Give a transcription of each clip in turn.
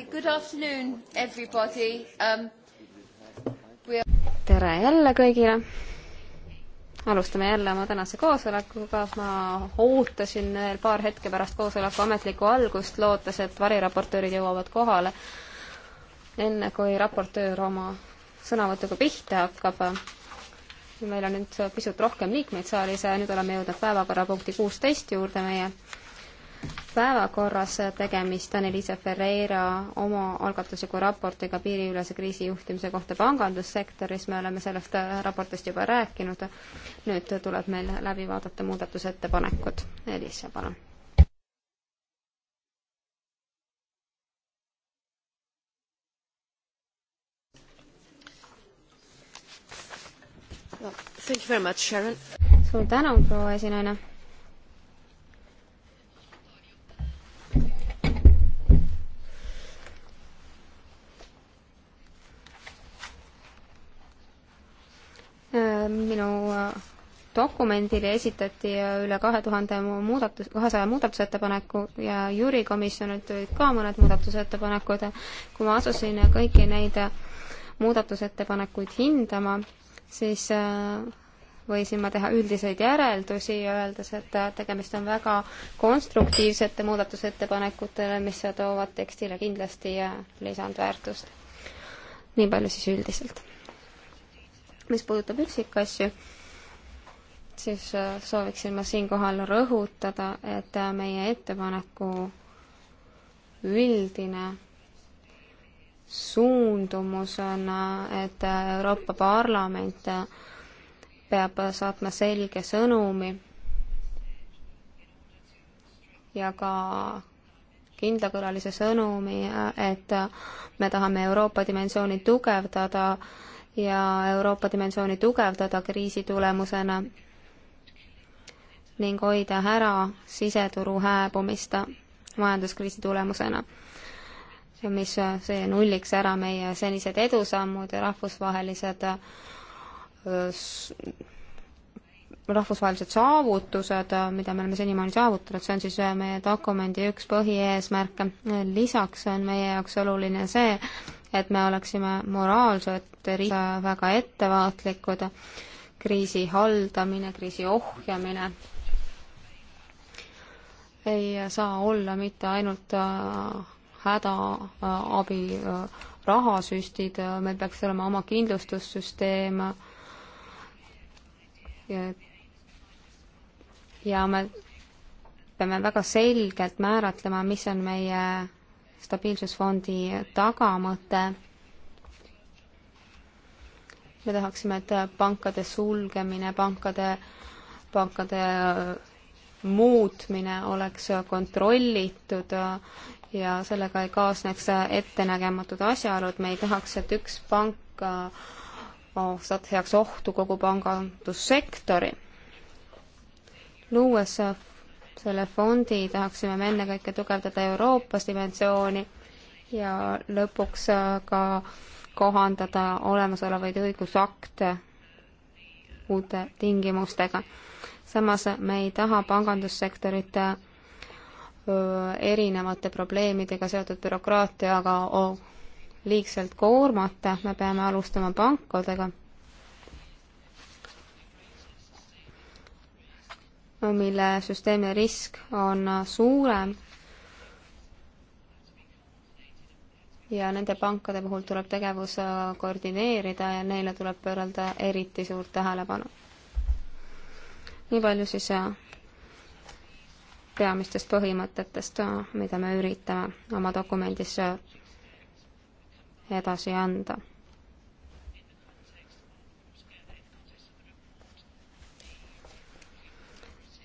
good afternoon, everybody um,. Are... tere jälle kõigile. alustame jälle oma tänase koosolekuga. ma ootasin veel paar hetke pärast koosoleku ametlikku algust, lootes, et variraportöörid jõuavad kohale enne, kui raportöör oma sõnavõtuga pihta hakkab meil on nüüd pisut rohkem liikmeid saalis ja nüüd oleme jõudnud päevakorrapunkti kuusteist juurde meie päevakorras, tegemist on Elisa Ferreira omaalgatusliku raportiga piiriülese kriisijuhtimise kohta pangandussektoris, me oleme sellest äh, raportist juba rääkinud, nüüd tuleb meil läbi vaadata muudatusettepanekud. Elisa, palun. suur tänu, proua esinaine Äh, minu äh, dokumendile esitati äh, üle kahe tuhande muudatus, kahesaja muudatusettepaneku ja juurikomisjonilt tulid ka mõned muudatusettepanekud. kui ma asusin kõiki neid muudatusettepanekuid hindama, siis võisin ma teha üldiseid järeldusi, öeldes, et tegemist on väga konstruktiivsete muudatusettepanekutele, mis toovad tekstile kindlasti lisandväärtust. nii palju siis üldiselt mis puudutab üksikasju, siis äh, sooviksin ma siinkohal rõhutada, et äh, meie ettepaneku üldine suundumus on, äh, et Euroopa Parlament peab saatma selge sõnumi ja ka kindlakõlalise sõnumi, et me tahame Euroopa dimensiooni tugevdada ja Euroopa dimensiooni tugevdada kriisi tulemusena ning hoida ära siseturu hääbumist majanduskriisi tulemusena, mis, see nulliks ära meie senised edusammud ja rahvusvahelised rahvusvahelised saavutused, mida me oleme senimaani saavutanud, see on siis meie dokumendi üks põhieesmärke. lisaks on meie jaoks oluline see, et me oleksime moraalsed, väga ettevaatlikud, kriisi haldamine, kriisi ohjamine ei saa olla mitte ainult äh, hädaabi äh, äh, rahasüstid, meil peaks olema oma kindlustussüsteem. ja me peame väga selgelt määratlema, mis on meie stabiilsusfondi tagamõte. me tahaksime, et pankade sulgemine, pankade, pankade äh, muutmine oleks kontrollitud ja sellega ei kaasneks ettenägematud asjaolud, me ei tahaks, et üks pank äh, oh, sattuks ohtu kogu pangandussektori. luues selle fondi tahaksime me ennekõike tugevdada Euroopas dimensiooni ja lõpuks äh, ka kohandada olemasolevaid õigusakte uute tingimustega. samas me ei taha pangandussektorit äh, erinevate probleemidega seotud bürokraatiaga liigselt koormata, me peame alustama pankadega mille süsteemi risk on suurem. ja nende pankade puhul tuleb tegevus äh, koordineerida ja neile tuleb pöörata eriti suurt tähelepanu. nii palju siis äh, peamistest põhimõtetest, äh, mida me üritame oma dokumendis edasi anda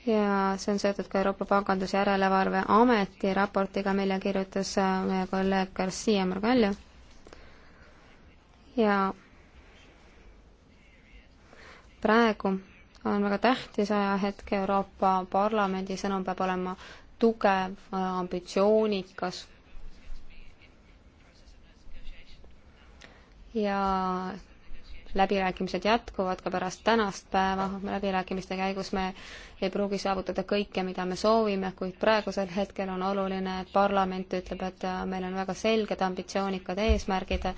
ja see on seotud ka Euroopa Pangandusjärelevalve Ameti raportiga, mille kirjutas äh, meie kolleeg Garcia Margallo. ja praegu on väga tähtis ajahetk, Euroopa Parlamendi sõnum peab olema tugev, äh, ambitsioonikas ja läbirääkimised jätkuvad ka pärast tänast päeva, läbirääkimiste käigus me ei pruugi saavutada kõike, mida me soovime, kuid praegusel hetkel on oluline, et parlament ütleb, et äh, meil on väga selged ambitsioonikad eesmärgid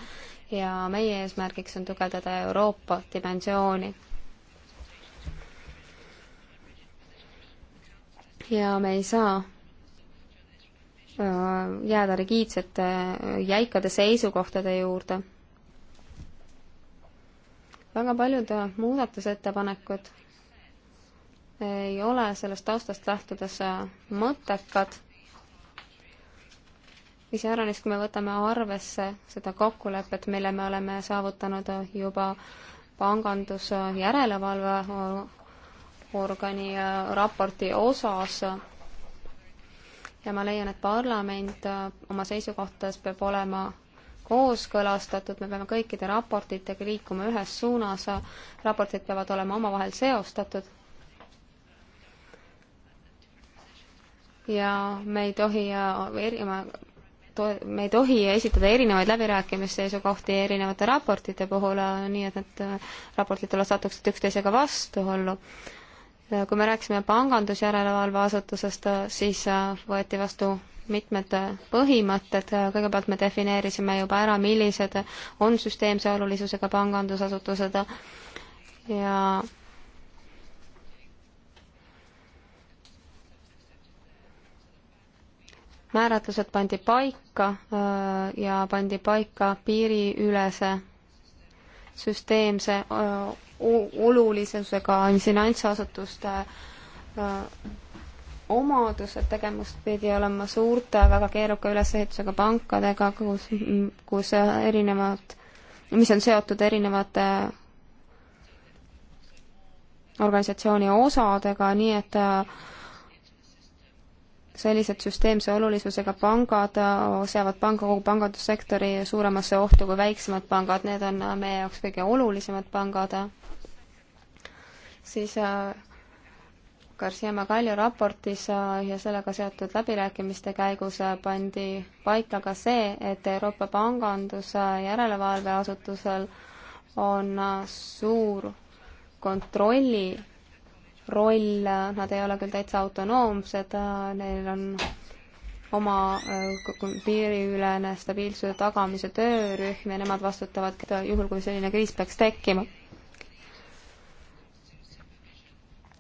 ja meie eesmärgiks on tugevdada Euroopa dimensiooni ja me ei saa äh, jääda rigiidsete äh, jäikade seisukohtade juurde väga paljud äh, muudatusettepanekud ei ole sellest taustast lähtudes äh, mõttekad iseäranis, kui me võtame arvesse seda kokkulepet, mille me oleme saavutanud äh, juba pangandusjärelevalve organi raporti osas ja ma leian, et parlament oma seisukohtades peab olema kooskõlastatud, me peame kõikide raportitega liikuma ühes suunas, raportid peavad olema omavahel seostatud. ja me ei tohi äh, erima, me ei tohi esitada erinevaid läbirääkimisseisukohti erinevate raportite puhul, äh, nii et need äh, raportid alles satuksid üksteisega vastuollu. kui me rääkisime pangandusjärelevalve asutusest, siis võeti vastu mitmed põhimõtted, kõigepealt me defineerisime juba ära, millised on süsteemse olulisusega pangandusasutused ja määratlused pandi paika äh, ja pandi paika piiriülese süsteemse äh, olulisusega finantsasutuste äh, omadused, tegemist pidi olema suurte, väga keeruka ülesehitusega pankadega, kus, kus erinevad, mis on seotud erinevate organisatsiooni osadega, nii et äh, sellised süsteemse olulisusega pangad äh, seavad panga, kogu pangandussektori suuremasse ohtu kui väiksemad pangad, need on äh, meie jaoks kõige olulisemad pangad, siis Garcia Magalli raportis äh, ja sellega seotud läbirääkimiste käigus äh, pandi paika ka see, et Euroopa Panganduse järelevalveasutusel on äh, suur kontrolli roll, nad ei ole küll täitsa autonoomsed, neil on oma piiriülene stabiilsuse tagamise töörühm ja nemad vastutavad juhul, kui selline kriis peaks tekkima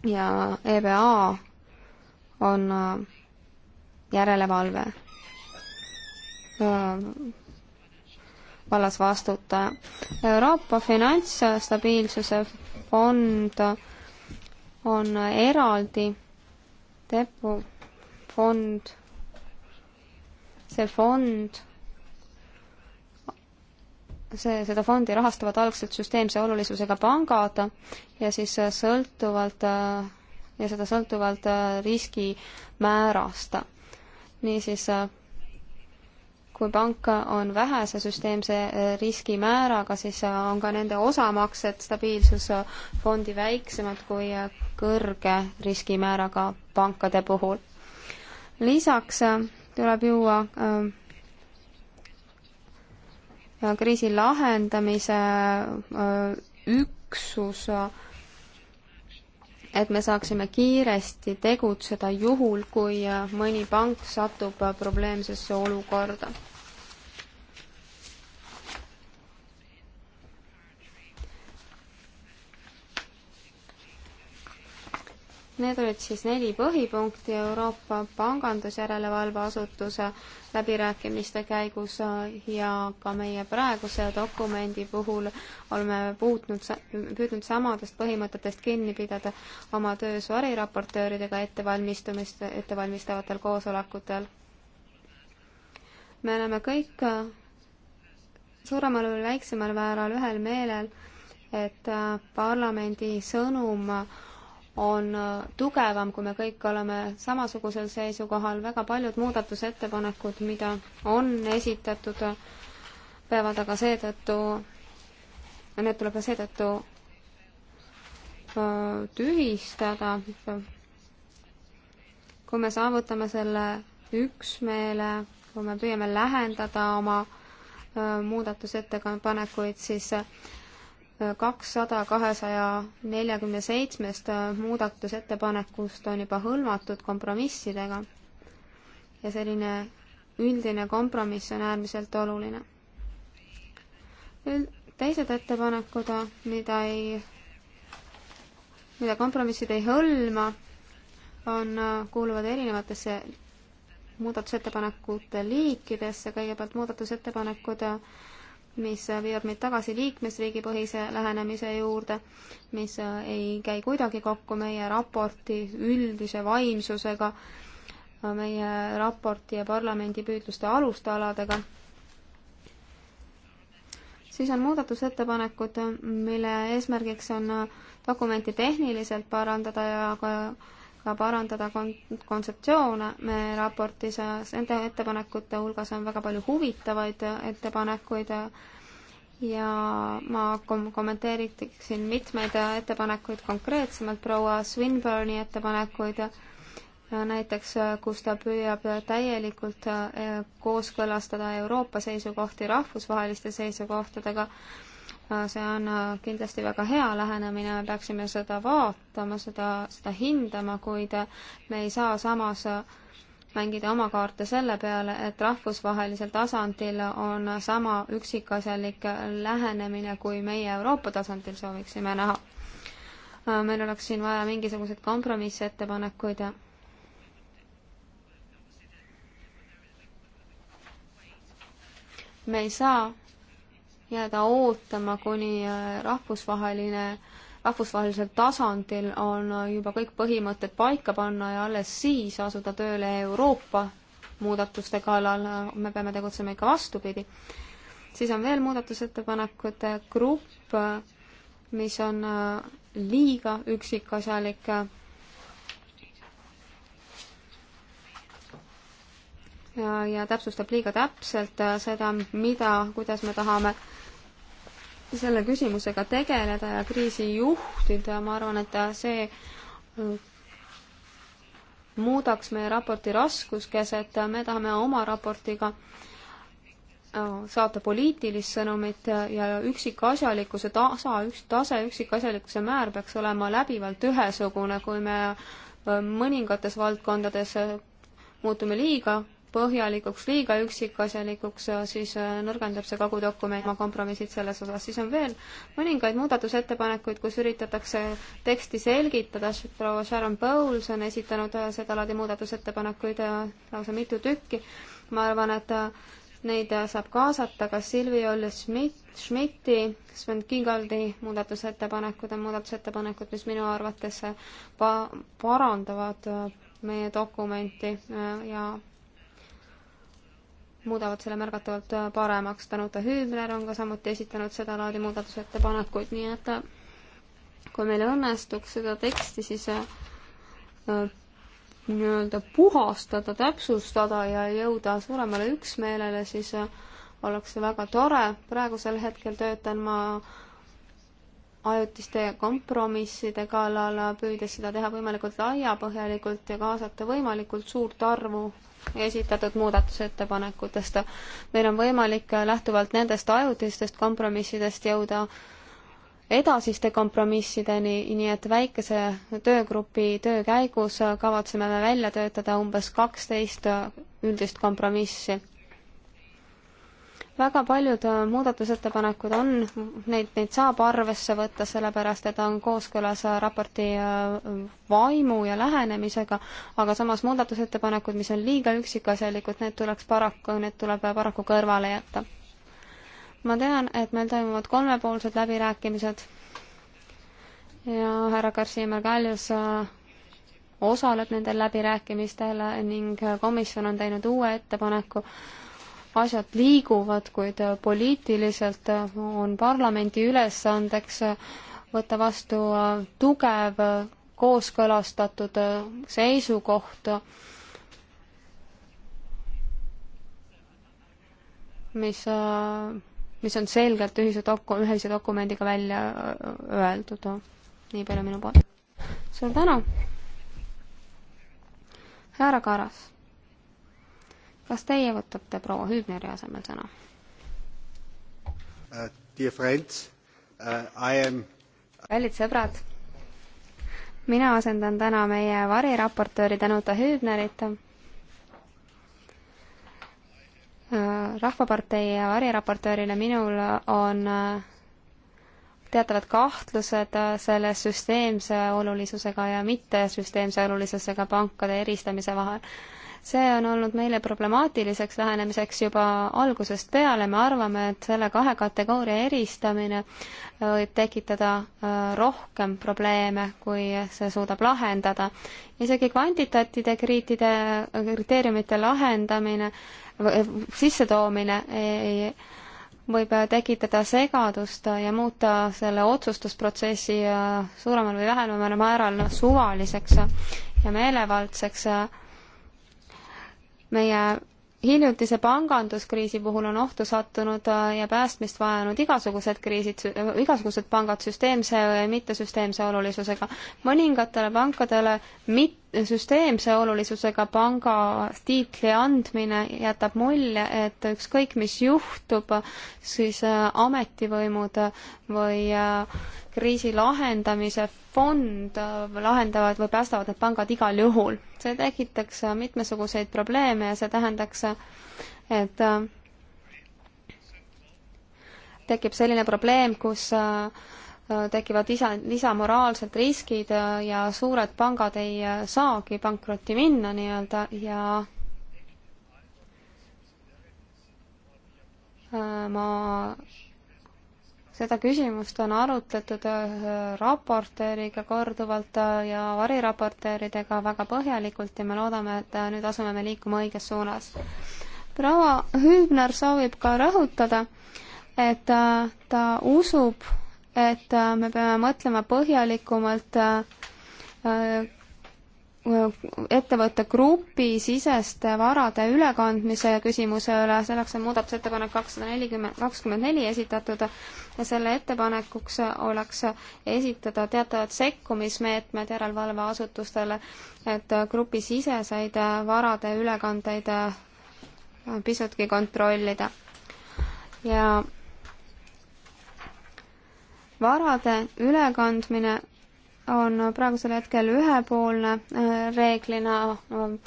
ja EBA on äh, järelevalve äh, vallas vastutaja. Euroopa Finantsstabiilsuse Fond on eraldi depofond, see fond see, seda fondi rahastavad algselt süsteemse olulisusega pangad ja siis äh, sõltuvalt äh, ja seda sõltuvalt äh, riskimäärast. niisiis, kui pank on vähese süsteemse riskimääraga, siis on ka nende osamaksed stabiilsusfondi väiksemad kui kõrge riskimääraga pankade puhul. lisaks tuleb juua kriisi lahendamise äh, üksus, äh, et me saaksime kiiresti tegutseda juhul, kui äh, mõni pank satub probleemsesse olukorda. Need olid siis neli põhipunkti Euroopa pangandusjärelevalve asutuse läbirääkimiste käigus äh, ja ka meie praeguse dokumendi puhul oleme puutnud, püüdnud samadest põhimõtetest kinni pidada oma töös variraportööridega ettevalmistumist, ettevalmistavatel koosolekutel. me oleme kõik äh, suuremal või väiksemal määral ühel meelel, et äh, parlamendi sõnum on äh, tugevam, kui me kõik oleme samasugusel seisukohal, väga paljud muudatusettepanekud, mida on esitatud, peavad aga seetõttu, need tuleb ka seetõttu äh, tühistada. kui me saavutame selle üksmeele, kui me püüame lähendada oma äh, muudatusettepanekuid, siis kakssada kahesaja neljakümne seitsmest muudatusettepanekust on juba hõlmatud kompromissidega ja selline üldine kompromiss on äärmiselt oluline. teised ettepanekud, mida ei, mida kompromissid ei hõlma, on, kuuluvad erinevatesse muudatusettepanekute liikidesse, kõigepealt muudatusettepanekud mis viivad meid tagasi liikmesriigi põhise lähenemise juurde, mis ei käi kuidagi kokku meie raporti üldise vaimsusega, meie raporti ja parlamendi püüdluste alustaladega. siis on muudatusettepanekud, mille eesmärgiks on dokumenti tehniliselt parandada ja ka ka parandada kon-, kontseptsioone meie raportis, nende ettepanekute hulgas on väga palju huvitavaid ettepanekuid ja ma kom-, kommenteeriksin mitmeid ettepanekuid konkreetsemalt, proua Swinburne'i ettepanekuid, näiteks kus ta püüab täielikult eh, kooskõlastada Euroopa seisukohti rahvusvaheliste seisukohtadega Äh, see on äh, kindlasti väga hea lähenemine, me peaksime seda vaatama, seda, seda hindama, kuid äh, me ei saa samas mängida oma kaarte selle peale, et rahvusvahelisel tasandil on sama üksikasjalik lähenemine, kui meie Euroopa tasandil sooviksime näha. meil oleks siin vaja mingisuguseid kompromissettepanekuid ja me ei saa jääda ootama, kuni äh, rahvusvaheline, rahvusvahelisel tasandil on äh, juba kõik põhimõtted paika panna ja alles siis asuda tööle Euroopa muudatuste kallal, me peame tegutsema ikka vastupidi. siis on veel muudatusettepanekute grupp, mis on äh, liiga üksikasjalik ja, ja täpsustab liiga täpselt äh, seda, mida, kuidas me tahame selle küsimusega tegeleda ja kriisi juhtida, ma arvan, et see äh, muudaks meie raporti raskuskeset, me tahame oma raportiga äh, saata poliitilist sõnumit ja üksikasjalikkuse tasa, üks tase, üksikasjalikkuse määr peaks olema läbivalt ühesugune, kui me mõningates valdkondades muutume liiga põhjalikuks, liiga üksikasjalikuks, siis äh, nõrgendab see kogu dokument oma kompromissid selles osas. siis on veel mõningaid muudatusettepanekuid, kus üritatakse teksti selgitada, proua Sharon Bowles on esitanud äh, sedalaadi muudatusettepanekuid äh, lausa mitu tükki, ma arvan, et neid saab kaasata, kas Silvi Olle-Schmidt, Schmidti, Sven Kingaldi muudatusettepanekud on muudatusettepanekud, mis minu arvates pa-, parandavad meie dokumenti ja muudavad selle märgatavalt paremaks. Danuta Hübner on ka samuti esitanud sedalaadi muudatusettepanekuid, nii et äh, kui meil õnnestuks seda teksti siis äh, äh, nii-öelda puhastada, täpsustada ja jõuda suuremale üksmeelele, siis äh, oleks see väga tore. praegusel hetkel töötan ma ajutiste kompromisside kallal, püüdes seda teha võimalikult laiapõhjalikult ja kaasata võimalikult suurt arvu esitatud muudatusettepanekutest. meil on võimalik lähtuvalt nendest ajutistest kompromissidest jõuda edasiste kompromissideni, nii et väikese töögrupi töö käigus kavatseme me välja töötada umbes kaksteist üldist kompromissi väga paljud äh, muudatusettepanekud on, neid, neid saab arvesse võtta, sellepärast et ta on kooskõlas äh, raporti äh, vaimu ja lähenemisega, aga samas muudatusettepanekud, mis on liiga üksikasjalikud, need tuleks paraku, need tuleb paraku kõrvale jätta. ma tean, et meil toimuvad kolmepoolsed läbirääkimised ja härra Karsimäe Kaljus osaleb nendel läbirääkimistel ning komisjon on teinud uue ettepaneku asjad liiguvad, kuid äh, poliitiliselt äh, on parlamendi ülesandeks äh, võtta vastu tugev kooskõlastatud seisukoht, mis, mis on selgelt ühise doku-, ühise dokumendiga välja öeldud. nii palju minu poolt. suur tänu! härra Karas kas teie võtate proua Hübneri asemel sõna uh,? Dear friends uh,, I am kallid sõbrad, mina asendan täna meie variraportööri Tänuta Hüübnerit. Uh, rahvapartei variraportöörina minul on uh, teatavad kahtlused uh, selle süsteemse olulisusega ja mittesüsteemse olulisusega pankade eristamise vahel see on olnud meile problemaatiliseks lähenemiseks juba algusest peale, me arvame, et selle kahe kategooria eristamine äh, võib tekitada äh, rohkem probleeme, kui see suudab lahendada. isegi kvantitatiivide kriitide, äh, kriteeriumite lahendamine, sissetoomine ei võib tekitada segadust ja muuta selle otsustusprotsessi suuremal või vähemal määral suvaliseks ja meelevaldseks meie hiljutise panganduskriisi puhul on ohtu sattunud äh, ja päästmist vajanud igasugused kriisid, äh, igasugused pangad süsteemse või mittesüsteemse olulisusega. mõningatele pankadele mit-, süsteemse olulisusega panga tiitli andmine jätab mulje, et ükskõik, mis juhtub, siis äh, ametivõimud või äh, kriisi lahendamise fond äh, lahendavad või päästavad need pangad igal juhul. see tekitaks mitmesuguseid probleeme ja see tähendaks, et tekib selline probleem, kus äh, tekivad isa, lisamoraalsed riskid ja suured pangad ei äh, saagi pankrotti minna nii-öelda ja äh, ma, seda küsimust on arutletud äh, raportööriga korduvalt ja variraportööridega väga põhjalikult ja me loodame, et nüüd asume me liikuma õiges suunas. proua Hübner soovib ka rõhutada, et ta usub et äh, me peame mõtlema põhjalikumalt äh, äh, ettevõtte grupi siseste varade ülekandmise küsimuse üle, selleks on muudatusettepanek kakssada nelikümmend, kakskümmend neli esitatud ja selle ettepanekuks oleks esitada teatavad sekkumismeetmed järelevalveasutustele, et grupisiseseid varade ülekandeid pisutki kontrollida. ja varade ülekandmine on praegusel hetkel ühepoolne äh, reeglina äh,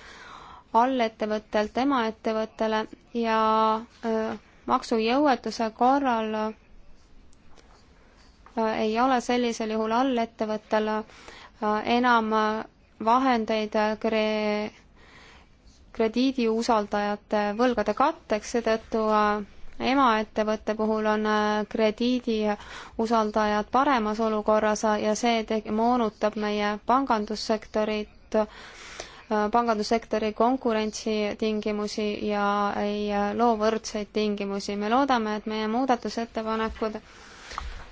allettevõttelt emaettevõttele ja äh, maksujõuetuse korral ei ole sellisel juhul allettevõttel enam vahendeid krediidiusaldajate võlgade katteks, seetõttu emaettevõtte puhul on äh, krediidi usaldajad paremas olukorras ja see teg-, moonutab meie pangandussektorit, äh, pangandussektori konkurentsitingimusi ja ei äh, loo võrdseid tingimusi. me loodame, et meie muudatusettepanekud,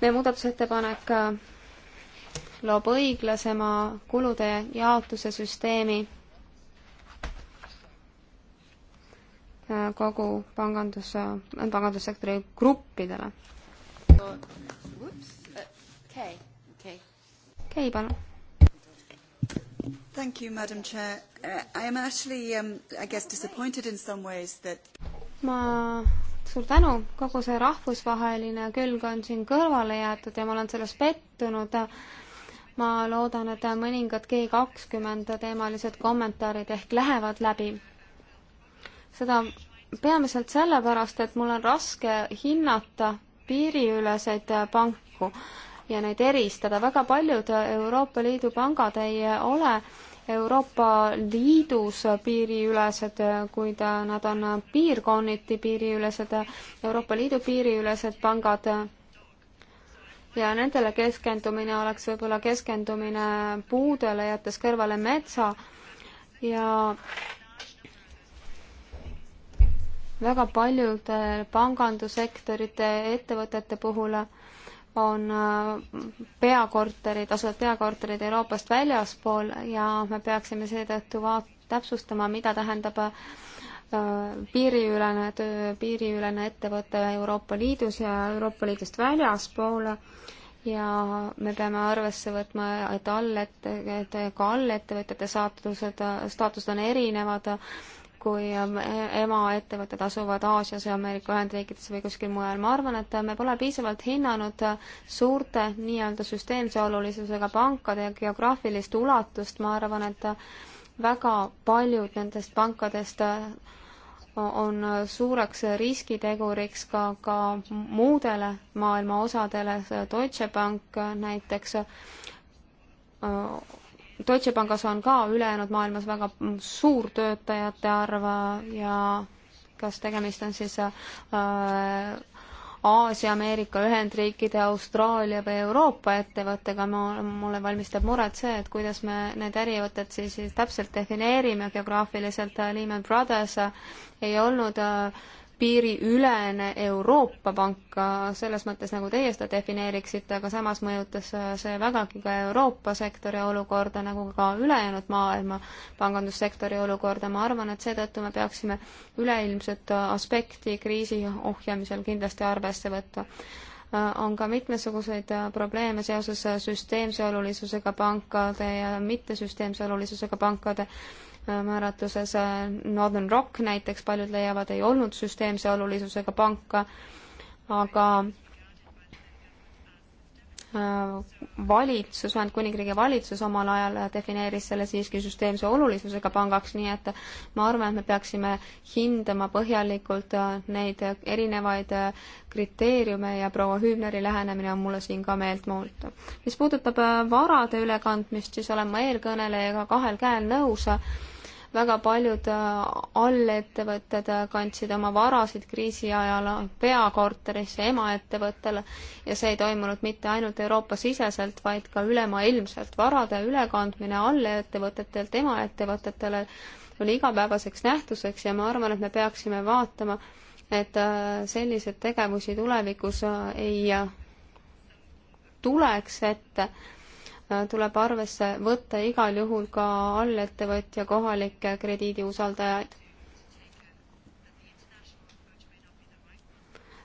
meie muudatusettepanek loob õiglasema kulude jaotuse süsteemi kogu pangandus, pangandussektori gruppidele. okei, uh, okei, palun. Thank you, Madam Chair. Uh, I am actually, um, I guess, disappointed in some ways that ma suur tänu, kogu see rahvusvaheline külg on siin kõrvale jäetud ja ma olen selles pettunud. ma loodan, et mõningad G kakskümmend teemalised kommentaarid ehk lähevad läbi seda peamiselt sellepärast, et mul on raske hinnata piiriüleseid panku ja neid eristada. väga paljud Euroopa Liidu pangad ei ole Euroopa Liidus piiriülesed, kuid nad on piirkonniti piiriülesed, Euroopa Liidu piiriülesed pangad. ja nendele keskendumine oleks võib-olla keskendumine puudele, jättes kõrvale metsa ja väga paljude pangandussektorite ettevõtete puhul on äh, peakorterid, asuvad peakorterid Euroopast väljaspool ja me peaksime seetõttu vaat-, täpsustama, mida tähendab äh, piiriülene töö, piiriülene ettevõte Euroopa Liidus ja Euroopa Liidust väljaspoole ja me peame arvesse võtma, et allett-, et ka allettevõtjate staatused, staatused on erinevad kui ähm, emaettevõtted asuvad Aasias ja Ameerika Ühendriikides või kuskil mujal. ma arvan, et äh, me pole piisavalt hinnanud äh, suurte nii-öelda süsteemse olulisusega pankade geograafilist ulatust, ma arvan, et äh, väga paljud nendest pankadest on suureks riskiteguriks ka, ka muudele maailma osadele, Deutsche Bank näiteks Deutsche Pangas on ka ülejäänud maailmas väga suur töötajate arv ja kas tegemist on siis äh, Aasia, Ameerika Ühendriikide, Austraalia või Euroopa ettevõttega, mulle valmistab muret see, et kuidas me need äriettevõtted siis, siis täpselt defineerime geograafiliselt. Lehman Brothers ei olnud äh, piiriülene Euroopa pank selles mõttes, nagu teie seda defineeriksite, aga samas mõjutas see vägagi ka Euroopa sektori olukorda, nagu ka ülejäänud maailma pangandussektori olukorda. ma arvan, et seetõttu me peaksime üleilmset aspekti kriisi ohjamisel kindlasti arvesse võtma on ka mitmesuguseid probleeme seoses süsteemse olulisusega pankade ja mittesüsteemse olulisusega pankade äh, määratluses. Northern Rock näiteks, paljud leiavad, ei olnud süsteemse olulisusega panka, aga valitsus, Ühendkuningriigi valitsus omal ajal defineeris selle siiski süsteemse olulisusega pangaks, nii et ma arvan, et me peaksime hindama põhjalikult äh, neid erinevaid äh, kriteeriume ja proua Hübneri lähenemine on mulle siin ka meeltmoodi. mis puudutab äh, varade ülekandmist, siis olen ma eelkõnelejaga kahel käel nõus väga paljud äh, allettevõtted äh, kandsid oma varasid kriisi ajal peakorterisse emaettevõttele ja see ei toimunud mitte ainult Euroopa-siseselt, vaid ka ülemaailmselt. varade ülekandmine allettevõtetelt emaettevõtetele oli igapäevaseks nähtuseks ja ma arvan, et me peaksime vaatama, et äh, selliseid tegevusi tulevikus ei tuleks ette tuleb arvesse võtta igal juhul ka allettevõtja kohalikke krediidiusaldajaid.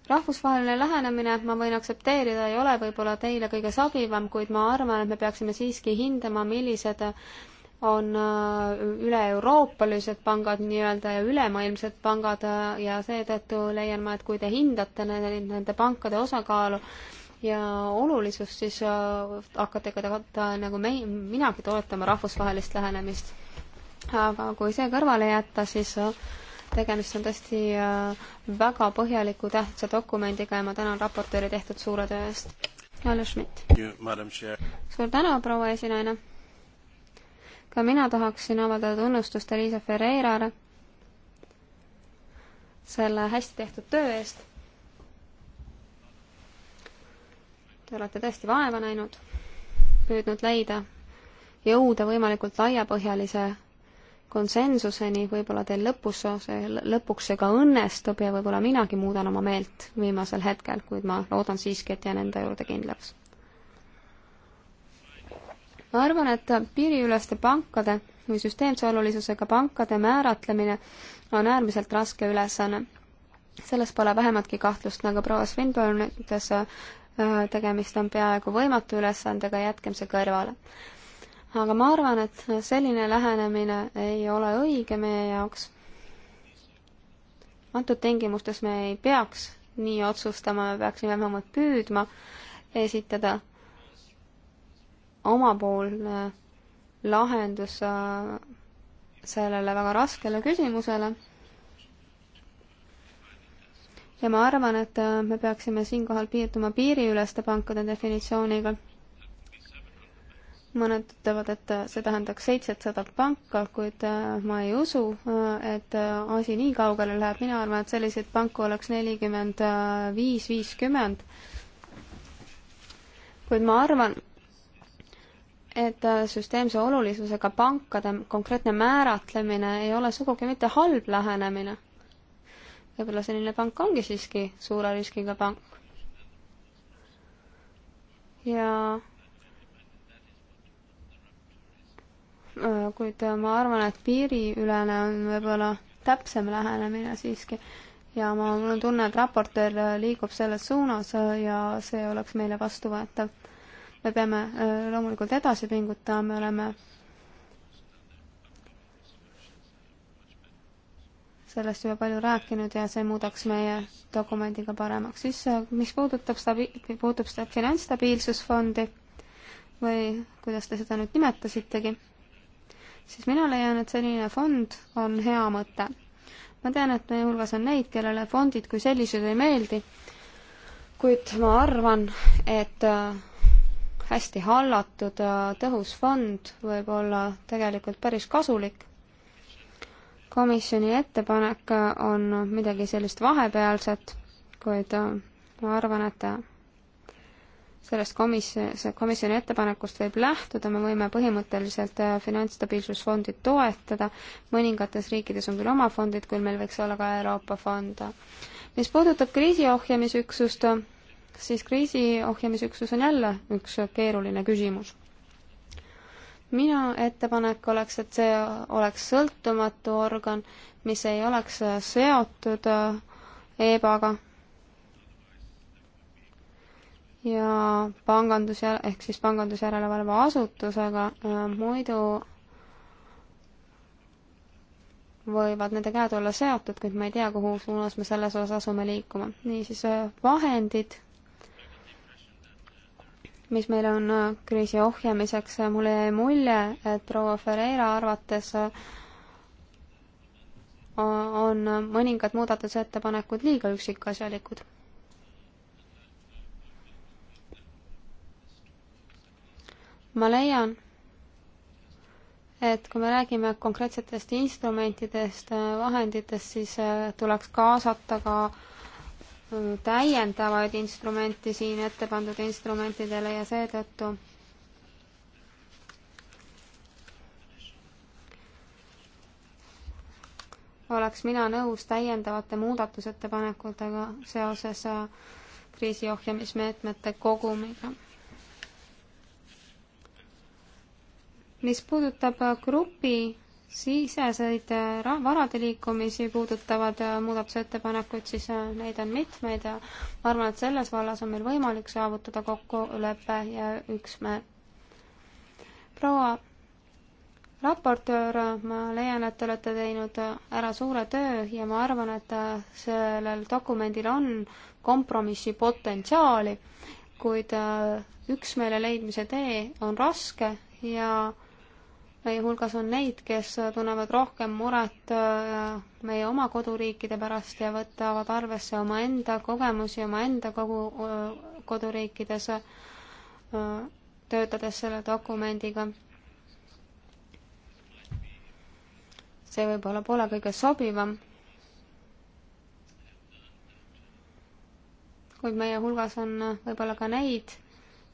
rahvusvaheline lähenemine ma võin aktsepteerida, ei ole võib-olla teile kõige sobivam, kuid ma arvan, et me peaksime siiski hindama, millised on äh, üle-euroopalised pangad nii-öelda ja ülemaailmsed pangad äh, ja seetõttu leian ma, et kui te hindate nende, nende pankade osakaalu, ja olulisust, siis äh, hakkate ka tegelikult äh, nagu me, minagi toetama rahvusvahelist lähenemist. aga kui see kõrvale jätta, siis äh, tegemist on tõesti väga põhjaliku tähtsa dokumendiga ja ma tänan raportööri tehtud suure töö eest. Jaanus Schmidt. suur tänu, proua esinaine. ka mina tahaksin avaldada tunnustust Elisa Ferreirale selle hästi tehtud töö eest Te olete tõesti vaeva näinud, püüdnud leida, jõuda võimalikult laiapõhjalise konsensuseni, võib-olla teil lõpus see, lõpuks see ka õnnestub ja võib-olla minagi muudan oma meelt viimasel hetkel, kuid ma loodan siiski, et jään enda juurde kindlaks. ma arvan, et piiriüleste pankade või süsteemse olulisusega pankade määratlemine on äärmiselt raske ülesanne. selles pole vähematki kahtlust, nagu proua Swinburne ütles, Äh, tegemist on peaaegu võimatu ülesandega, jätkem see kõrvale. aga ma arvan, et selline lähenemine ei ole õige meie jaoks. antud tingimustes me ei peaks nii otsustama, me peaksime vähemalt püüdma esitada omapoolne lahendus äh, sellele väga raskele küsimusele ja ma arvan, et äh, me peaksime siinkohal piirduma piiriüleste pankade definitsiooniga. mõned ütlevad, et äh, see tähendaks seitsetsadat panka, kuid äh, ma ei usu, et asi nii kaugele läheb, mina arvan, et selliseid panku oleks nelikümmend viis, viiskümmend. kuid ma arvan, et süsteemse olulisusega pankade konkreetne määratlemine ei ole sugugi mitte halb lähenemine võib-olla selline pank ongi siiski suure riskiga pank. ja kuid ma arvan, et piiriülene on võib-olla täpsem lähenemine siiski ja ma, mul on tunne, et raportöör liigub selles suunas ja see oleks meile vastuvõetav. me peame loomulikult edasi pingutama, me oleme sellest juba palju rääkinud ja see muudaks meie dokumendi ka paremaks. siis äh, mis puudutab stabi-, puutub seda finantsstabiilsusfondi või kuidas te seda nüüd nimetasitegi, siis mina leian, et selline fond on hea mõte. ma tean, et meie hulgas on neid, kellele fondid kui sellised ei meeldi, kuid ma arvan, et äh, hästi hallatud äh, tõhus fond võib olla tegelikult päris kasulik komisjoni ettepanek on midagi sellist vahepealset, kuid äh, ma arvan, et äh, sellest komisjon, komisjoni ettepanekust võib lähtuda, me võime põhimõtteliselt äh, finantsstabiilsusfondi toetada, mõningates riikides on küll oma fondid, küll meil võiks olla ka Euroopa fond. mis puudutab kriisi ohjamisüksust, siis kriisi ohjamisüksus on jälle üks keeruline küsimus mina ettepanek oleks, et see oleks sõltumatu organ, mis ei oleks äh, seotud äh, EBA-ga. ja pangandus, ehk siis pangandusjärelevalve asutusega, äh, muidu võivad nende käed olla seotud, kuid ma ei tea, kuhu suunas me selles osas asume liikuma. niisiis vahendid mis meil on äh, kriisi ohjamiseks, mulle jäi mulje, et proua Ferreira arvates äh, on mõningad muudatusettepanekud liiga üksikasjalikud. ma leian, et kui me räägime konkreetsetest instrumentidest, äh, vahenditest, siis tuleks kaasata ka äh, täiendavaid instrumente siin ette pandud instrumentidele ja seetõttu oleks mina nõus täiendavate muudatusettepanekutega seoses kriisi ohjamismeetmete kogumiga. mis puudutab grupi siseseid äh, varade liikumisi puudutavad äh, muudatusettepanekud, siis äh, neid on mitmeid ja ma arvan, et selles vallas on meil võimalik saavutada kokkulepe ja üksmeel. proua raportöör, ma leian, et te olete teinud ära suure töö ja ma arvan, et sellel dokumendil on kompromissi potentsiaali, kuid üksmeele leidmise tee on raske ja meie hulgas on neid, kes tunnevad rohkem muret äh, meie oma koduriikide pärast ja võtavad arvesse omaenda kogemusi omaenda kogu äh, koduriikides, äh, töötades selle dokumendiga. see võib-olla pole kõige sobivam, kuid meie hulgas on võib-olla ka neid,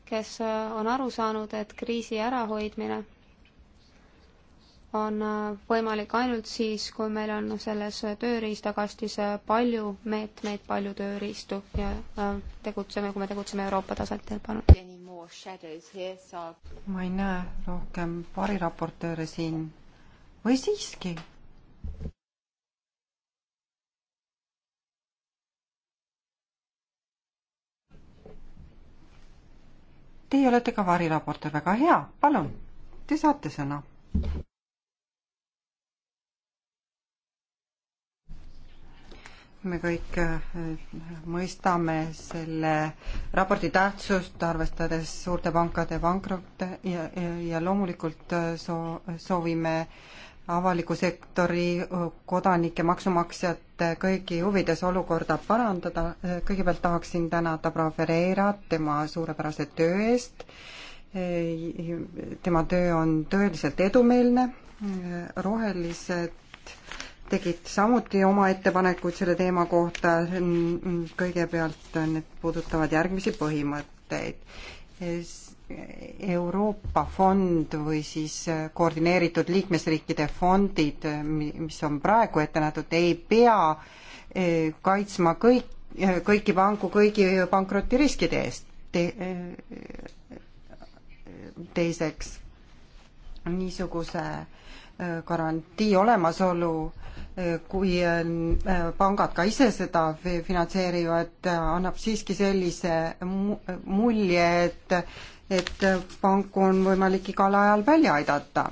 kes on aru saanud, et kriisi ärahoidmine on äh, võimalik ainult siis, kui meil on selles tööriistakastis äh, palju meetmeid, palju tööriistu ja äh, tegutseme, kui me tegutseme Euroopa tasandil, palun. ma ei näe rohkem variraportööre siin või siiski? Teie olete ka variraportöör, väga hea, palun, te saate sõna. me kõik äh, mõistame selle raporti tähtsust, arvestades suurte pankade pankrotte ja, ja, ja loomulikult äh, soo-, soovime avaliku sektori äh, kodanike, maksumaksjate kõigi huvides olukorda parandada. kõigepealt tahaksin tänada proua Ferreirat tema suurepärase töö eest. tema töö on tõeliselt edumeelne. rohelised tegid samuti oma ettepanekuid selle teema kohta, kõigepealt need puudutavad järgmisi põhimõtteid. Euroopa fond või siis koordineeritud liikmesriikide fondid, mis on praegu ette nähtud, ei pea e, kaitsma kõik, e, kõiki panku kõigi pankrotiriskide eest Te,. E, teiseks, niisuguse garantii olemasolu kui äh, pangad ka ise seda finantseerivad, äh, annab siiski sellise mulje, et, et panku on võimalik igal ajal välja aidata.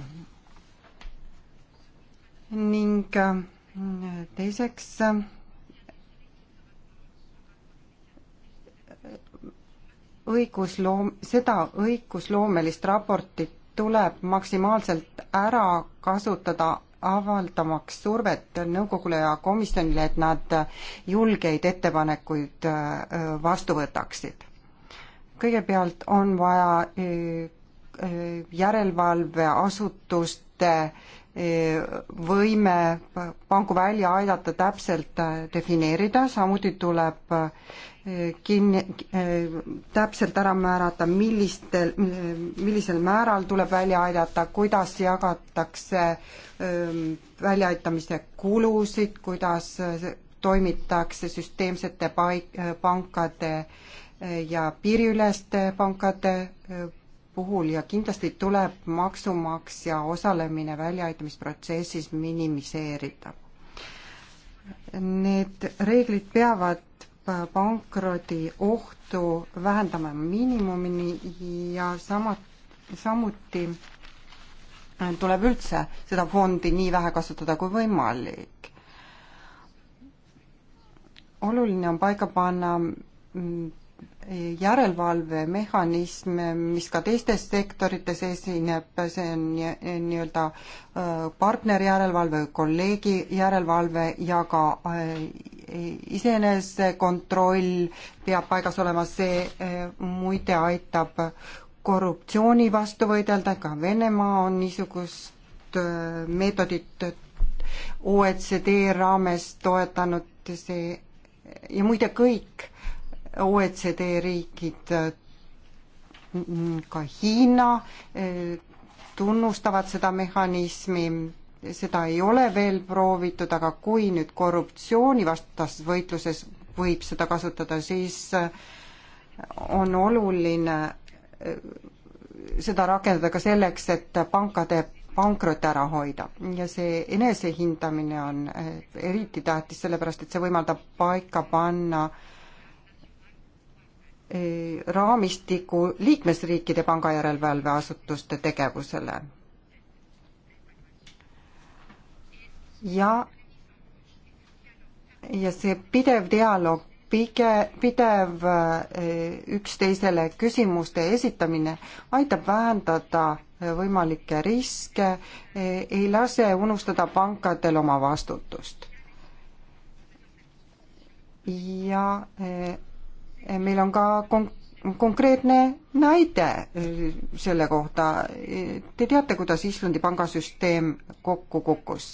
ning äh, teiseks õigusloom-, seda õigusloomelist raportit tuleb maksimaalselt ära kasutada avaldamaks survet nõukogule ja komisjonile, et nad julgeid ettepanekuid äh, vastu võtaksid. kõigepealt on vaja äh, äh, järelevalveasutuste võime panku välja aidata täpselt defineerida, samuti tuleb kinni, äh, täpselt ära määrata, millistel, millisel määral tuleb välja aidata, kuidas jagatakse ähm, väljaaitamise kulusid, kuidas äh, toimitakse süsteemsete paik-, äh, pankade ja piiriüleste pankade puhul ja kindlasti tuleb maksumaksja osalemine väljaaitamisprotsessis minimiseerida. Need reeglid peavad pankroti ohtu vähendama miinimumini ja sama, samuti äh, tuleb üldse seda fondi nii vähe kasutada kui võimalik. oluline on paika panna mm, järelevalvemehhanism, mis ka teistes sektorites esineb, see on nii-öelda nii äh, partnerjärelevalve, kolleegi järelevalve ja ka äh, iseenesekontroll peab paigas olema, see eh, muide aitab korruptsiooni vastu võidelda, ka Venemaa on niisugust eh, meetodit OECD raames toetanud see ja muide kõik OECD riigid, mm, ka Hiina eh, tunnustavad seda mehhanismi seda ei ole veel proovitud, aga kui nüüd korruptsioonivastases võitluses võib seda kasutada, siis äh, on oluline äh, seda rakendada ka selleks, et pankade pankrot ära hoida ja see enesehindamine on äh, eriti tähtis, sellepärast et see võimaldab paika panna raamistiku liikmesriikide pangajärelevalveasutuste tegevusele ja, ja see pidev dialoog, pige, pidev eh, üksteisele küsimuste esitamine aitab vähendada võimalikke riske, eh, ei lase unustada pankadel oma vastutust. ja eh, meil on ka konk-, konkreetne näide selle kohta. Te teate, kuidas Islandi pangasüsteem kokku kukkus?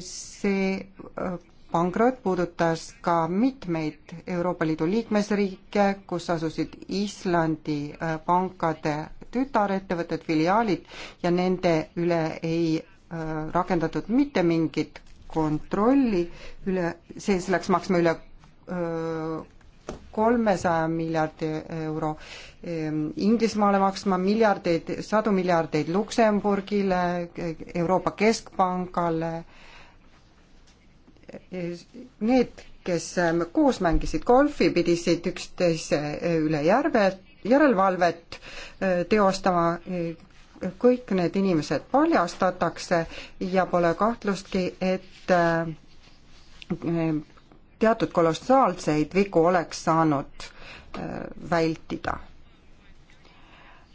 see äh, pankrot puudutas ka mitmeid Euroopa Liidu liikmesriike, kus asusid Islandi äh, pankade tütarettevõtted, filiaalid ja nende üle ei äh, rakendatud mitte mingit kontrolli üle, see, see läks maksma üle kolmesaja miljardi euro ehm, Inglismaale maksma, miljardeid, sadu miljardeid Luksemburgile, Euroopa Keskpangale, need, kes ehm, koos mängisid golfi, pidisid üksteise ehm, üle järve, järelevalvet teostama, kõik need inimesed paljastatakse ja pole kahtlustki, et teatud kolossaalseid vigu oleks saanud äh, vältida.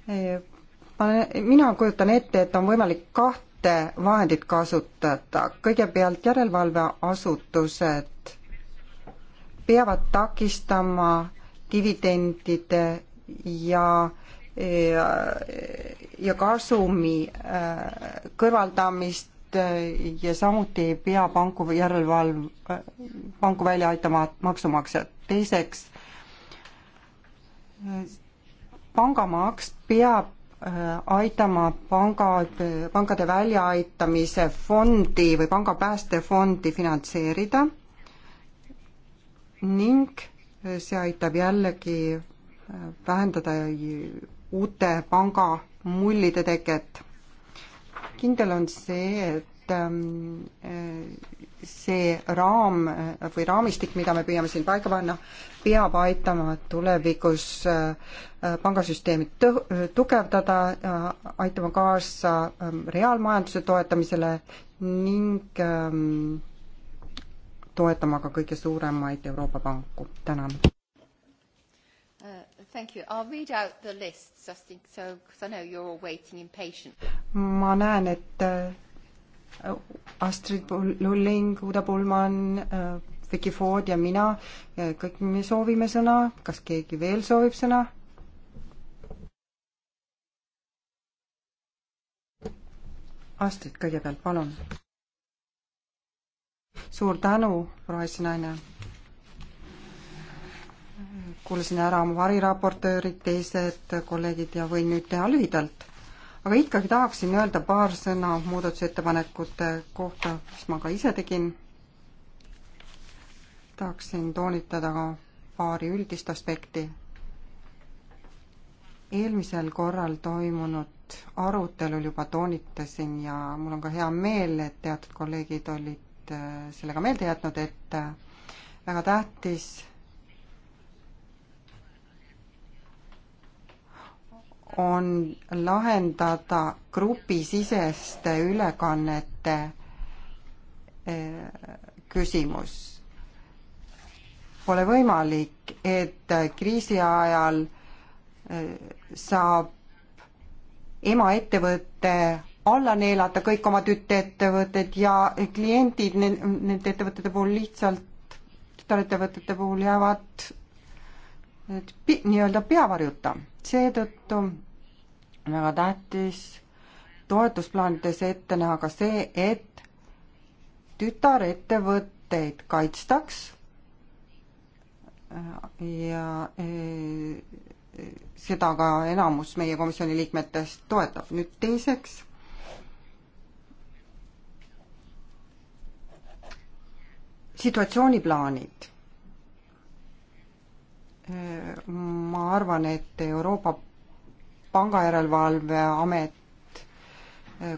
Äh, ma, mina kujutan ette, et on võimalik kahte vahendit kasutada, kõigepealt järelevalveasutused peavad takistama dividendide ja äh, ja kasumi kõrvaldamist Äh, ja samuti ei pea panku järelevalv, äh, panku välja aitama maksumaksjad. teiseks, äh, pangamaks peab aitama panga, pankade väljaaitamise fondi või panga päästefondi finantseerida ning see aitab jällegi vähendada uute pangamullide teket kindel on see, et ähm, äh, see raam äh, või raamistik, mida me püüame siin paika panna, peab aitama tulevikus äh, pangasüsteemi tugevdada, aitama kaasa ähm, reaalmajanduse toetamisele ning ähm, toetama ka kõige suuremaid Euroopa panku. tänan! Thank you. I'll read out the lists, I think so, because I know you're all waiting impatient. ma näen, et äh, Astrid Lulling, Uda Pulman äh,, Vicky Ford ja mina äh,, kõik me soovime sõna, kas keegi veel soovib sõna? Astrid kõigepealt, palun. suur tänu, rohelise naine kuulasin ära oma variraportöörid, teised kolleegid ja võin nüüd teha lühidalt. aga ikkagi tahaksin öelda paar sõna muudatusettepanekute kohta, mis ma ka ise tegin. tahaksin toonitada ka paari üldist aspekti. eelmisel korral toimunud arutelul juba toonitasin ja mul on ka hea meel, et teatud kolleegid olid äh, sellega meelde jätnud, et äh, väga tähtis on lahendada grupisiseste ülekannete eh, küsimus. Pole võimalik, et kriisi ajal eh, saab emaettevõte alla neelata kõik oma tüteettevõtted ja kliendid nende ettevõtete puhul lihtsalt, tütarettevõtete puhul jäävad eh, nii-öelda peavarjuta seetõttu on väga tähtis toetusplaanides ette näha ka see, et tütarettevõtteid kaitstaks ja e, e, seda ka enamus meie komisjoni liikmetest toetab. nüüd teiseks situatsiooniplaanid ma arvan, et Euroopa Pangajärelevalveamet,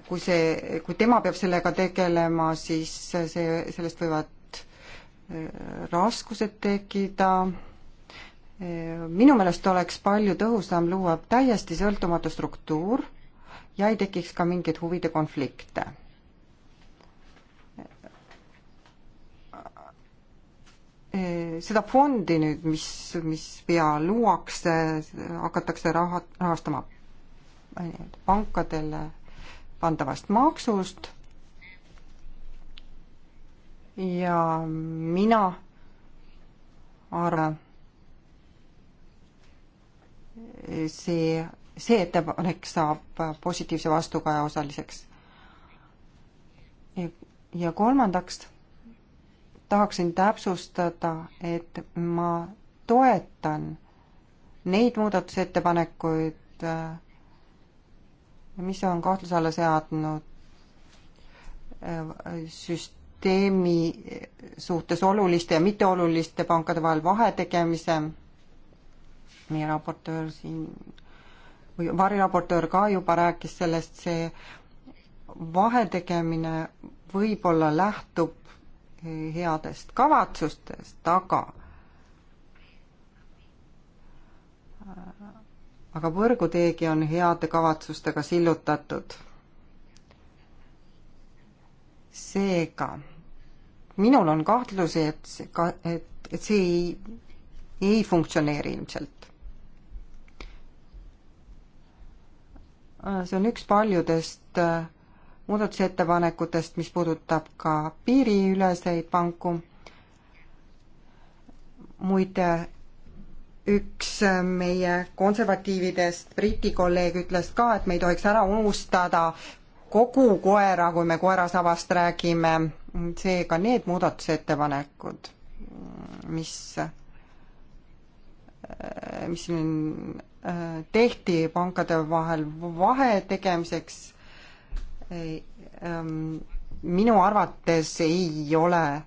kui see, kui tema peab sellega tegelema, siis see, sellest võivad äh, raskused tekkida. Äh, minu meelest oleks palju tõhusam luua täiesti sõltumatu struktuur ja ei tekiks ka mingeid huvide konflikte Eh, seda fondi nüüd, mis, mis pea luuakse, hakatakse raha, rahastama pankadele pandavast maksust ja mina arvan, see, see ettepanek saab positiivse vastukaja osaliseks. ja kolmandaks tahaksin täpsustada, et ma toetan neid muudatusettepanekuid, mis on kahtluse alla seadnud äh, süsteemi suhtes oluliste ja mitteoluliste pankade vahel vahe tegemise. meie raportöör siin või variraportöör ka juba rääkis sellest, see vahe tegemine võib-olla lähtub headest kavatsustest, aga aga võrguteegi on heade kavatsustega sillutatud. seega minul on kahtlusi, et see ka, et, et see ei, ei funktsioneeri ilmselt. see on üks paljudest äh, muudatusettepanekutest, mis puudutab ka piiriüleseid panku. muide, üks meie konservatiividest Briti kolleeg ütles ka, et me ei tohiks ära unustada kogu koera, kui me koerasabast räägime, seega need muudatusettepanekud, mis, mis siin äh, tehti pankade vahel vahe tegemiseks Ähm, minu arvates ei ole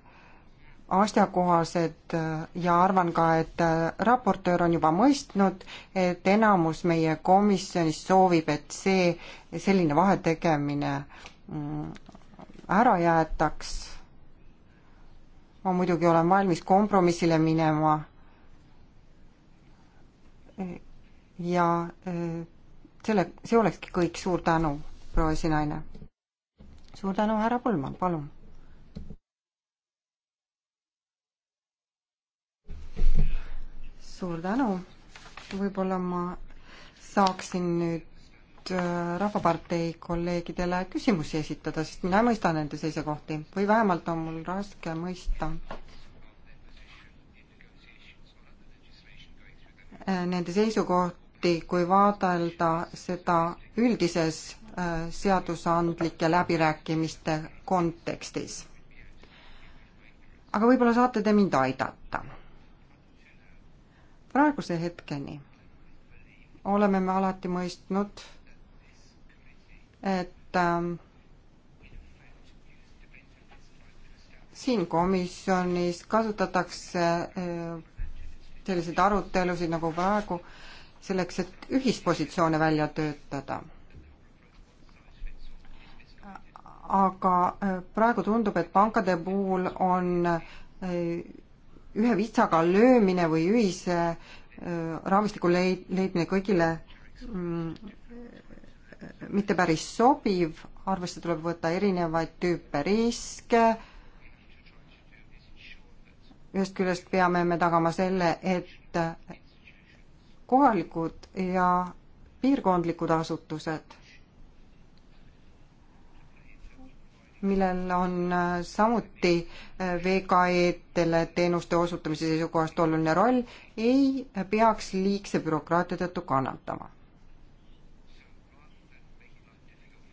asjakohased äh, ja arvan ka, et äh, raportöör on juba mõistnud, et enamus meie komisjonis soovib, et see, selline vahetegemine mm, ära jäetaks. ma muidugi olen valmis kompromissile minema. ja äh, selle, see olekski kõik, suur tänu proua esinaine. suur tänu, härra Põlman, palun. suur tänu, võib-olla ma saaksin nüüd äh, Rahvapartei kolleegidele küsimusi esitada, sest mina ei mõista nende seisukohti või vähemalt on mul raske mõista äh, nende seisukohti, kui vaadelda seda üldises Äh, seadusandlike läbirääkimiste kontekstis. aga võib-olla saate te mind aidata. praeguse hetkeni oleme me alati mõistnud, et äh, siin komisjonis kasutatakse äh, selliseid arutelusid nagu praegu selleks, et ühispositsioone välja töötada. aga äh, praegu tundub, et pankade puhul on äh, ühe vitsaga löömine või ühise äh, raamistiku leid-, leidmine kõigile mm, mitte päris sobiv, arvesse tuleb võtta erinevaid tüüpe riske, ühest küljest peame me tagama selle, et kohalikud ja piirkondlikud asutused millel on äh, samuti äh, VKE-dele teenuste osutamise seisukohast oluline roll, ei peaks liigse bürokraatia tõttu kannatama.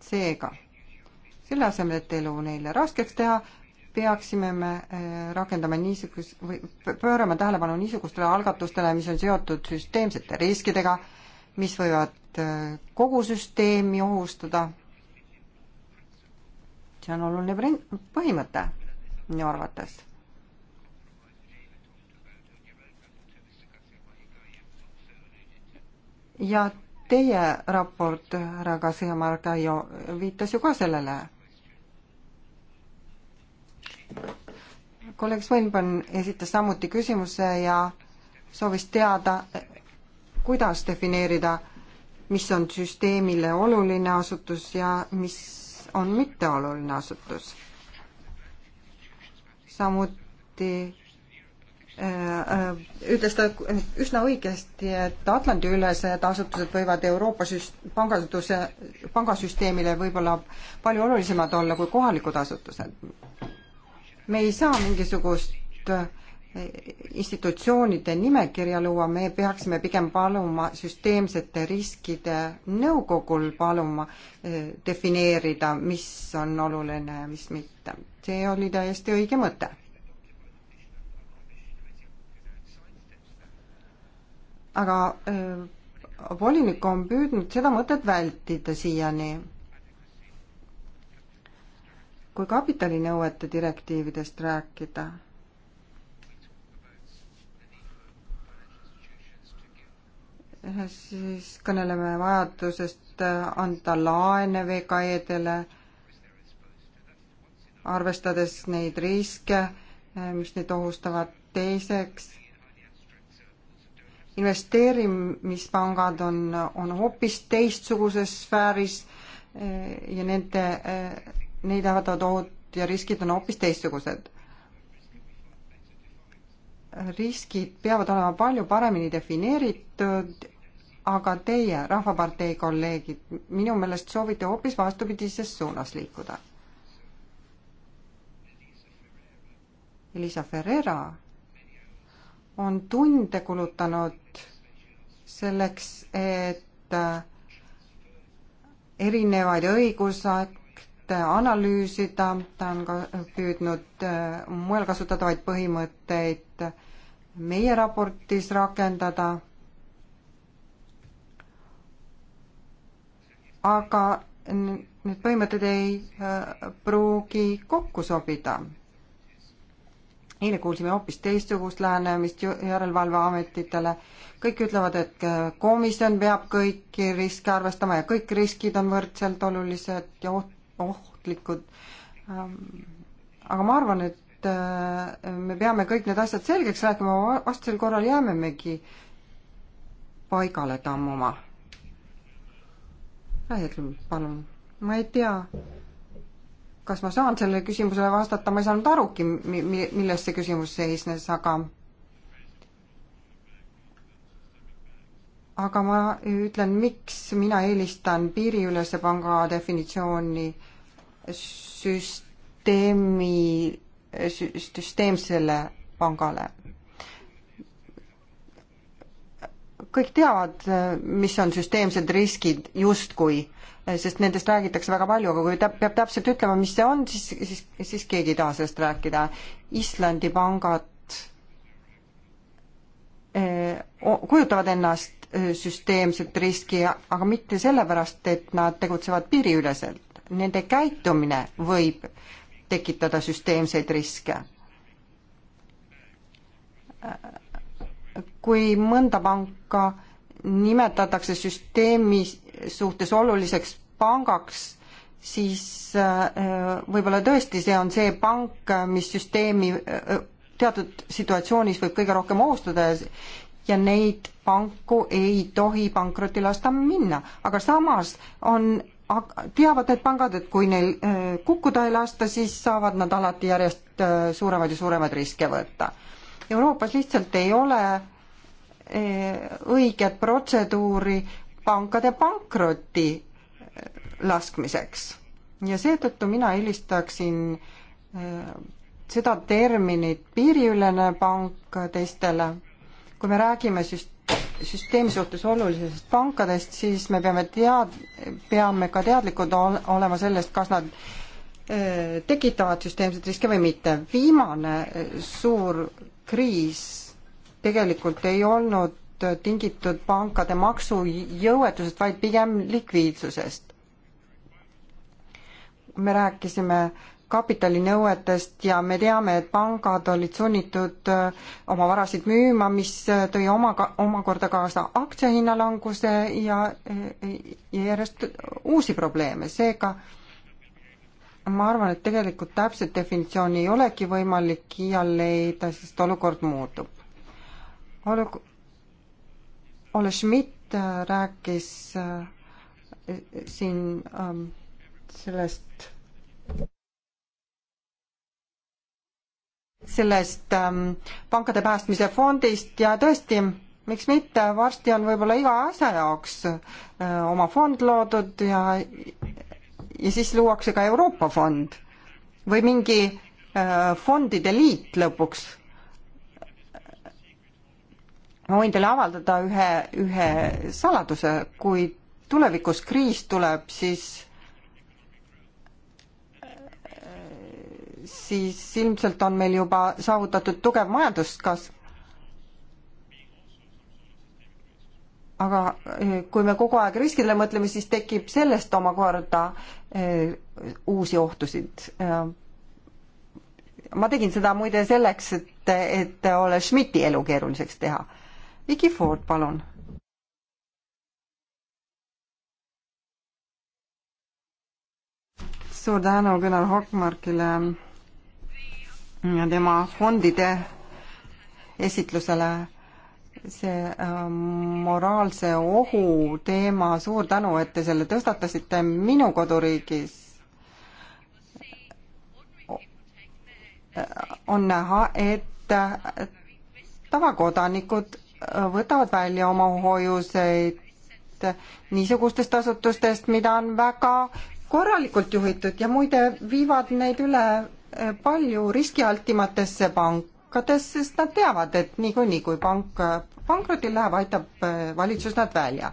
seega, selle asemel, et elu neile raskeks teha, peaksime me äh, rakendama niisugust või pöörama tähelepanu niisugustele algatustele, mis on seotud süsteemsete riskidega, mis võivad kogu süsteemi ohustada see on oluline põhimõte minu arvates. ja teie raport, härra Kasiamargaio, viitas ju ka sellele. kolleeg Svenban esitas samuti küsimuse ja soovis teada, kuidas defineerida, mis on süsteemile oluline asutus ja mis on mitteoluline asutus. samuti äh, äh, ütles ta üsna õigesti, et Atlandi-ülesed asutused võivad Euroopa süst-, pangasüsteemile, pangasüsteemile võib-olla palju olulisemad olla kui kohalikud asutused. me ei saa mingisugust äh, institutsioonide nimekirja luua, me peaksime pigem paluma süsteemsete riskide nõukogul paluma eh, defineerida, mis on oluline ja mis mitte. see oli täiesti õige mõte. aga eh, volinik on püüdnud seda mõtet vältida siiani kui kapitalinõuete direktiividest rääkida, siis kõneleme vajadusest äh, anda laene VKE-dele, arvestades neid riske, äh, mis neid ohustavad, teiseks investeerimispangad on, on hoopis teistsuguses sfääris äh, ja nende, neid ähvardavad ohud ja riskid on hoopis teistsugused riskid peavad olema palju paremini defineeritud aga teie, Rahvapartei kolleegid, minu meelest soovite hoopis vastupidises suunas liikuda. Elisa Ferreira on tunde kulutanud selleks, et äh, erinevaid õigusakte analüüsida, ta on ka püüdnud äh, mujal kasutatavaid põhimõtteid meie raportis rakendada aga need põhimõtted ei äh, pruugi kokku sobida. eile kuulsime hoopis teistsugust lähenemist järelevalveametitele. kõik ütlevad, et äh, komisjon peab kõiki riske arvestama ja kõik riskid on võrdselt olulised ja ohtlikud. Ähm, aga ma arvan, et äh, me peame kõik need asjad selgeks rääkima, vastasel korral jäämemegi paigale tammuma Raidlum, palun. ma ei tea, kas ma saan sellele küsimusele vastata, ma ei saanud arugi, milles see küsimus seisnes, aga aga ma ütlen, miks mina eelistan piiriülese panga definitsiooni süsteemi, süsteemsele pangale kõik teavad, mis on süsteemsed riskid justkui, sest nendest räägitakse väga palju, aga kui täp-, peab täpselt ütlema, mis see on, siis, siis, siis keegi ei taha sellest rääkida. Islandi pangad eh, kujutavad ennast eh, süsteemset riski, aga mitte sellepärast, et nad tegutsevad piiriüleselt. Nende käitumine võib tekitada süsteemseid riske kui mõnda panka nimetatakse süsteemi suhtes oluliseks pangaks, siis äh, võib-olla tõesti see on see pank, mis süsteemi äh, teatud situatsioonis võib kõige rohkem ohustada ja neid panku ei tohi pankrotti lasta minna, aga samas on teavad need pangad, et kui neil äh, kukkuda ei lasta, siis saavad nad alati järjest suuremaid ja suuremaid riske võtta. Euroopas lihtsalt ei ole õiget protseduuri pankade pankrotti laskmiseks. ja seetõttu mina eelistaksin äh, seda terminit piiriülene pank teistele. kui me räägime süst-, süsteemi suhtes olulisest pankadest, siis me peame tead-, peame ka teadlikud ol-, olema sellest, kas nad äh, tekitavad süsteemseid riske või mitte. viimane äh, suur kriis tegelikult ei olnud tingitud pankade maksujõuetusest, vaid pigem likviidsusest. me rääkisime kapitalinõuetest ja me teame, et pangad olid sunnitud äh, oma varasid müüma, mis äh, tõi oma, omakorda kaasa aktsiahinna languse ja, äh, ja järjest uusi probleeme, seega ma arvan, et tegelikult täpset definitsiooni ei olegi võimalik iial leida, sest olukord muutub. Olle, Olle Schmidt äh, rääkis äh, siin ähm, sellest sellest ähm, pankade päästmise fondist ja tõesti, miks mitte, varsti on võib-olla iga asja jaoks äh, oma fond loodud ja ja siis luuakse ka Euroopa fond või mingi äh, fondide liit lõpuks ma võin teile avaldada ühe, ühe saladuse, kui tulevikus kriis tuleb, siis siis ilmselt on meil juba saavutatud tugev majanduskasv. aga eh, kui me kogu aeg riskidele mõtleme, siis tekib sellest omakorda eh, uusi ohtusid. ma tegin seda muide selleks, et, et Ole Schmidti elu keeruliseks teha Vicky Ford, palun. suur tänu Gunnar Hokmarkile ja tema fondide esitlusele see äh, moraalse ohu teema, suur tänu, et te selle tõstatasite minu koduriigis. on näha, et tavakodanikud võtavad välja oma hoiuseid niisugustest asutustest, mida on väga korralikult juhitud ja muide viivad neid üle eh, palju riskialtimatesse pankadesse, sest nad teavad, et niikuinii, kui pank pankrotil läheb, aitab eh, valitsus nad välja.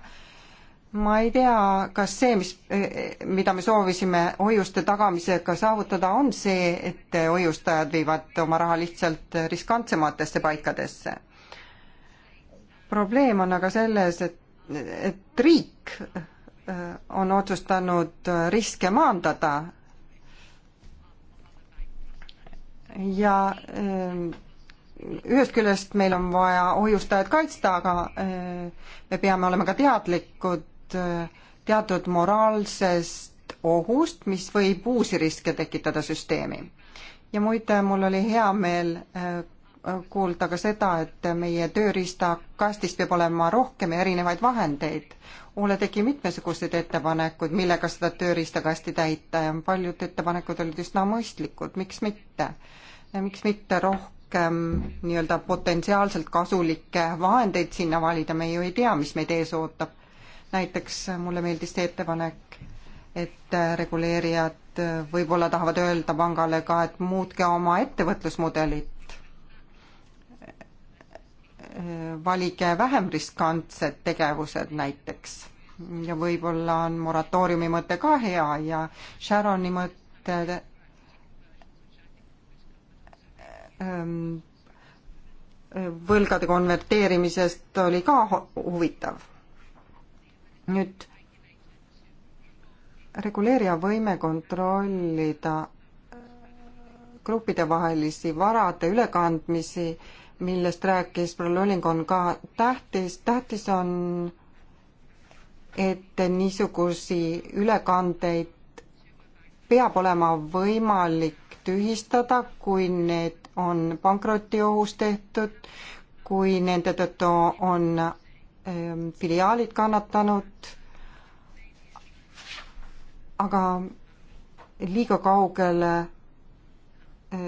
ma ei tea, kas see, mis, eh, mida me soovisime hoiuste tagamisega saavutada, on see, et hoiustajad viivad oma raha lihtsalt riskantsematesse paikadesse probleem on aga selles, et, et riik äh, on otsustanud äh, riske maandada ja äh, ühest küljest meil on vaja hoiustajad kaitsta, aga me peame olema ka teadlikud teatud moraalsest ohust, mis võib uusi riske tekitada süsteemi. ja muide, mul oli hea meel kuulda ka seda, et meie tööriistakastis peab olema rohkem erinevaid vahendeid. Ulle tegi mitmesuguseid ettepanekuid, millega seda tööriistakasti täita ja paljud ettepanekud olid üsna mõistlikud, miks mitte? miks mitte rohkem nii-öelda potentsiaalselt kasulikke vahendeid sinna valida, me ju ei tea, mis meid ees ootab. näiteks mulle meeldis see ettepanek, et reguleerijad võib-olla tahavad öelda pangale ka, et muutke oma ettevõtlusmudelit, valige vähem riskantsed tegevused näiteks. ja võib-olla on moratooriumi mõte ka hea ja Sharoni mõte ähm, võlgade konverteerimisest oli ka huvitav. nüüd reguleerija võime kontrollida gruppidevahelisi varade ülekandmisi äh, millest rääkis proua Luling, on ka tähtis, tähtis on, et niisugusi ülekandeid peab olema võimalik tühistada, kui need on pankrotiohus tehtud, kui nende tõttu on ähm, filiaalid kannatanud, aga liiga kaugele äh,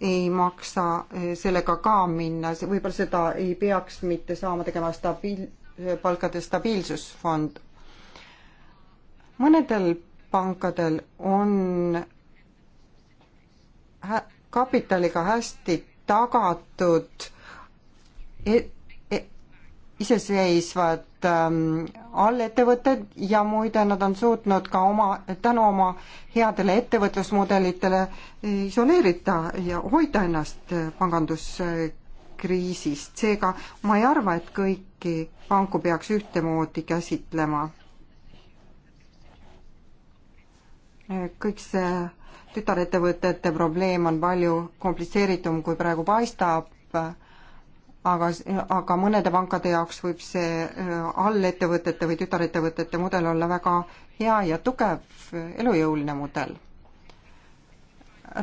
ei maksa eh, sellega ka minna, võib-olla seda ei peaks mitte saama tegema stabiil-, palkade stabiilsusfond. mõnedel pankadel on kapitaliga hästi tagatud et iseseisvad ähm, allettevõtted ja muide, nad on suutnud ka oma, tänu oma headele ettevõtlusmudelitele äh, isoleerida ja hoida ennast äh, panganduskriisist. seega ma ei arva, et kõiki panku peaks ühtemoodi käsitlema. Äh, kõik see tütarettevõtete probleem on palju komplitseeritum, kui praegu paistab aga, aga mõnede pankade jaoks võib see äh, allettevõtete või tütarettevõtete mudel olla väga hea ja tugev, elujõuline mudel.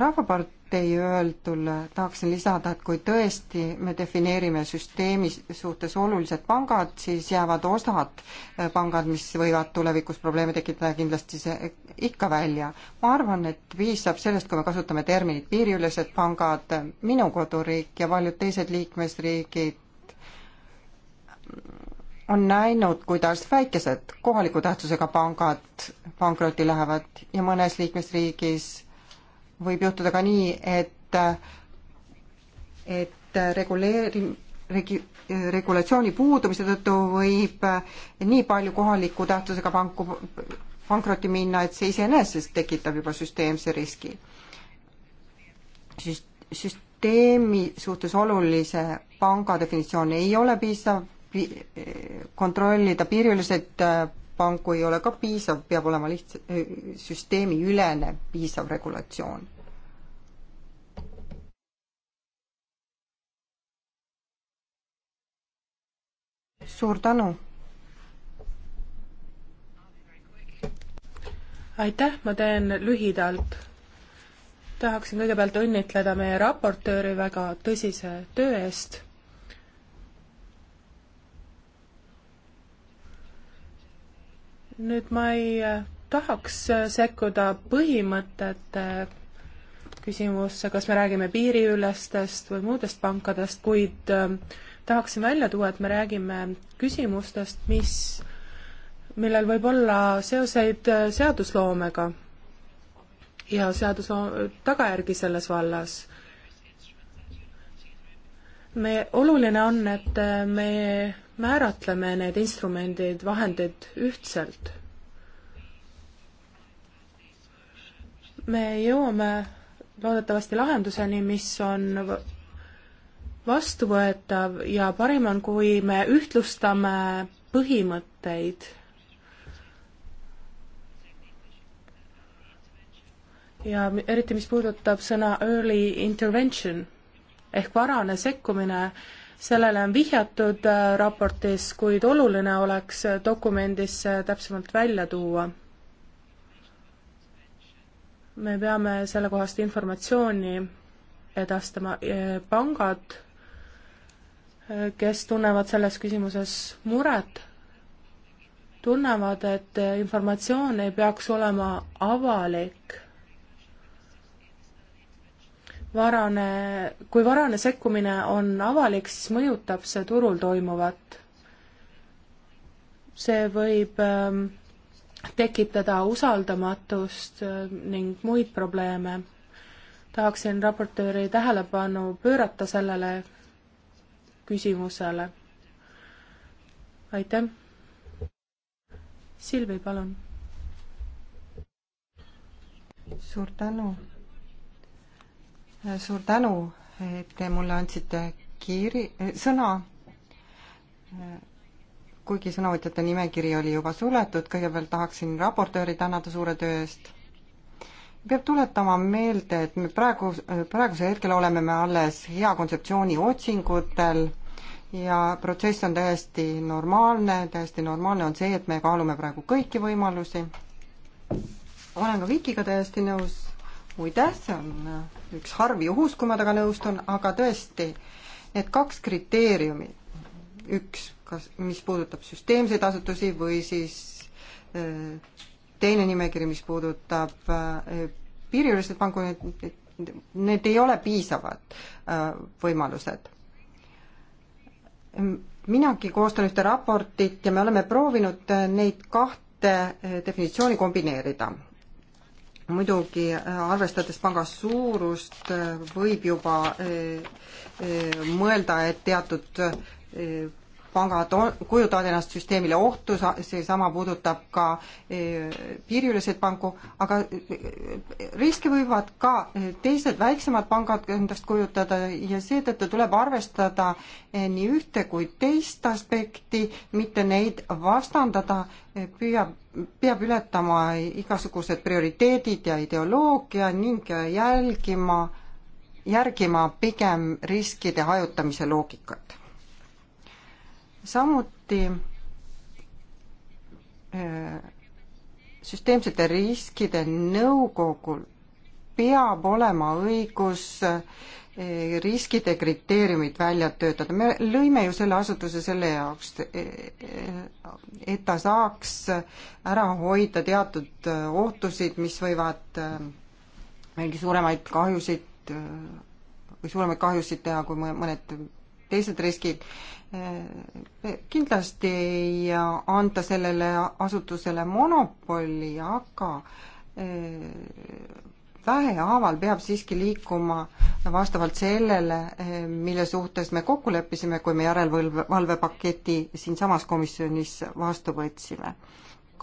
rahvapart teie öeldule tahaksin lisada, et kui tõesti me defineerime süsteemi suhtes olulised pangad, siis jäävad osad eh, pangad, mis võivad tulevikus probleeme tekitada, kindlasti see ikka välja. ma arvan, et piisab sellest, kui me kasutame terminit piiriülesed pangad, minu koduriik ja paljud teised liikmesriigid on näinud, kuidas väikesed kohaliku tähtsusega pangad pankrotti lähevad ja mõnes liikmesriigis võib juhtuda ka nii, et, et reguleeri-, regi-, regulatsiooni puudumise tõttu võib nii palju kohaliku tähtsusega panku, pankrotti minna, et see iseenesest tekitab juba süsteemse riski. Süst-, süsteemi suhtes olulise panga definitsioon ei ole piisav pi,, kontrollida piiriüleseid panku ei ole ka piisav, peab olema lihtsalt süsteemiülene piisav regulatsioon suur tänu! aitäh, ma teen lühidalt. tahaksin kõigepealt õnnitleda meie raportööri väga tõsise töö eest. nüüd ma ei äh, tahaks äh, sekkuda põhimõtete äh, küsimusse, kas me räägime piiriülestest või muudest pankadest, kuid äh, tahaksin välja tuua, et me räägime küsimustest, mis, millel võib olla seoseid äh, seadusloomega ja seadusloo-, tagajärgi selles vallas me, oluline on, et äh, me määratleme need instrumendid, vahendid ühtselt. me jõuame loodetavasti lahenduseni, mis on vastuvõetav ja parem on, kui me ühtlustame põhimõtteid. ja eriti, mis puudutab sõna early intervention ehk varane sekkumine, sellele on vihjatud äh, raportis, kuid oluline oleks äh, dokumendis äh, täpsemalt välja tuua. me peame sellekohast informatsiooni edastama, pangad kes tunnevad selles küsimuses muret, tunnevad, et informatsioon ei peaks olema avalik. varane, kui varane sekkumine on avalik, siis mõjutab see turul toimuvat. see võib ähm, tekitada usaldamatust äh, ning muid probleeme tahaksin raportööri tähelepanu pöörata sellele, küsimusele. aitäh. Silvi, palun. suur tänu. suur tänu, et te mulle andsite kiiri, eh, sõna kuigi sõnavõtjate nimekiri oli juba suletud, kõigepealt tahaksin raportööri tänada suure töö eest peab tuletama meelde, et me praegu, praegusel hetkel oleme me alles hea kontseptsiooni otsingutel ja protsess on täiesti normaalne, täiesti normaalne on see, et me kaalume praegu kõiki võimalusi. olen ka Vikiga täiesti nõus, muide, see on üks harv juhus, kui ma temaga nõustun, aga tõesti, need kaks kriteeriumi, üks, kas, mis puudutab süsteemseid asutusi või siis äh, teine nimekiri, mis puudutab äh, piiriüleseid panku, need ei ole piisavad äh, võimalused. minagi koostan ühte raportit ja me oleme proovinud äh, neid kahte definitsiooni kombineerida. muidugi arvestades panga suurust, võib juba mõelda, et teatud pangad kujutavad ennast süsteemile ohtu, seesama puudutab ka e, piiriüleseid panku, aga e, riske võivad ka e, teised väiksemad pangad endast kujutada ja seetõttu tuleb arvestada nii ühte kui teist aspekti, mitte neid vastandada, püüab, peab ületama igasugused prioriteedid ja ideoloogia ning jälgima järgima pigem riskide hajutamise loogikat samuti äh, süsteemsete riskide nõukogul peab olema õigus äh, riskide kriteeriumid välja töötada. me lõime ju selle asutuse selle jaoks, äh, et ta saaks ära hoida teatud ohtusid, mis võivad veelgi suuremaid kahjusid või suuremaid kahjusid teha, kui mõned teised riskid. kindlasti ei anta sellele asutusele monopoli, aga vähehaaval eh, peab siiski liikuma vastavalt sellele, eh, mille suhtes me kokku leppisime, kui me järelevalvepaketi siinsamas komisjonis vastu võtsime.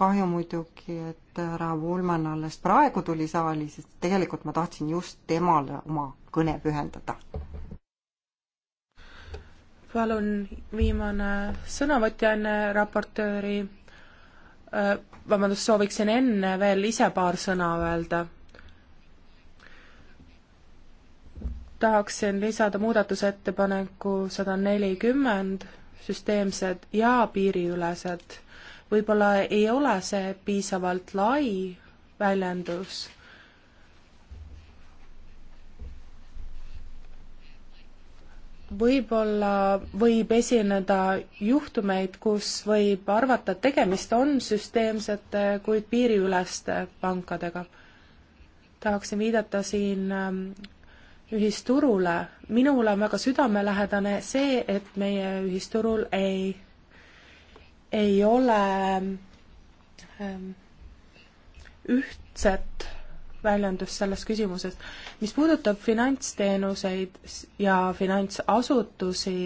kahju muidugi, et härra Woolman alles praegu tuli saali, sest tegelikult ma tahtsin just temale oma kõne pühendada palun viimane sõnavõtja enne raportööri, äh, vabandust, sooviksin enne veel ise paar sõna öelda. tahaksin lisada muudatusettepaneku sada nelikümmend, süsteemsed ja piiriülesed. võib-olla ei ole see piisavalt lai väljendus võib-olla võib esineda juhtumeid, kus võib arvata, et tegemist on süsteemsete, kuid piiriüleste pankadega. tahaksin viidata siin ähm, ühisturule. minule on väga südamelähedane see, et meie ühisturul ei, ei ole ähm, ühtset väljendus selles küsimuses. mis puudutab finantsteenuseid ja finantsasutusi,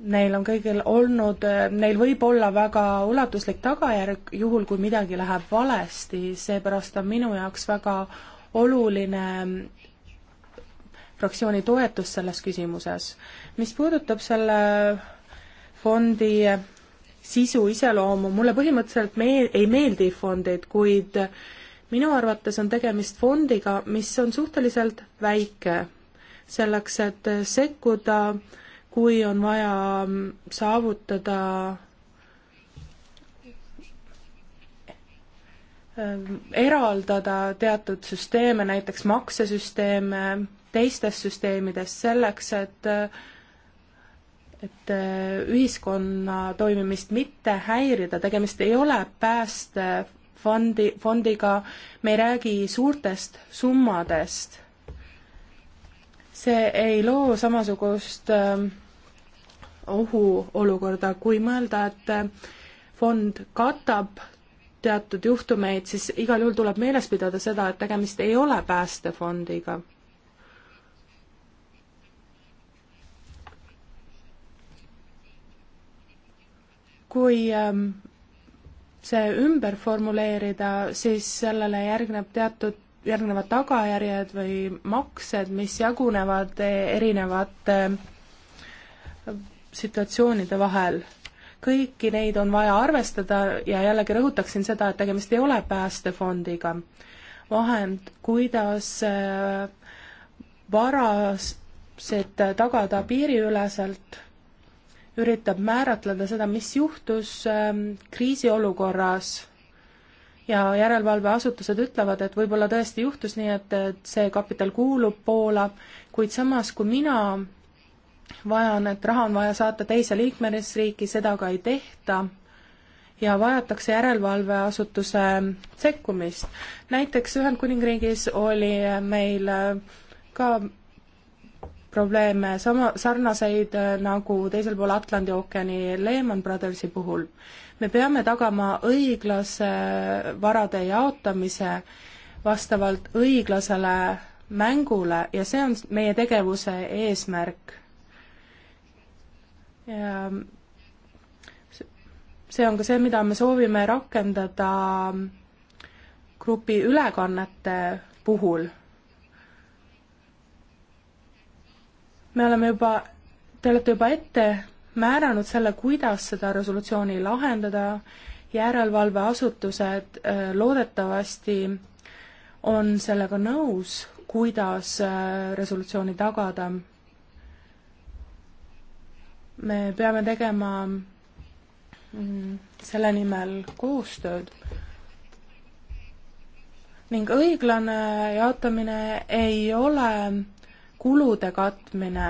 neil on kõigil olnud, neil võib olla väga ulatuslik tagajärg, juhul kui midagi läheb valesti, seepärast on minu jaoks väga oluline fraktsiooni toetus selles küsimuses. mis puudutab selle fondi sisu iseloomu, mulle põhimõtteliselt me ei meeldi fondid, kuid minu arvates on tegemist fondiga, mis on suhteliselt väike, selleks et sekkuda, kui on vaja mm, saavutada mm, eraldada teatud süsteeme, näiteks maksesüsteeme teistest süsteemidest selleks, et et ühiskonna toimimist mitte häirida, tegemist ei ole pääste fondi, fondiga, me ei räägi suurtest summadest. see ei loo samasugust ähm, ohuolukorda, kui mõelda, et äh, fond katab teatud juhtumeid, siis igal juhul tuleb meeles pidada seda, et tegemist ei ole päästefondiga. kui ähm, see ümber formuleerida, siis sellele järgneb teatud, järgnevad tagajärjed või maksed, mis jagunevad erinevate äh, situatsioonide vahel. kõiki neid on vaja arvestada ja jällegi rõhutaksin seda, et tegemist ei ole päästefondiga. vahend, kuidas äh, varasid tagada piiriüleselt üritab määratleda seda, mis juhtus ähm, kriisiolukorras ja järelevalveasutused ütlevad, et võib-olla tõesti juhtus nii, et, et see kapital kuulub Poola, kuid samas, kui mina vajan, et raha on vaja saata teise liikmesriiki, seda ka ei tehta ja vajatakse järelevalveasutuse sekkumist. näiteks Ühendkuningriigis oli meil äh, ka probleeme sama, sarnaseid äh, nagu teisel pool Atlandi ookeani Lehman Brothersi puhul. me peame tagama õiglase äh, varade jaotamise vastavalt õiglasele mängule ja see on meie tegevuse eesmärk. ja see on ka see, mida me soovime rakendada mm, grupi ülekannete puhul me oleme juba, te olete juba ette määranud selle, kuidas seda resolutsiooni lahendada, järelevalveasutused äh, loodetavasti on sellega nõus, kuidas äh, resolutsiooni tagada. me peame tegema mm, selle nimel koostööd. ning õiglane jaotamine ei ole kulude katmine,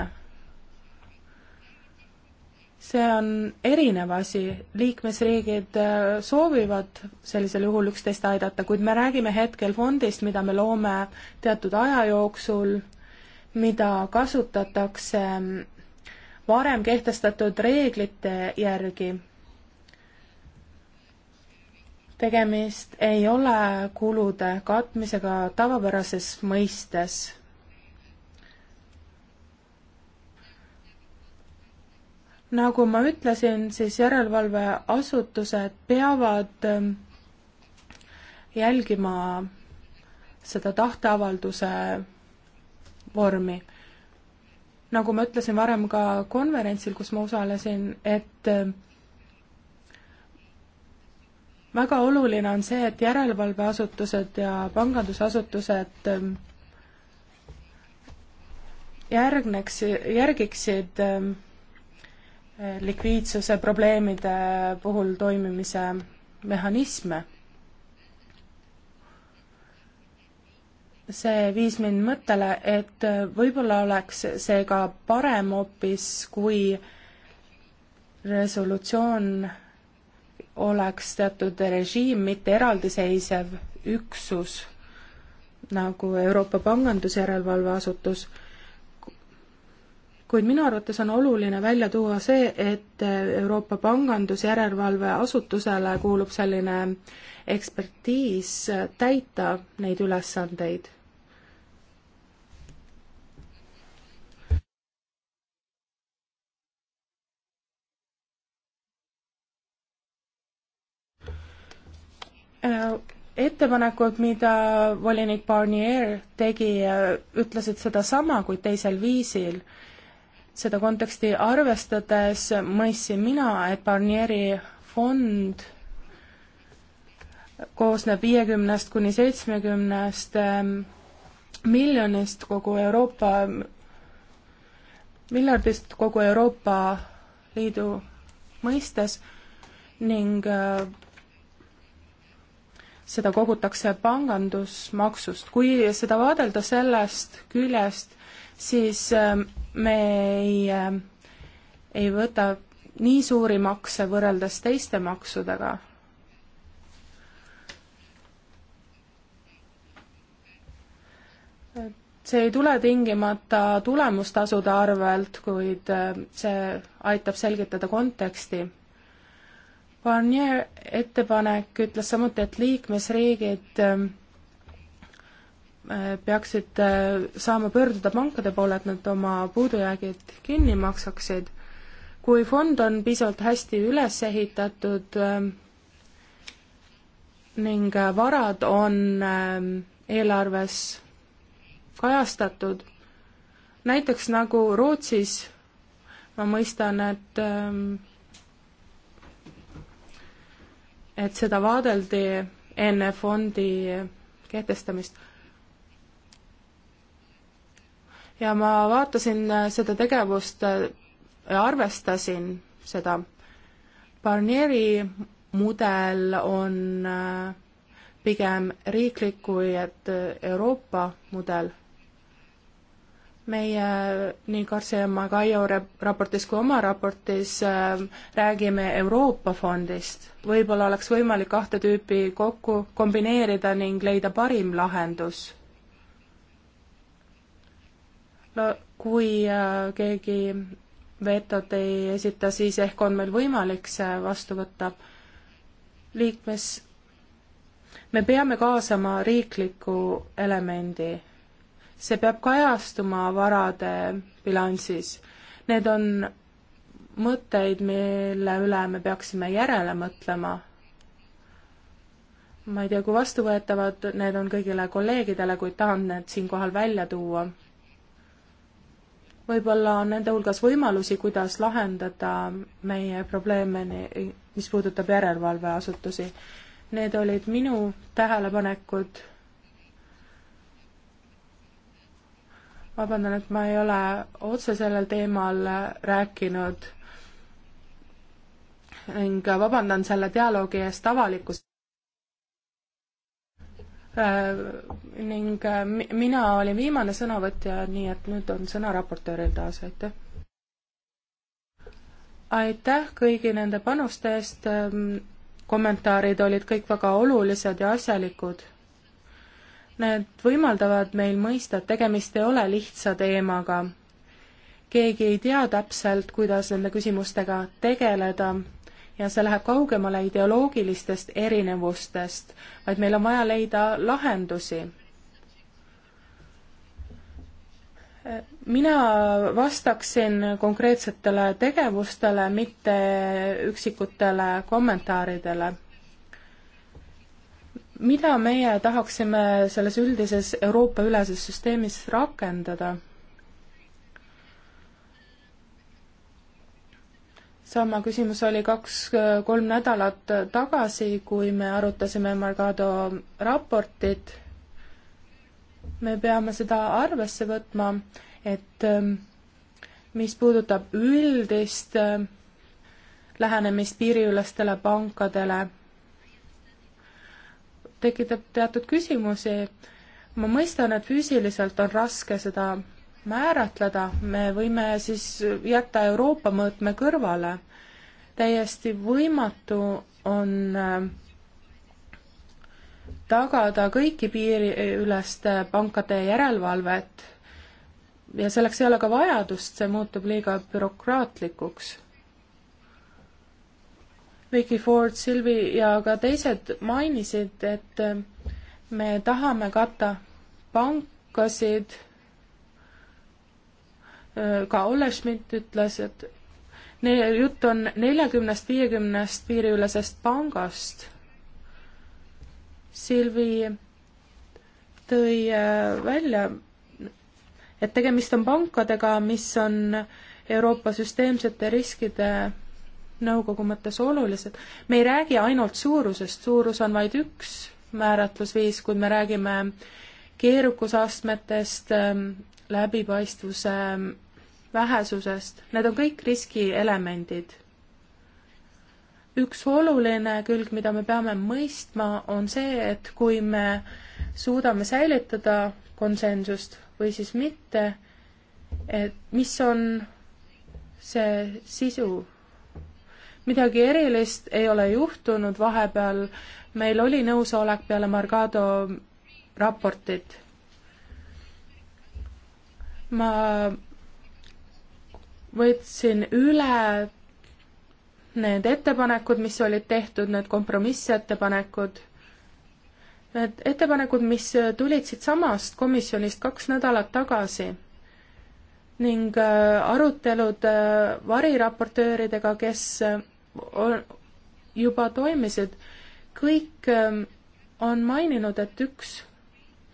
see on erinev asi, liikmesriigid äh, soovivad sellisel juhul üksteist aidata, kuid me räägime hetkel fondist, mida me loome teatud aja jooksul, mida kasutatakse mm, varem kehtestatud reeglite järgi. tegemist ei ole kulude katmisega tavapärases mõistes nagu ma ütlesin, siis järelevalveasutused peavad ähm, jälgima seda tahteavalduse vormi. nagu ma ütlesin varem ka konverentsil, kus ma osalesin, et ähm, väga oluline on see, et järelevalveasutused ja pangandusasutused ähm, järgneks, järgiksid likviidsuse probleemide puhul toimimise mehhanisme. see viis mind mõttele, et võib-olla oleks seega parem hoopis, kui resolutsioon oleks teatud režiim, mitte eraldiseisev üksus, nagu Euroopa Pangandusjärelevalveasutus kuid minu arvates on oluline välja tuua see, et Euroopa Pangandusjärelevalve asutusele kuulub selline ekspertiis täita neid ülesandeid. Äh, ettepanekud, mida volinik Barnier tegi, äh, ütlesid sedasama, kuid teisel viisil seda konteksti arvestades mõistsin mina, et Barnieri fond koosneb viiekümnest kuni seitsmekümnest ähm, miljonist kogu Euroopa, miljardist kogu Euroopa Liidu mõistes ning äh, seda kogutakse pangandusmaksust. kui seda vaadelda sellest küljest, siis ähm, me ei, ähm, ei võta nii suuri makse võrreldes teiste maksudega. see ei tule tingimata tulemustasude arvelt, kuid ähm, see aitab selgitada konteksti Barnier ettepanek ütles samuti, et liikmesriigid Äh, peaksid äh, saama pöörduda pankade poole, et nad oma puudujäägid kinni maksaksid. kui fond on piisavalt hästi üles ehitatud äh, ning varad on eelarves kajastatud, näiteks nagu Rootsis ma mõistan, et et seda vaadeldi enne fondi kehtestamist ja ma vaatasin äh, seda tegevust äh, ja arvestasin seda. Barnieri mudel on äh, pigem riiklik kui et Euroopa mudel. meie nii Garcia Magaio raportis kui oma raportis räägime Euroopa fondist. võib-olla oleks võimalik kahte tüüpi kokku kombineerida ning leida parim lahendus no kui äh, keegi vetot ei esita, siis ehk on meil võimalik see vastu võtta. liikmes, me peame kaasama riikliku elemendi. see peab kajastuma varade bilansis. Need on mõtteid, mille üle me peaksime järele mõtlema. ma ei tea, kui vastuvõetavad need on kõigile kolleegidele, kuid tahan need siinkohal välja tuua võib-olla on nende hulgas võimalusi, kuidas lahendada meie probleeme, mis puudutab järelevalveasutusi. Need olid minu tähelepanekud. vabandan, et ma ei ole otse sellel teemal rääkinud ning vabandan selle dialoogi eest avalikkusele. Äh, ning äh, mina olin viimane sõnavõtja, nii et nüüd on sõna raportööril taas, aitäh! aitäh kõigi nende panuste eest, ähm, kommentaarid olid kõik väga olulised ja asjalikud. Need võimaldavad meil mõista, et tegemist ei ole lihtsa teemaga. keegi ei tea täpselt, kuidas nende küsimustega tegeleda ja see läheb kaugemale ideoloogilistest erinevustest, vaid meil on vaja leida lahendusi. mina vastaksin konkreetsetele tegevustele, mitte üksikutele kommentaaridele. mida meie tahaksime selles üldises Euroopa-üleses süsteemis rakendada? sama küsimus oli kaks-kolm nädalat tagasi, kui me arutasime Margado raportit. me peame seda arvesse võtma, et ähm, mis puudutab üldist ähm, lähenemist piiriülestele pankadele, tekitab teatud küsimusi. ma mõistan, et füüsiliselt on raske seda määratleda, me võime siis jätta Euroopa mõõtme kõrvale. täiesti võimatu on äh, tagada kõiki piiriüleste pankade järelevalvet ja selleks ei ole ka vajadust, see muutub liiga bürokraatlikuks. Vicky Ford, Silvi ja ka teised mainisid, et me tahame katta pankasid ka Olle Schmidt ütles, et jutt on neljakümnest, viiekümnest piiriülesest pangast. Silvi tõi äh, välja, et tegemist on pankadega, mis on Euroopa süsteemsete riskide nõukogu mõttes olulised. me ei räägi ainult suurusest, suurus on vaid üks määratlusviis, kuid me räägime keerukusastmetest, ähm, läbipaistvuse ähm, vähesusest, need on kõik riskielemendid. üks oluline külg, mida me peame mõistma, on see, et kui me suudame säilitada konsensust või siis mitte, et mis on see sisu. midagi erilist ei ole juhtunud vahepeal, meil oli nõusolek peale Margado raportit. ma võtsin üle need ettepanekud, mis olid tehtud, need kompromissettepanekud, need ettepanekud, mis tulid siitsamast komisjonist kaks nädalat tagasi ning äh, arutelud äh, variraportööridega, kes äh, juba toimisid, kõik ähm, on maininud, et üks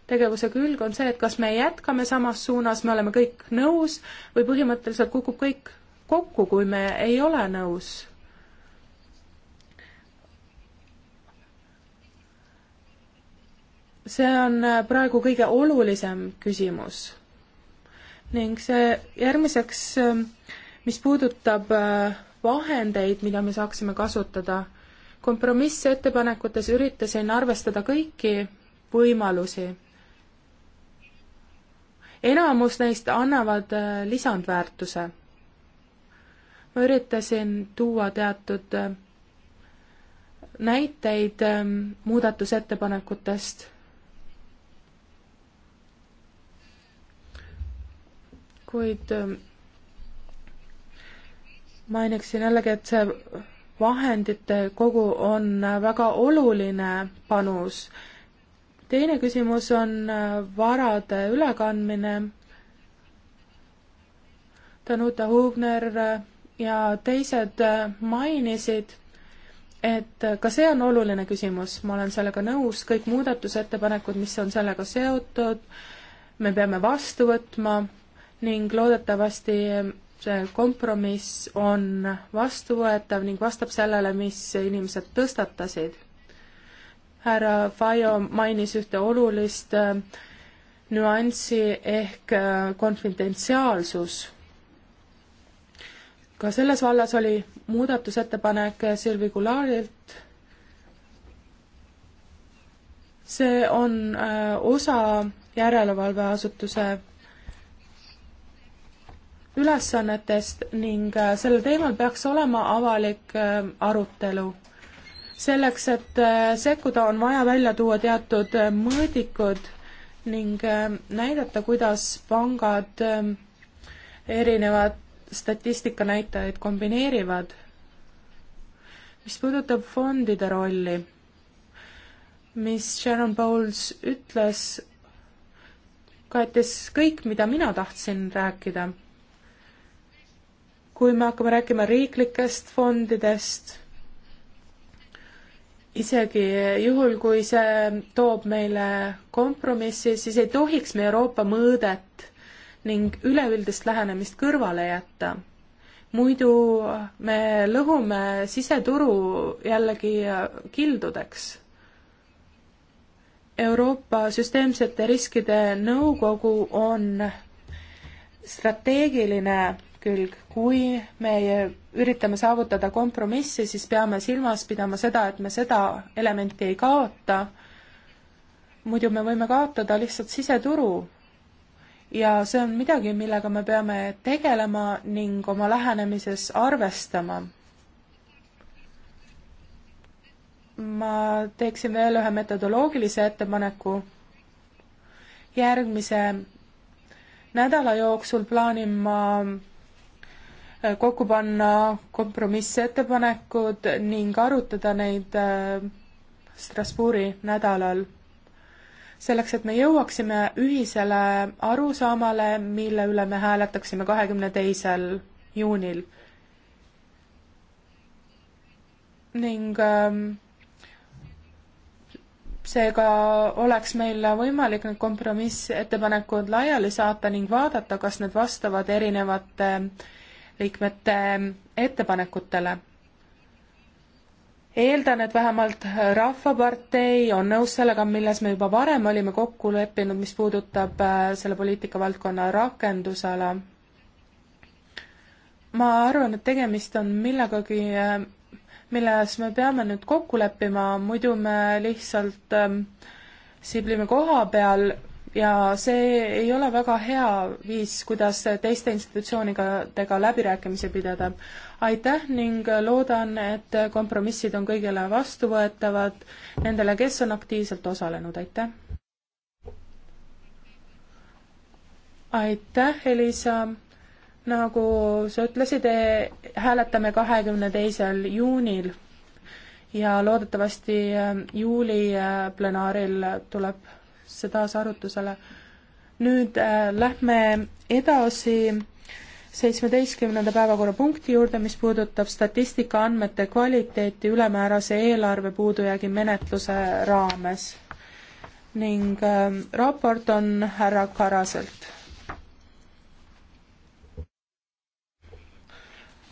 tegevuse külg, on see, et kas me jätkame samas suunas, me oleme kõik nõus või põhimõtteliselt kukub kõik kokku, kui me ei ole nõus. see on äh, praegu kõige olulisem küsimus. ning see järgmiseks, ähm, mis puudutab äh, vahendeid, mida me saaksime kasutada, kompromissettepanekutes üritasin arvestada kõiki võimalusi enamus neist annavad äh, lisandväärtuse. ma üritasin tuua teatud äh, näiteid äh, muudatusettepanekutest. kuid mainiksin jällegi, et see vahendite kogu on väga oluline panus teine küsimus on äh, varade ülekandmine. Danuta Hubner äh, ja teised äh, mainisid, et ka see on oluline küsimus, ma olen sellega nõus, kõik muudatusettepanekud, mis on sellega seotud, me peame vastu võtma ning loodetavasti see kompromiss on vastuvõetav ning vastab sellele, mis inimesed tõstatasid härra Fajo mainis ühte olulist äh, nüanssi ehk äh, konfidentsiaalsus. ka selles vallas oli muudatusettepanek Silvi Gulaarilt. see on äh, osa järelevalveasutuse ülesannetest ning sellel teemal peaks olema avalik arutelu selleks, et äh, sekkuda, on vaja välja tuua teatud äh, mõõdikud ning äh, näidata, kuidas pangad erinevad statistikanäitajaid kombineerivad. mis puudutab fondide rolli, mis Sharon Bowles ütles, kaetis kõik, mida mina tahtsin rääkida. kui me hakkame rääkima riiklikest fondidest isegi juhul, kui see toob meile kompromissi, siis ei tohiks me Euroopa mõõdet ning üleüldist lähenemist kõrvale jätta. muidu me lõhume siseturu jällegi kildudeks. Euroopa Süsteemsete Riskide Nõukogu on strateegiline külg. kui me üritame saavutada kompromissi, siis peame silmas pidama seda, et me seda elementi ei kaota, muidu me võime kaotada lihtsalt siseturu. ja see on midagi, millega me peame tegelema ning oma lähenemises arvestama. ma teeksin veel ühe metodoloogilise ettepaneku. järgmise nädala jooksul plaanin ma kokku panna kompromissettepanekud ning arutada neid äh, Strasbourgi nädalal. selleks, et me jõuaksime ühisele arusaamale, mille üle me hääletaksime kahekümne teisel juunil. ning ähm, seega oleks meil võimalik need kompromissettepanekud laiali saata ning vaadata, kas need vastavad erinevate äh, liikmete ehm, ettepanekutele. eeldan, et vähemalt Rahvapartei on nõus sellega, milles me juba varem olime kokku leppinud, mis puudutab äh, selle poliitikavaldkonna rakendusala. ma arvan, et tegemist on millegagi, ehm, milles me peame nüüd kokku leppima, muidu me lihtsalt ehm, siblime koha peal ja see ei ole väga hea viis, kuidas teiste institutsioonidega läbirääkimisi pidada. aitäh ning loodan, et kompromissid on kõigile vastuvõetavad, nendele, kes on aktiivselt osalenud, aitäh! aitäh, Elisa! nagu sa ütlesid, e, hääletame kahekümne teisel juunil ja loodetavasti e, juuli e, plenaaril tuleb see taas arutusele. nüüd äh, lähme edasi seitsmeteistkümnenda päevakorrapunkti juurde, mis puudutab statistikaandmete kvaliteeti ülemäärase eelarve puudujäägi menetluse raames. ning äh, raport on härra Karaselt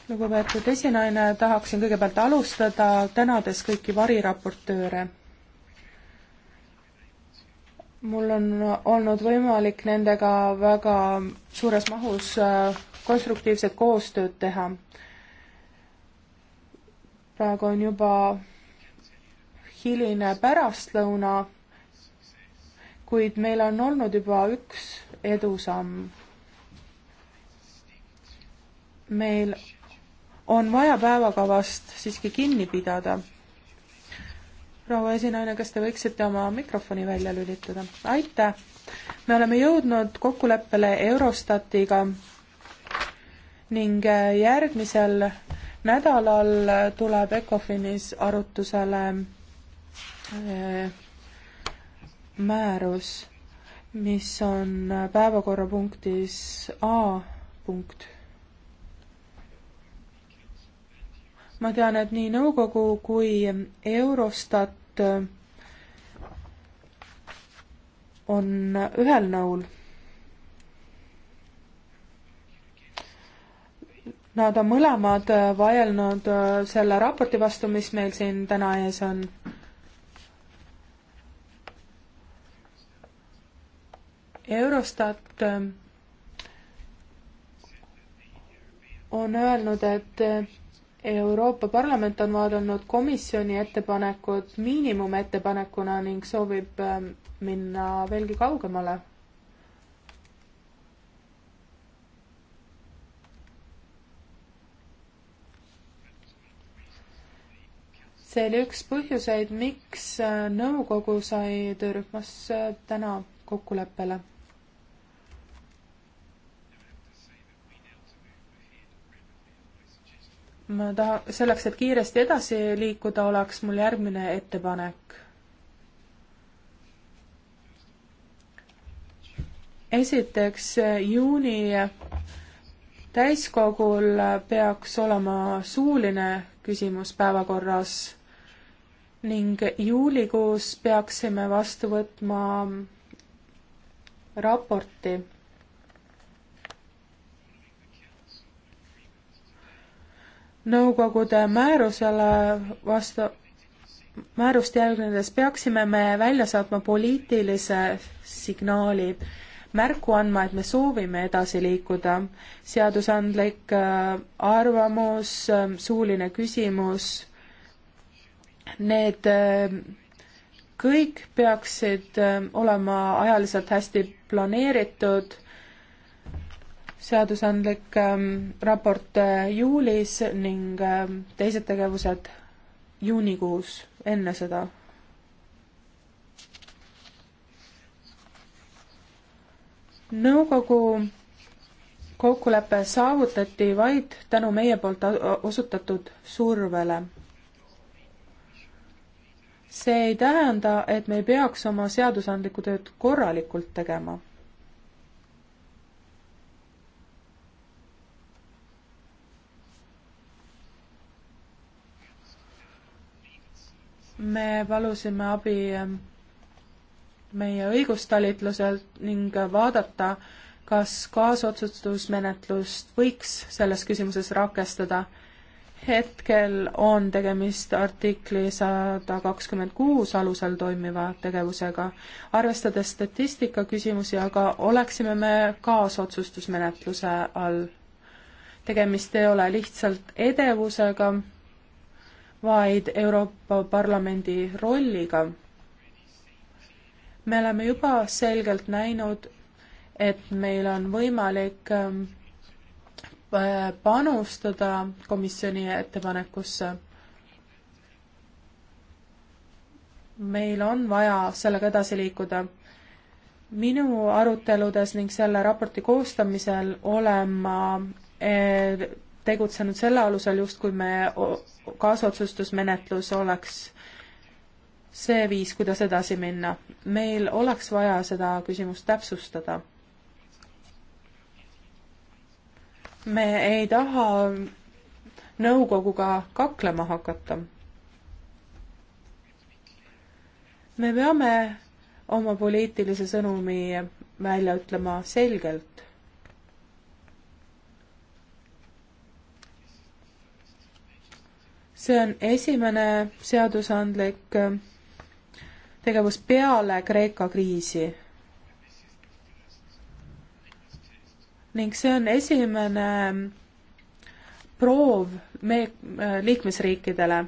lugupeetud esinaine, tahaksin kõigepealt alustada tänades kõiki variraportööre mul on olnud võimalik nendega väga suures mahus äh, konstruktiivset koostööd teha. praegu on juba hiline pärastlõuna, kuid meil on olnud juba üks edusamm. meil on vaja päevakavast siiski kinni pidada proua esinaine, kas te võiksite oma mikrofoni välja lülitada? aitäh! me oleme jõudnud kokkuleppele Eurostatiga ning järgmisel nädalal tuleb ECOFINis arutusele eh, määrus, mis on päevakorrapunktis A punkt ma tean, et nii nõukogu kui Eurostat on ühel nõul. Nad on mõlemad vaielnud selle raporti vastu, mis meil siin täna ees on. Eurostat on öelnud, et Euroopa Parlament on vaadanud komisjoni ettepanekut miinimumettepanekuna ning soovib ähm, minna veelgi kaugemale. see oli üks põhjuseid, miks äh, nõukogu sai töörühmas äh, täna kokkuleppele ma taha, selleks, et kiiresti edasi liikuda, oleks mul järgmine ettepanek. esiteks juuni täiskogul peaks olema suuline küsimus päevakorras ning juulikuus peaksime vastu võtma raporti nõukogude määrusele vastu, määrust jälgides peaksime me välja saatma poliitilise signaali, märku andma, et me soovime edasi liikuda. seadusandlik äh, arvamus, äh, suuline küsimus, need äh, kõik peaksid olema ajaliselt hästi planeeritud seadusandlik ähm, raport äh, juulis ning ähm, teised tegevused juunikuus enne seda. nõukogu kokkulepe saavutati vaid tänu meie poolt osutatud survele. see ei tähenda, et me ei peaks oma seadusandlikku tööd korralikult tegema me palusime abi ähm, meie õigustalitluselt ning vaadata, kas kaasotsustusmenetlust võiks selles küsimuses rakestada. hetkel on tegemist artikli sada kakskümmend kuus alusel toimiva tegevusega. arvestades statistika küsimusi, aga oleksime me kaasotsustusmenetluse all. tegemist ei ole lihtsalt edevusega vaid Euroopa Parlamendi rolliga. me oleme juba selgelt näinud, et meil on võimalik ähm, panustada komisjoni ettepanekusse. meil on vaja sellega edasi liikuda. minu aruteludes ning selle raporti koostamisel olen ma äh, tegutsenud selle alusel, justkui me kaasotsustusmenetlus oleks see viis, kuidas edasi minna. meil oleks vaja seda küsimust täpsustada. me ei taha nõukoguga kaklema hakata. me peame oma poliitilise sõnumi välja ütlema selgelt. see on esimene seadusandlik äh, tegevus peale Kreeka kriisi. ning see on esimene mm, proov me-, äh, liikmesriikidele,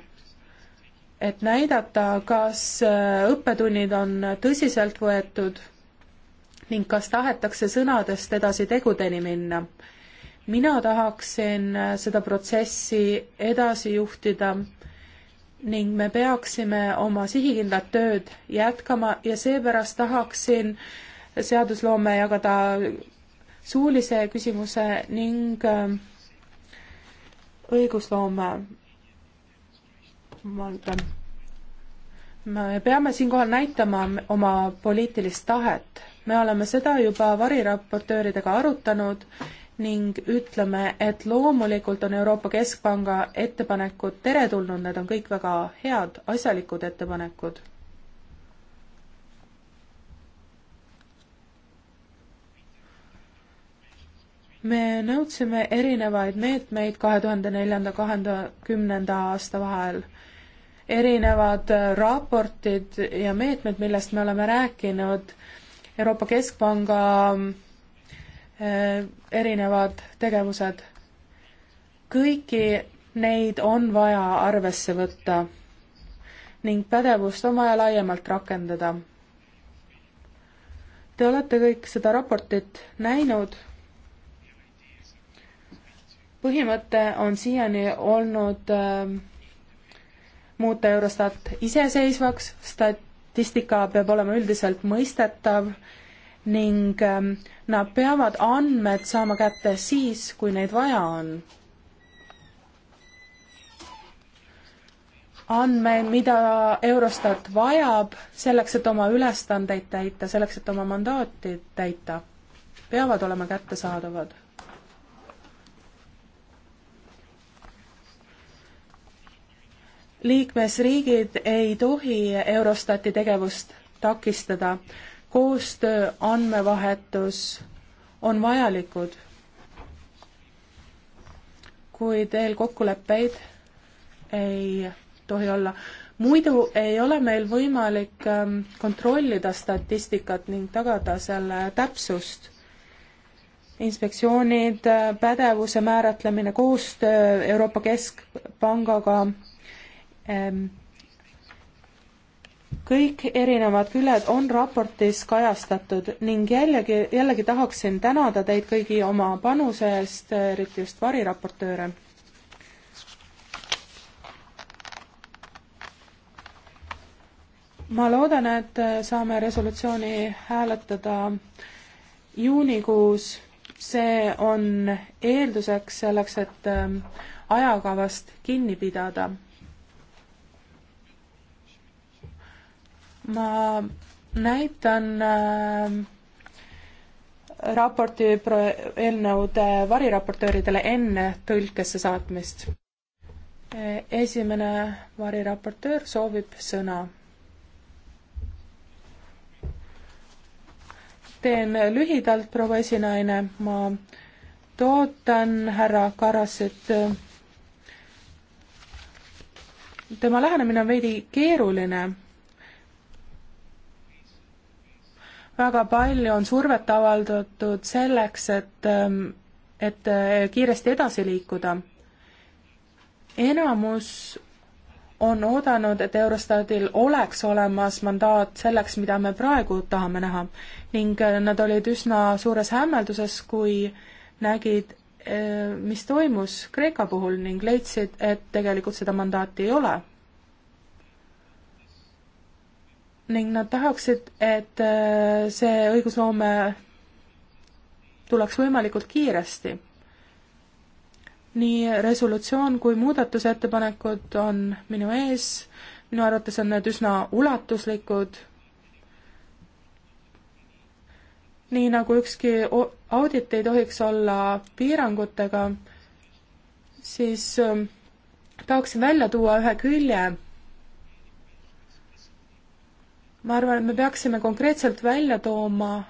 et näidata, kas äh, õppetunnid on tõsiselt võetud ning kas tahetakse sõnadest edasi tegudeni minna mina tahaksin äh, seda protsessi edasi juhtida ning me peaksime oma sihikindlat tööd jätkama ja seepärast tahaksin seadusloome jagada suulise küsimuse ning äh, õigusloome valde. me peame siinkohal näitama oma poliitilist tahet. me oleme seda juba variraportööridega arutanud ning ütleme, et loomulikult on Euroopa Keskpanga ettepanekud teretulnud, need on kõik väga head, asjalikud ettepanekud. me nõudsime erinevaid meetmeid kahe tuhande neljanda, kahe kümnenda aasta vahel. erinevad raportid ja meetmed, millest me oleme rääkinud, Euroopa Keskpanga Äh, erinevad tegevused. kõiki neid on vaja arvesse võtta ning pädevust on vaja laiemalt rakendada. Te olete kõik seda raportit näinud. põhimõte on siiani olnud äh, muuta Eurostat iseseisvaks, statistika peab olema üldiselt mõistetav äh, ning ähm, nad peavad andmed saama kätte siis, kui neid vaja on. andmeid, mida Eurostat vajab selleks, et oma ülesandeid täita, selleks, et oma mandaati täita, peavad olema kättesaadavad liikmesriigid ei tohi Eurostati tegevust takistada koostöö, andmevahetus on vajalikud. kuid eelkokkuleppeid ei tohi olla. muidu ei ole meil võimalik ähm, kontrollida statistikat ning tagada selle täpsust. inspektsioonid, äh, pädevuse määratlemine, koostöö Euroopa Keskpangaga ähm,, kõik erinevad küljed on raportis kajastatud ning jällegi, jällegi tahaksin tänada teid kõigi oma panuse eest, eriti just variraportööre. ma loodan, et saame resolutsiooni hääletada juunikuus, see on eelduseks selleks, et ähm, ajakavast kinni pidada ma näitan äh, raporti pro-, eelnõude variraportööridele enne tõlkesse saatmist. Äh, esimene variraportöör soovib sõna. teen lühidalt, proua esinaine, ma tootan härra Karasit. tema lähenemine on veidi keeruline väga palju on survet avaldatud selleks, et, ähm, et äh, kiiresti edasi liikuda. enamus on oodanud, et Eurostatil oleks olemas mandaat selleks, mida me praegu tahame näha. ning äh, nad olid üsna suures hämmelduses, kui nägid, äh, mis toimus Kreeka puhul ning leidsid, et tegelikult seda mandaati ei ole ning nad tahaksid, et äh, see õigusloome tuleks võimalikult kiiresti. nii resolutsioon kui muudatusettepanekud on minu ees, minu arvates on need üsna ulatuslikud, nii nagu ükski audit ei tohiks olla piirangutega, siis ähm, tahaksin välja tuua ühe külje ma arvan, et me peaksime konkreetselt välja tooma,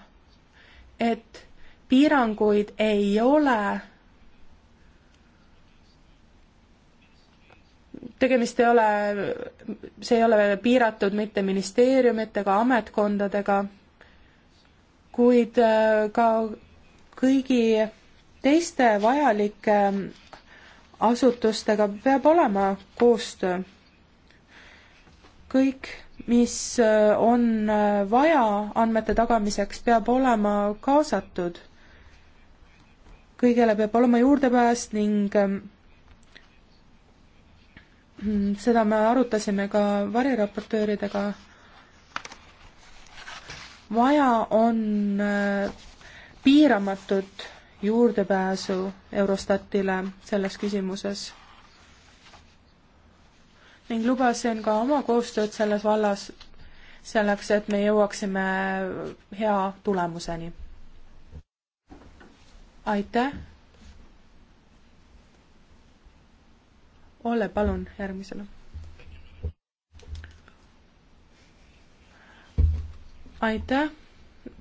et piiranguid ei ole. tegemist ei ole, see ei ole piiratud mitte ministeeriumitega, ametkondadega, kuid äh, ka kõigi teiste vajalike äh, asutustega peab olema koostöö. kõik mis äh, on äh, vaja andmete tagamiseks, peab olema kaasatud. kõigele peab olema juurdepääs ning ähm, seda me arutasime ka variraportööridega. vaja on äh, piiramatut juurdepääsu Eurostatile selles küsimuses ning lubasin ka oma koostööd selles vallas selleks, et me jõuaksime hea tulemuseni. aitäh. Olle, palun järgmisele. aitäh.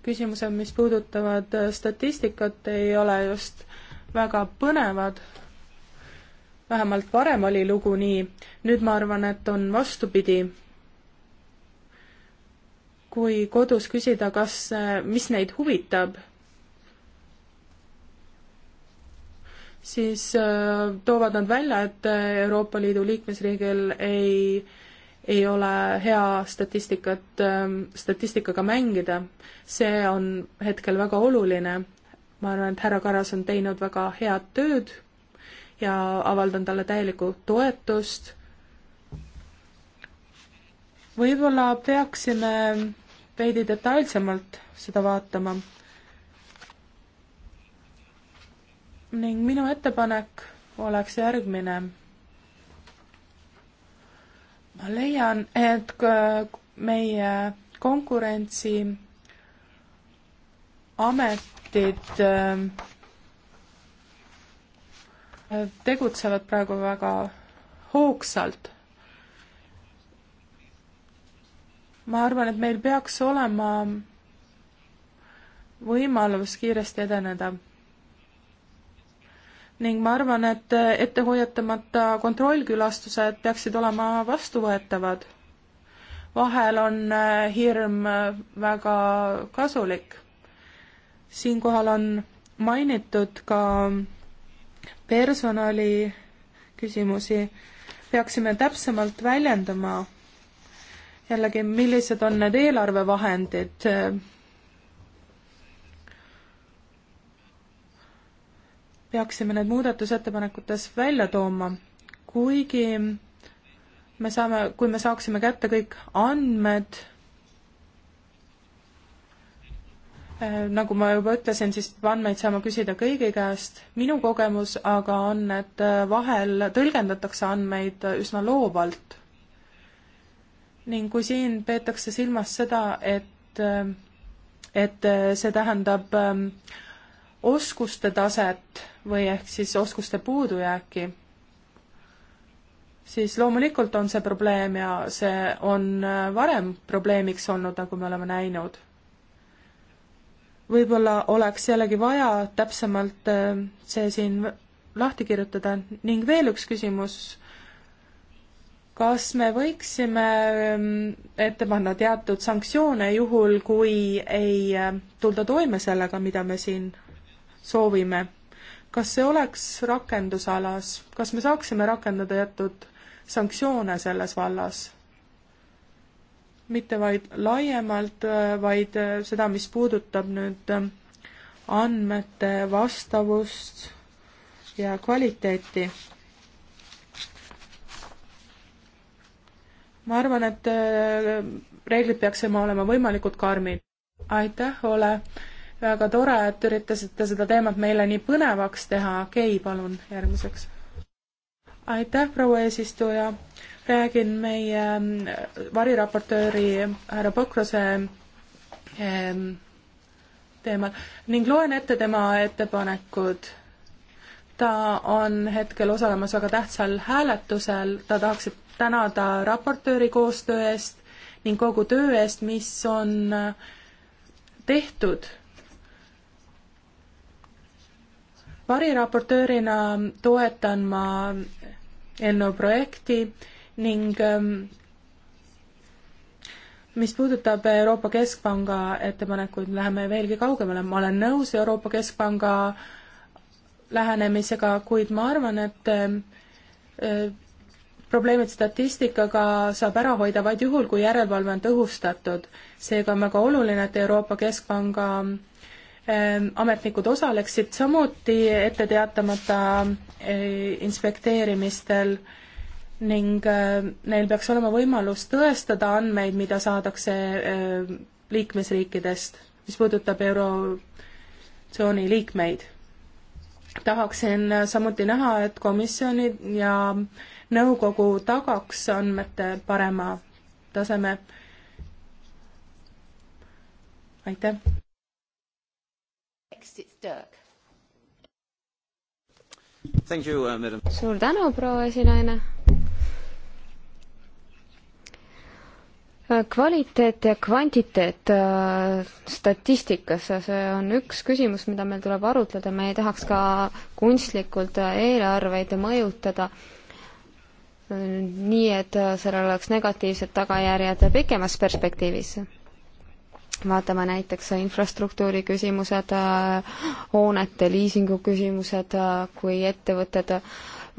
küsimused, mis puudutavad statistikat, ei ole just väga põnevad vähemalt varem oli lugu nii, nüüd ma arvan, et on vastupidi. kui kodus küsida, kas, äh, mis neid huvitab, siis äh, toovad nad välja, et äh, Euroopa Liidu liikmesriigil ei, ei ole hea statistikat, ähm, statistikaga mängida. see on hetkel väga oluline. ma arvan, et härra Karas on teinud väga head tööd ja avaldan talle täielikku toetust. võib-olla peaksime veidi detailsemalt seda vaatama. ning minu ettepanek oleks järgmine. ma leian, et meie konkurentsiametid äh, tegutsevad praegu väga hoogsalt. ma arvan, et meil peaks olema võimalus kiiresti edeneda. ning ma arvan, et ette hoiatamata kontrollkülastused peaksid olema vastuvõetavad. vahel on äh, hirm äh, väga kasulik. siinkohal on mainitud ka personali küsimusi peaksime täpsemalt väljendama jällegi, millised on need eelarvevahendid. peaksime need muudatusettepanekutes välja tooma, kuigi me saame, kui me saaksime kätte kõik andmed Äh, nagu ma juba ütlesin, siis andmeid saame küsida kõigi käest, minu kogemus aga on, et äh, vahel tõlgendatakse andmeid äh, üsna loovalt. ning kui siin peetakse silmas seda, et, et see tähendab ähm, oskuste taset või ehk siis oskuste puudujääki, siis loomulikult on see probleem ja see on varem probleemiks olnud, nagu me oleme näinud võib-olla oleks jällegi vaja täpsemalt äh, see siin lahti kirjutada ning veel üks küsimus, kas me võiksime ähm, ette panna teatud sanktsioone juhul, kui ei äh, tulda toime sellega, mida me siin soovime? kas see oleks rakendusalas, kas me saaksime rakendada teatud sanktsioone selles vallas? mitte vaid laiemalt, vaid äh, seda, mis puudutab nüüd äh, andmete vastavust ja kvaliteeti. ma arvan, et äh, reeglid peaksime olema võimalikult karmid. aitäh, Ole! väga tore, et üritasite seda teemat meile nii põnevaks teha. Kei, palun järgmiseks. aitäh, proua eesistuja! räägin meie ähm, variraportööri härra Pokrose ähm, teemal ning loen ette tema ettepanekud. ta on hetkel osalemas väga tähtsal hääletusel, ta tahaks tänada raportööri koostöö eest ning kogu töö eest, mis on äh, tehtud variraportöörina toetan ma äh, eelnõu projekti ning ähm, mis puudutab Euroopa Keskpanga ettepanekuid, läheme veelgi kaugemale, ma olen nõus Euroopa Keskpanga lähenemisega, kuid ma arvan, et ähm, äh, probleemid statistikaga saab ära hoida vaid juhul, kui järelevalve on tõhustatud. seega on väga oluline, et Euroopa Keskpanga ähm, ametnikud osaleksid samuti etteteatamata äh, inspekteerimistel äh, ning äh, neil peaks olema võimalus tõestada andmeid, mida saadakse äh, liikmesriikidest, mis puudutab Eurotsooni liikmeid. tahaksin äh, samuti näha, et komisjonid ja nõukogu tagaks andmete parema taseme. aitäh. Uh, suur tänu, proua esinaine kvaliteet ja kvantiteet äh, statistikas, see on üks küsimus, mida meil tuleb arutleda, me ei tahaks ka kunstlikult äh, eelarveid mõjutada, nii et äh, sellel oleks negatiivsed tagajärjed pikemas perspektiivis. vaatame näiteks infrastruktuuri küsimused, hoonete liisingu küsimused, kui ettevõtted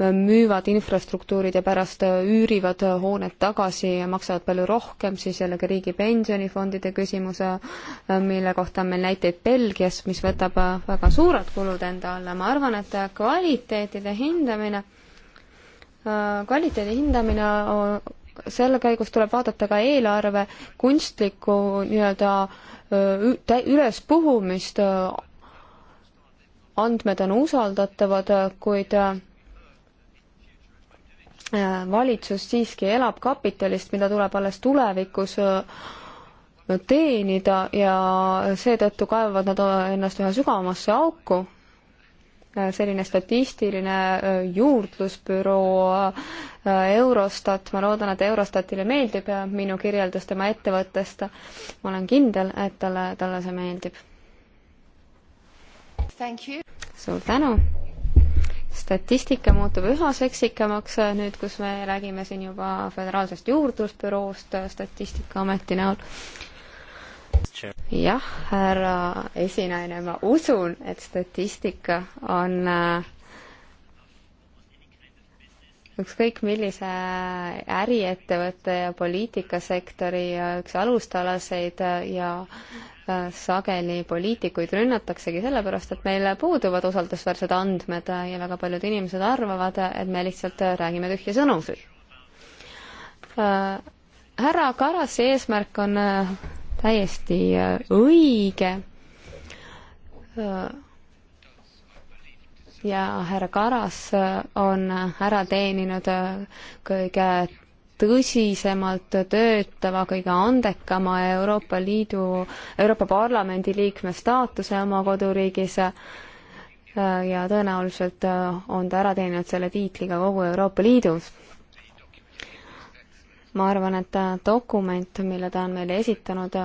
müüvad infrastruktuurid ja pärast üürivad hooned tagasi ja maksavad palju rohkem, siis jällegi riigi pensionifondide küsimus, mille kohta on meil näiteid Belgias, mis võtab väga suured kulud enda alla, ma arvan, et kvaliteetide hindamine, kvaliteedi hindamine selle käigus tuleb vaadata ka eelarve kunstlikku nii-öelda ülespuhumist, andmed on usaldatavad, kuid Äh, valitsus siiski elab kapitalist, mida tuleb alles tulevikus äh, teenida ja seetõttu kaevavad nad ennast üha sügavamasse auku. Äh, selline statistiline juurdlusbüroo Eurostat, ma loodan, et Eurostatile meeldib minu kirjeldus tema ettevõttest. ma olen kindel, et talle, talle see meeldib. suur tänu! statistika muutub üha seksikamaks nüüd, kus me räägime siin juba föderaalsest juurdlusbüroost Statistikaameti näol. jah, härra esinaine, ma usun, et statistika on äh, ükskõik millise äriettevõtte ja poliitikasektori üks alustalaseid ja äh, sageli poliitikuid rünnataksegi sellepärast, et meil puuduvad usaldusväärsed andmed ja väga paljud inimesed arvavad, et me lihtsalt räägime tühje sõnu. Äh, härra Karasi eesmärk on äh, täiesti õige ja härra Karas äh, on äh, ära teeninud äh, kõige tõsisemalt töötava, kõige andekama Euroopa Liidu, Euroopa Parlamendi liikme staatuse oma koduriigis ja tõenäoliselt on ta ära teeninud selle tiitli ka kogu Euroopa Liidus. ma arvan, et dokument, mille ta on meile esitanud,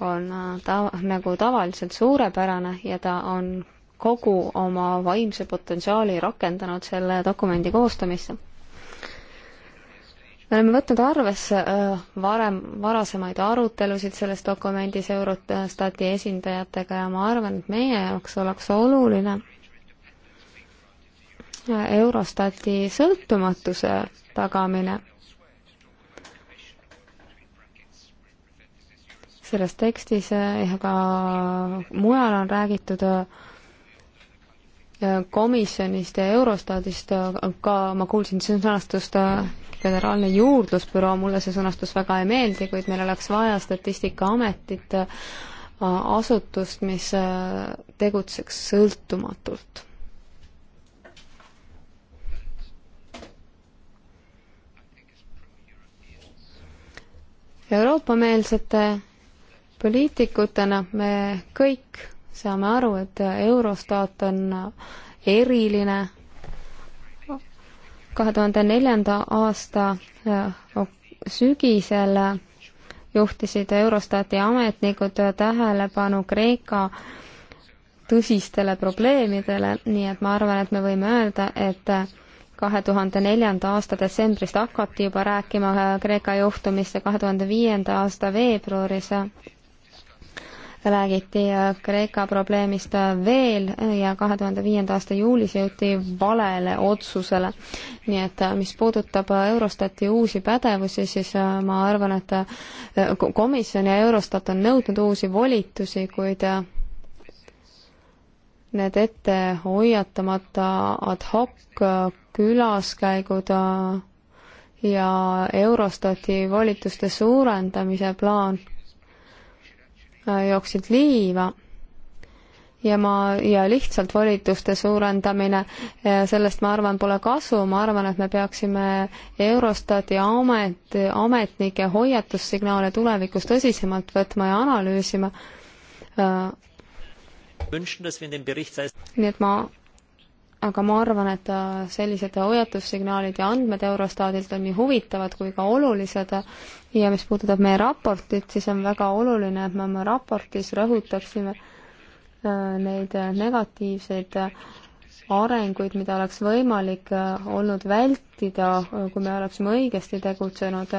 on ta nagu tavaliselt suurepärane ja ta on kogu oma vaimse potentsiaali rakendanud selle dokumendi koostamisse. me oleme võtnud arvesse äh, varem, varasemaid arutelusid selles dokumendis Eurostati esindajatega ja ma arvan, et meie jaoks oleks oluline äh, Eurostati sõltumatuse tagamine selles tekstis äh, ja ka mujal on räägitud komisjonist ja Eurostatist ka ma kuulsin sõnastust äh, föderaalne juurdlusbüroo, mulle see sõnastus väga ei meeldi, kuid meil oleks vaja Statistikaametit, äh, asutust, mis äh, tegutseks sõltumatult. Euroopa-meelsete poliitikutena me kõik saame aru, et Eurostat on eriline kahe tuhande neljanda aasta eh, sügisel juhtisid Eurostati ametnikud tähelepanu Kreeka tõsistele probleemidele, nii et ma arvan, et me võime öelda, et kahe tuhande neljanda aasta detsembrist hakati juba rääkima Kreeka juhtumist ja kahe tuhande viienda aasta veebruaris räägiti äh, Kreeka probleemist äh, veel ja kahe tuhande viienda aasta juulis jõuti valele otsusele. nii et äh, mis puudutab Eurostati uusi pädevusi, siis ma arvan, et komisjon ja Eurostat on nõudnud uusi volitusi, kuid need ette hoiatamata ad hoc külaskäigud ja Eurostati volituste suurendamise plaan Äh, jooksid liiva ja ma, ja lihtsalt volituste suurendamine, sellest ma arvan, pole kasu, ma arvan, et me peaksime Eurostati amet, ametnike hoiatussignaale tulevikus tõsisemalt võtma ja analüüsima. Äh, nii et ma aga ma arvan, et äh, sellised hoiatussignaalid ja andmed Eurostaadilt on nii huvitavad kui ka olulised ja mis puudutab meie raportit, siis on väga oluline, et me oma raportis rõhutaksime äh, neid negatiivseid arenguid, mida oleks võimalik äh, olnud vältida, kui me oleksime õigesti tegutsenud.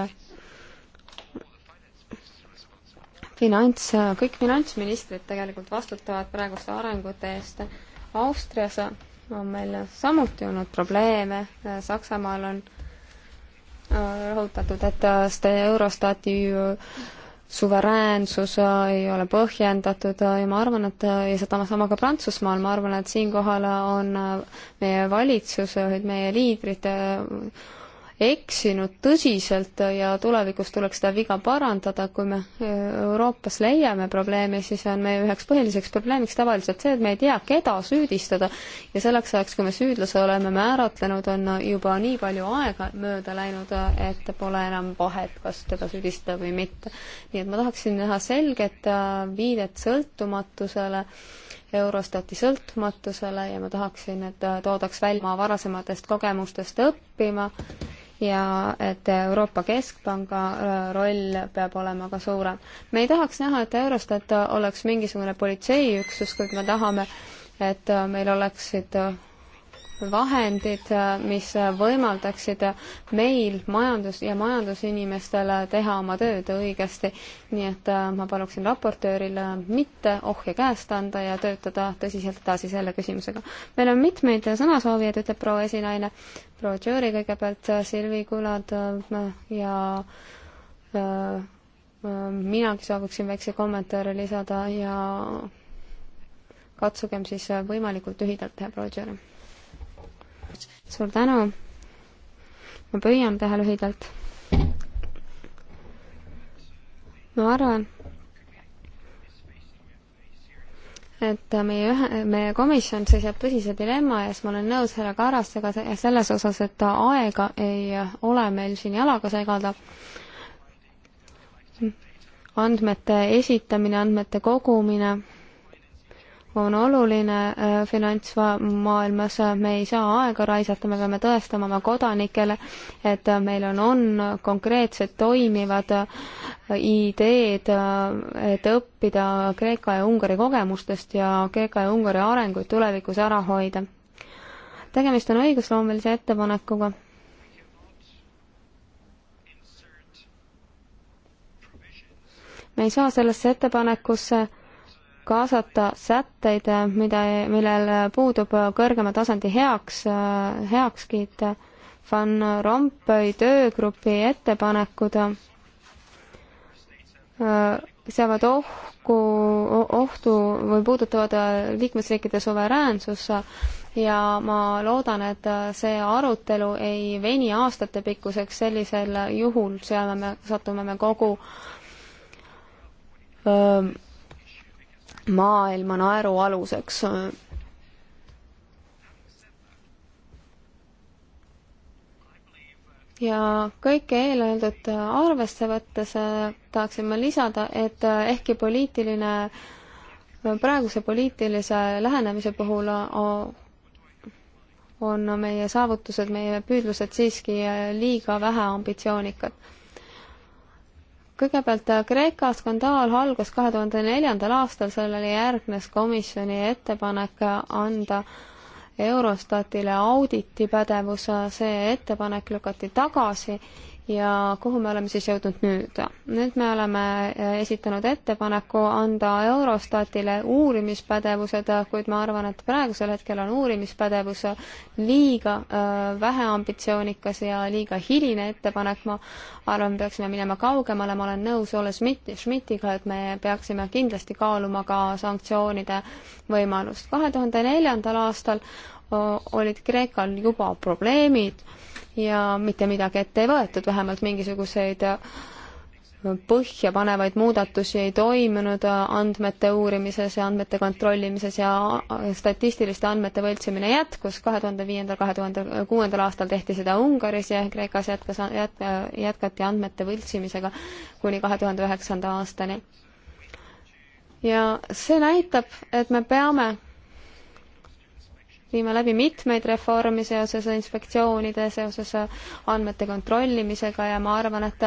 finants, kõik finantsministrid tegelikult vastutavad praeguste arengute eest Austrias on meil samuti olnud probleeme, Saksamaal on äh, rõhutatud, et äh, Eurostati äh, suveräänsus ei ole põhjendatud ja ma arvan, et ja sedama sama ka Prantsusmaal, ma arvan, et siinkohal on meie valitsused, meie liidrid eksinud tõsiselt ja tulevikus tuleks seda viga parandada, kui me Euroopas leiame probleemi, siis on meie üheks põhiliseks probleemiks tavaliselt see, et me ei tea, keda süüdistada ja selleks ajaks, kui me süüdlase oleme määratlenud, on juba nii palju aega mööda läinud, et pole enam vahet, kas teda süüdistada või mitte. nii et ma tahaksin näha selget äh, viidet sõltumatusele Eurostati sõltumatusele ja ma tahaksin, et äh, toodaks välja oma varasematest kogemustest õppima ja et Euroopa Keskpanga äh, roll peab olema ka suurem. me ei tahaks näha, et Eurostat oleks mingisugune politseiüksus, kuid me tahame, et äh, meil oleksid äh, vahendid, mis võimaldaksid meil majandus- ja majandusinimestele teha oma tööd õigesti. nii et äh, ma paluksin raportööril äh, mitte ohje käest anda ja töötada tõsiselt edasi selle küsimusega. meil on mitmeid sõnasoovijaid, ütleb proua esinaine, proua Tšööri kõigepealt, äh, Silvi Kulad ja minagi sooviksin väikse kommentaare lisada ja katsugem siis võimalikult lühidalt teha, proua Tšööri suur tänu. ma püüan teha lühidalt. ma arvan, et meie ühe, meie komisjon seisab tõsise dilemma ees, ma olen nõus härra Karastega selles osas, et aega ei ole meil siin jalaga segada. andmete esitamine, andmete kogumine on oluline äh, finantsmaailmas, me ei saa aega raisata, me peame tõestama oma kodanikele, et meil on, on konkreetsed toimivad äh, ideed, äh, et õppida Kreeka ja Ungari kogemustest ja Kreeka ja Ungari arenguid tulevikus ära hoida. tegemist on õigusloomelise ettepanekuga me ei saa sellesse ettepanekusse kaasata sätteid, mida, millel puudub kõrgema tasandi heaks, heakskiit. Van Rompuy töögrupi ettepanekud äh, seavad ohku, ohtu või puudutavad liikmesriikide suveräänsust ja ma loodan, et see arutelu ei veni aastatepikkuseks, sellisel juhul seame me, satume me kogu öö, maailma naeru aluseks. ja kõike eelöeldut arvesse võttes äh, tahaksin ma lisada, et äh, ehkki poliitiline, äh, praeguse poliitilise lähenemise puhul on meie saavutused, meie püüdlused siiski liiga vähe ambitsioonikad kõigepealt äh, Kreeka skandaal algas kahe tuhande neljandal aastal, sellele järgnes komisjoni ettepanek äh, anda Eurostatile auditipädevus, äh, see ettepanek lükati tagasi ja kuhu me oleme siis jõudnud nüüd? nüüd me oleme eh, esitanud ettepaneku anda Eurostatile uurimispädevused, kuid ma arvan, et praegusel hetkel on uurimispädevus liiga eh, väheambitsioonikas ja liiga hiline ettepanek, ma arvan, peaksime minema kaugemale, ma olen nõus Ole Schmidt, Schmidtiga, et me peaksime kindlasti kaaluma ka sanktsioonide võimalust. kahe tuhande neljandal aastal olid Kreekal juba probleemid ja mitte midagi ette ei võetud, vähemalt mingisuguseid põhjapanevaid muudatusi ei toimunud andmete uurimises ja andmete kontrollimises ja statistiliste andmete võltsimine jätkus. kahe tuhande viiendal, kahe tuhande kuuendal aastal tehti seda Ungaris ja Kreekas jätkas, jät-, jätkati andmete võltsimisega kuni kahe tuhande üheksanda aastani. ja see näitab, et me peame viime läbi mitmeid reforme seoses inspektsioonide, seoses andmete kontrollimisega ja ma arvan, et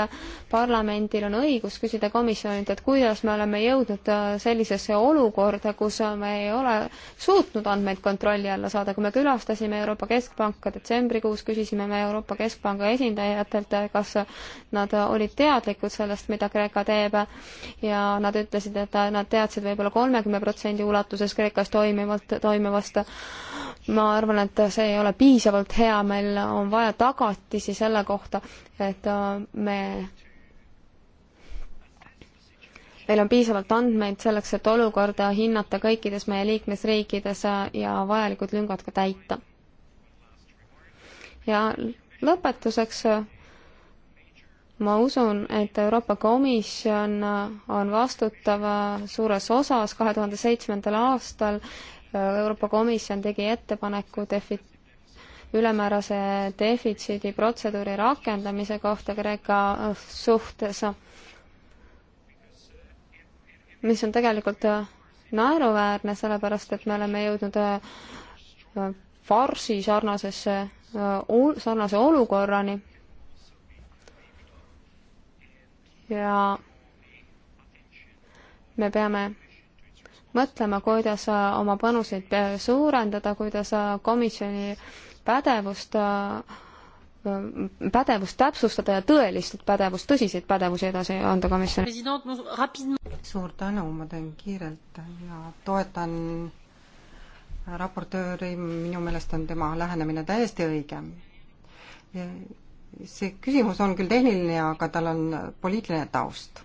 parlamendil on õigus küsida komisjonilt, et kuidas me oleme jõudnud äh, sellisesse olukorda, kus me ei ole suutnud andmeid kontrolli alla saada. kui me külastasime Euroopa Keskpanka detsembrikuus, küsisime me Euroopa Keskpanga esindajatelt, äh, kas nad olid teadlikud sellest, mida Kreeka teeb ja nad ütlesid, et nad teadsid võib-olla kolmekümne protsendi ulatuses Kreekas toimivalt, toimuvast ma arvan, et see ei ole piisavalt hea, meil on vaja tagatisi selle kohta, et äh, me meil on piisavalt andmeid selleks, et olukorda hinnata kõikides meie liikmesriikides äh, ja vajalikud lüngad ka täita. ja lõpetuseks äh, ma usun, et Euroopa Komisjon on vastutav suures osas kahe tuhande seitsmendal aastal Euroopa Komisjon tegi ettepaneku defi-, ülemäärase defitsiidi protseduuri rakendamise kohta Kreeka äh, suhtes, mis on tegelikult äh, naeruväärne, sellepärast et me oleme jõudnud äh, farsi sarnasesse, sarnase olukorrani ja me peame mõtlema, kuidas äh, oma panuseid äh, suurendada, kuidas äh, komisjoni pädevust pädevust täpsustada ja tõelist pädevust, tõsiseid pädevusi edasi anda komisjonile. suur tänu, ma teen kiirelt ja toetan raportööri, minu meelest on tema lähenemine täiesti õige. see küsimus on küll tehniline, aga tal on poliitiline taust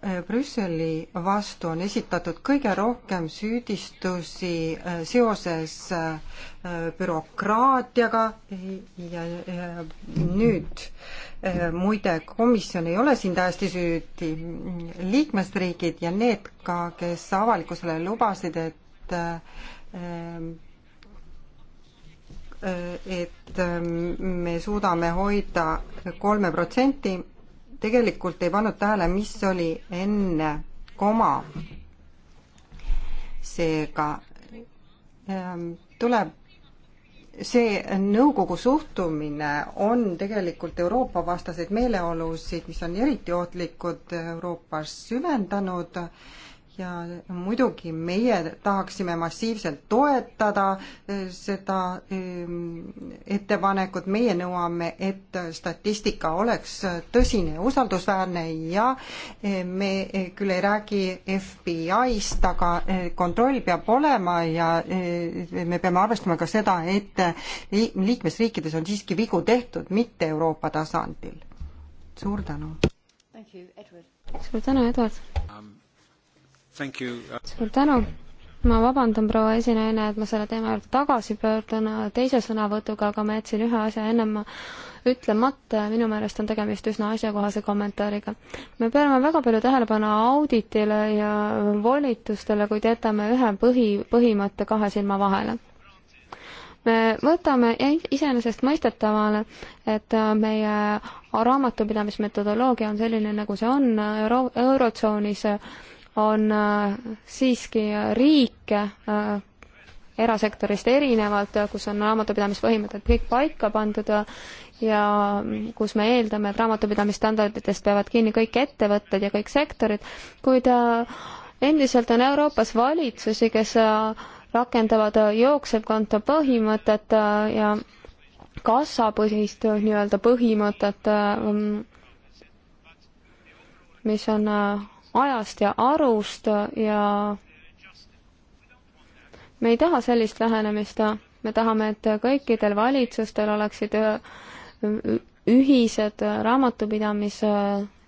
Äh, Brüsseli vastu on esitatud kõige rohkem süüdistusi äh, seoses äh, bürokraatiaga ja nüüd muide, komisjon ei ole siin täiesti süüdi, liikmesriigid ja need ka, kes avalikkusele lubasid, et et me suudame hoida kolme protsenti tegelikult ei pannud tähele, mis oli enne koma. seega ähm, tuleb see nõukogu suhtumine on tegelikult Euroopa vastaseid meeleolusid, mis on eriti ohtlikud äh, Euroopas, süvendanud äh, ja muidugi meie tahaksime massiivselt toetada eh, seda ehm, ettepanekut, meie nõuame, et statistika oleks tõsine ja usaldusväärne ja eh, me eh, küll ei räägi FBI-st, aga kontroll peab olema ja me peame arvestama ka seda, et liikmesriikides on siiski vigu tehtud, mitte Euroopa tasandil. suur tänu! suur tänu, Eduard um,! suur tänu! ma vabandan, proua esinaine, et ma selle teema juurde tagasi pöördun teise sõnavõtuga, aga ma jätsin ühe asja ennem ütlemata ja minu meelest on tegemist üsna asjakohase kommentaariga. me pöörame väga palju tähelepanu auditile ja volitustele, kuid jätame ühe põhi, põhimõtte kahe silma vahele me võtame iseenesestmõistetavale, et meie raamatupidamismetodoloogia on selline, nagu see on Euro, Eurotsoonis on äh, siiski riike äh, erasektorist erinevalt, äh, kus on raamatupidamispõhimõtted kõik paika pandud ja mm, kus me eeldame, et raamatupidamisstandarditest peavad kinni kõik ettevõtted ja kõik sektorid, kuid endiselt on Euroopas valitsusi, kes rakendavad jooksevkonto põhimõtet ja kassapõhist nii-öelda põhimõtet, mm, mis on ajast ja arust ja me ei taha sellist lähenemist, me tahame, et kõikidel valitsustel oleksid ühised raamatupidamise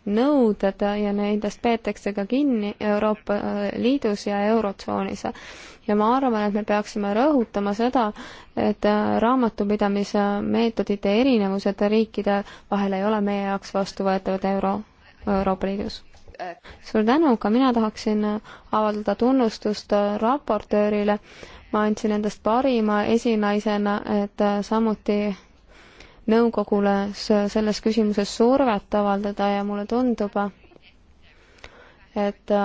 nõuded ja nendest peetakse ka kinni Euroopa Liidus ja Eurotsoonis. ja ma arvan, et me peaksime rõhutama seda, et raamatupidamise meetodite erinevused riikide vahel ei ole meie jaoks vastuvõetavad Euro, Euroopa Liidus suur tänu, ka mina tahaksin avaldada tunnustust raportöörile. ma andsin endast parima esinaisena, et samuti nõukogule selles küsimuses survet avaldada ja mulle tundub, et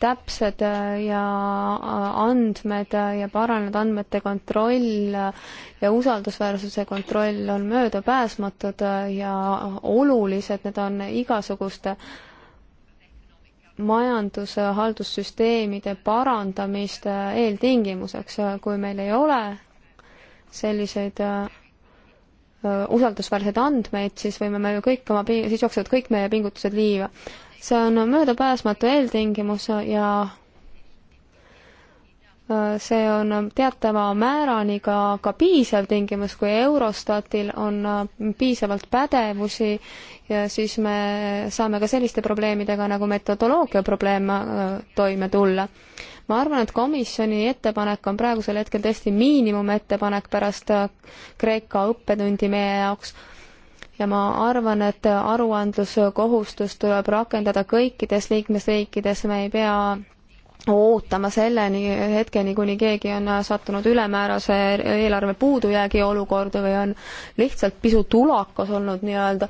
täpsed äh, ja äh, andmed äh, ja paranenud andmete kontroll ja usaldusväärsuse kontroll on möödapääsmatud ja olulised, need on igasuguste majanduse haldussüsteemide parandamiste eeltingimuseks, kui meil ei ole selliseid usaldusväärseid andmeid, siis võime me ju kõik oma, siis jooksevad kõik meie pingutused liiva see on möödapääsmatu eeltingimus ja äh, see on teatava määrani ka, ka piisav tingimus, kui Eurostatil on äh, piisavalt pädevusi ja siis me saame ka selliste probleemidega nagu metodoloogia probleem äh, toime tulla. ma arvan, et komisjoni ettepanek on praegusel hetkel tõesti miinimumettepanek pärast Kreeka õppetundi meie jaoks, ja ma arvan, et aruandluskohustust tuleb rakendada kõikides liikmesriikides, me ei pea ootama selleni hetkeni, kuni keegi on sattunud ülemäärase eelarve puudujäägi olukorda või on lihtsalt pisut ulakas olnud nii-öelda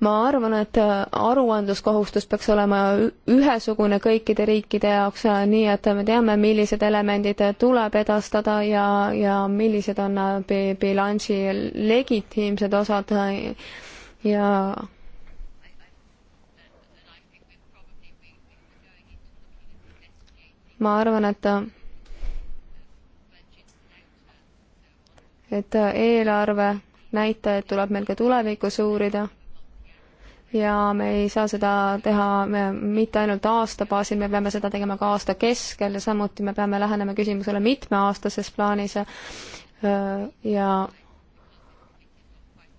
ma arvan, et äh, aruandluskohustus peaks olema ühesugune kõikide riikide jaoks, äh, nii et me teame, millised elemendid äh, tuleb edastada ja, ja millised on bilansi legitiimsed osad ja ma arvan, et et eelarve näitajaid tuleb meil ka tulevikus uurida ja me ei saa seda teha mitte ainult aasta baasil, me peame seda tegema ka aasta keskel ja samuti me peame lähenema küsimusele mitmeaastases plaanis ja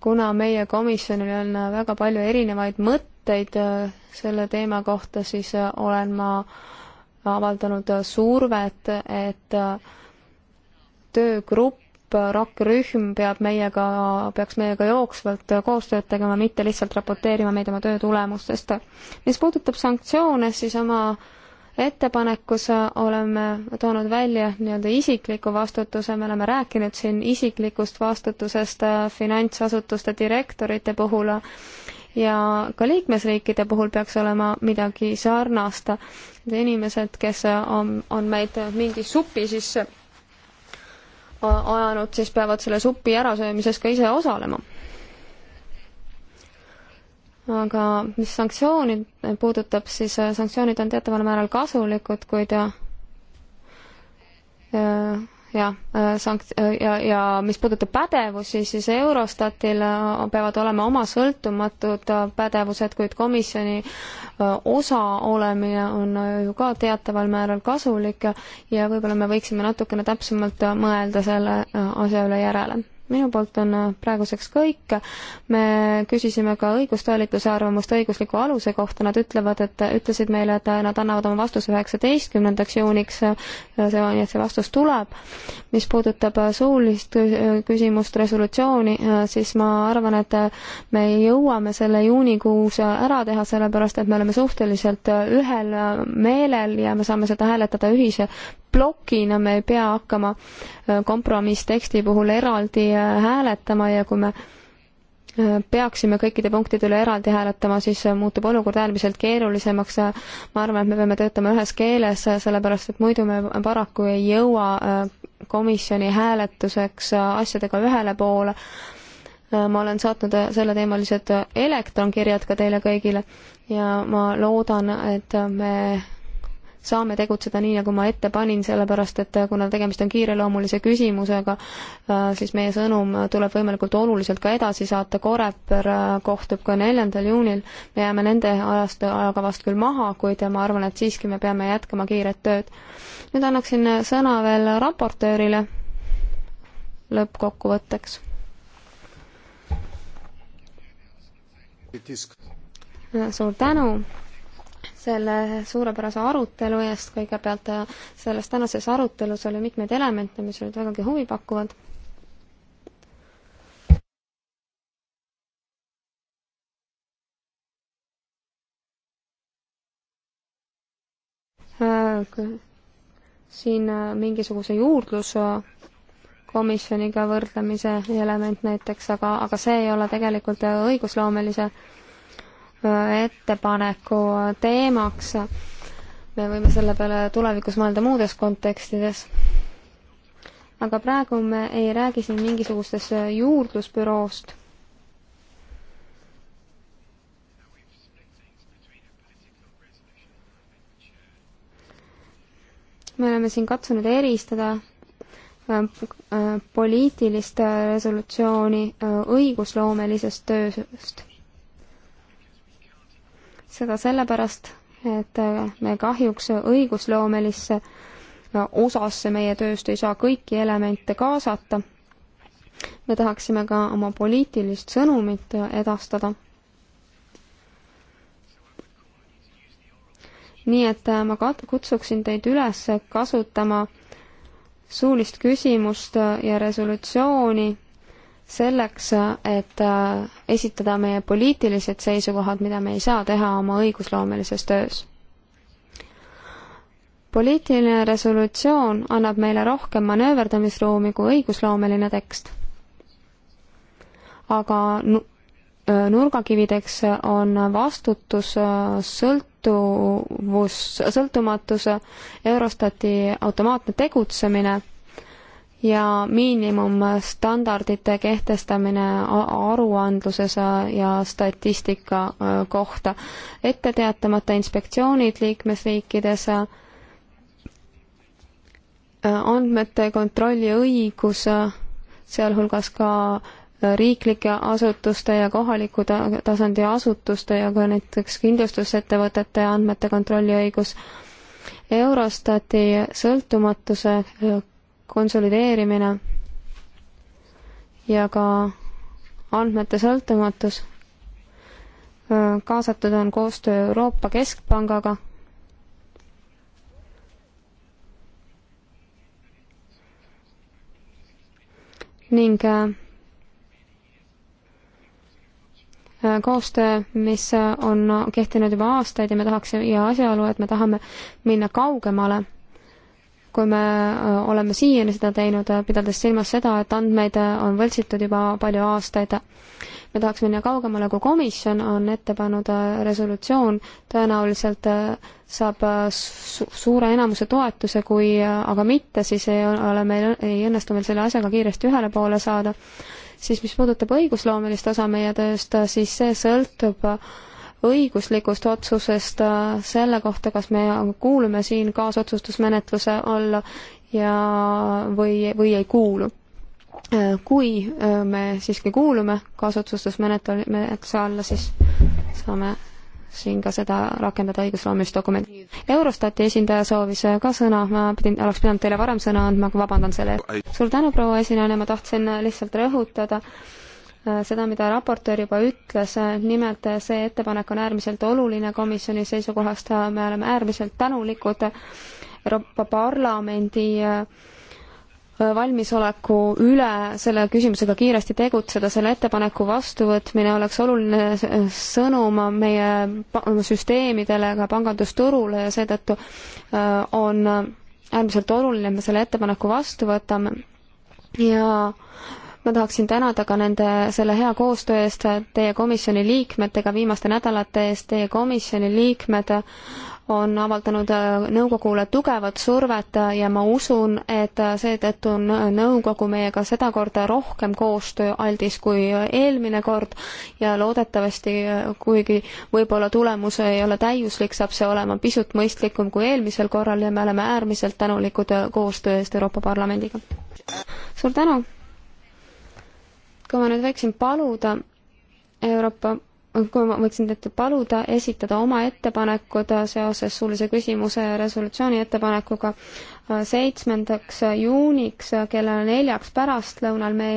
kuna meie komisjonil on väga palju erinevaid mõtteid selle teema kohta, siis olen ma avaldanud survet, et töögrupp rakkerühm peab meiega, peaks meiega jooksvalt koostööd tegema, mitte lihtsalt raporteerima meid oma töö tulemustest. mis puudutab sanktsioone, siis oma ettepanekus oleme toonud välja nii-öelda isikliku vastutuse, me oleme rääkinud siin isiklikust vastutusest finantsasutuste direktorite puhul ja ka liikmesriikide puhul peaks olema midagi sarnast. Need inimesed, kes on, on meid mingi supi sisse ajanud, siis peavad selle supi ärasöömises ka ise osalema. aga mis sanktsioonid puudutab, siis äh, sanktsioonid on teataval määral kasulikud, kuid ja, äh, ja jah, äh, sankt- äh, ja, ja mis puudutab pädevusi, siis Eurostatil äh, peavad olema oma sõltumatud pädevused, kuid komisjoni osa olemine on ju ka teataval määral kasulik ja, ja võib-olla me võiksime natukene täpsemalt mõelda selle asja üle järele minu poolt on äh, praeguseks kõik. me küsisime ka õigustalituse arvamust õigusliku aluse kohta, nad ütlevad, et, ütlesid meile, et äh, nad annavad oma vastuse üheksateistkümnendaks juuniks, äh, see, nii et see vastus tuleb. mis puudutab suulist küsimust, resolutsiooni, siis ma arvan, et me jõuame selle juunikuus ära teha, sellepärast et me oleme suhteliselt ühel meelel ja me saame seda hääletada ühise plokina, me ei pea hakkama äh, kompromissteksti puhul eraldi äh, hääletama ja kui me äh, peaksime kõikide punktide üle eraldi hääletama, siis muutub olukord äärmiselt keerulisemaks. ma arvan, et me peame töötama ühes keeles, sellepärast et muidu me paraku ei jõua komisjoni hääletuseks asjadega ühele poole. ma olen saatnud selleteemalised elektronkirjad ka teile kõigile ja ma loodan, et me saame tegutseda nii, nagu ma ette panin, sellepärast et kuna tegemist on kiireloomulise küsimusega, äh, siis meie sõnum tuleb võimalikult oluliselt ka edasi saata, Koreper äh, kohtub ka neljandal juunil, me jääme nende ajast, ajakavast küll maha, kuid ma arvan, et siiski me peame jätkama kiiret tööd. nüüd annaksin sõna veel raportöörile lõppkokkuvõtteks. suur tänu! selle suurepärase arutelu eest kõigepealt. Äh, selles tänases arutelus oli mitmeid elemente, mis olid vägagi huvipakkuvad. Äh, siin äh, mingisuguse juurdluse komisjoniga võrdlemise element näiteks, aga, aga see ei ole tegelikult õigusloomelise ettepaneku teemaks. me võime selle peale tulevikus mõelda muudes kontekstides. aga praegu me ei räägi siin mingisugustest juurdlusbüroost. me oleme siin katsunud eristada äh, poliitilist resolutsiooni äh, õigusloomelisest tööst seda sellepärast, et äh, me kahjuks õigusloomelisse osasse meie tööst ei saa kõiki elemente kaasata. me tahaksime ka oma poliitilist sõnumit edastada. nii et äh, ma kutsuksin teid üles kasutama suulist küsimust ja resolutsiooni selleks, et äh, esitada meie poliitilised seisukohad, mida me ei saa teha oma õigusloomelises töös. poliitiline resolutsioon annab meile rohkem manööverdamisruumi kui õigusloomeline tekst. aga äh, nurgakivideks on vastutus, äh, sõltuvus, sõltumatus, Eurostati automaatne tegutsemine ja miinimumstandardite kehtestamine aruandluses ja statistika kohta. ette teatamata inspektsioonid liikmesriikides, andmete kontrolli õigus, sealhulgas ka riiklike asutuste ja kohaliku tasandi asutuste ja ka näiteks kindlustusettevõtete andmete kontrolli õigus, Eurostati sõltumatuse konsolideerimine ja ka andmete sõltumatus. kaasatud on koostöö Euroopa Keskpangaga. ning äh, koostöö, mis on kehtinud juba aastaid ja me tahaks ja asjaolu, et me tahame minna kaugemale kui me äh, oleme siiani seda teinud, äh, pidades silmas seda, et andmeid äh, on võltsitud juba palju aastaid. me tahaks minna kaugemale, kui komisjon on ette pannud resolutsioon, tõenäoliselt saab su suure enamuse toetuse, kui aga mitte, siis ei ole meil, ei õnnestu meil selle asjaga kiiresti ühele poole saada. siis mis puudutab õigusloomelist osa meie tööst, siis see sõltub õiguslikust otsusest äh, selle kohta, kas me kuulume siin kaasotsustusmenetluse alla ja, või, või ei kuulu. Äh, kui äh, me siiski kuulume kaasotsustusmenetluse alla, siis saame siin ka seda rakendada õigusloomilist dokumenti. Eurostati esindaja soovis ka sõna, ma pidin, oleks pidanud teile varem sõna andma, aga vabandan selle eest. suur tänu, proua esinejana, ma tahtsin lihtsalt rõhutada, Äh, seda, mida raportöör juba ütles, äh, nimelt äh, see ettepanek on äärmiselt oluline komisjoni seisukohast, me oleme äärmiselt tänulikud Euroopa Parlamendi valmisoleku üle selle küsimusega kiiresti tegutseda, selle ettepaneku vastuvõtmine oleks oluline sõnum meie süsteemidele, ka pangandusturule ja seetõttu on äärmiselt oluline, et me selle ettepaneku vastu võtame ja ma tahaksin tänada ka nende, selle hea koostöö eest teie komisjoni liikmetega viimaste nädalate eest, teie komisjoni liikmed on avaldanud äh, nõukogule tugevat survet ja ma usun, et äh, seetõttu on äh, nõukogu meiega sedakorda rohkem koostööaldis kui eelmine kord ja loodetavasti, kuigi võib-olla tulemus ei ole täiuslik, saab see olema pisut mõistlikum kui eelmisel korral ja me oleme äärmiselt tänulikud koostöö eest Euroopa Parlamendiga. suur tänu! kui ma nüüd võiksin paluda Euroopa kui ma võiksin teilt paluda esitada oma ettepanekud seoses suulise küsimuse ja resolutsiooni ettepanekuga äh, seitsmendaks äh, juuniks äh, kella neljaks pärastlõunal me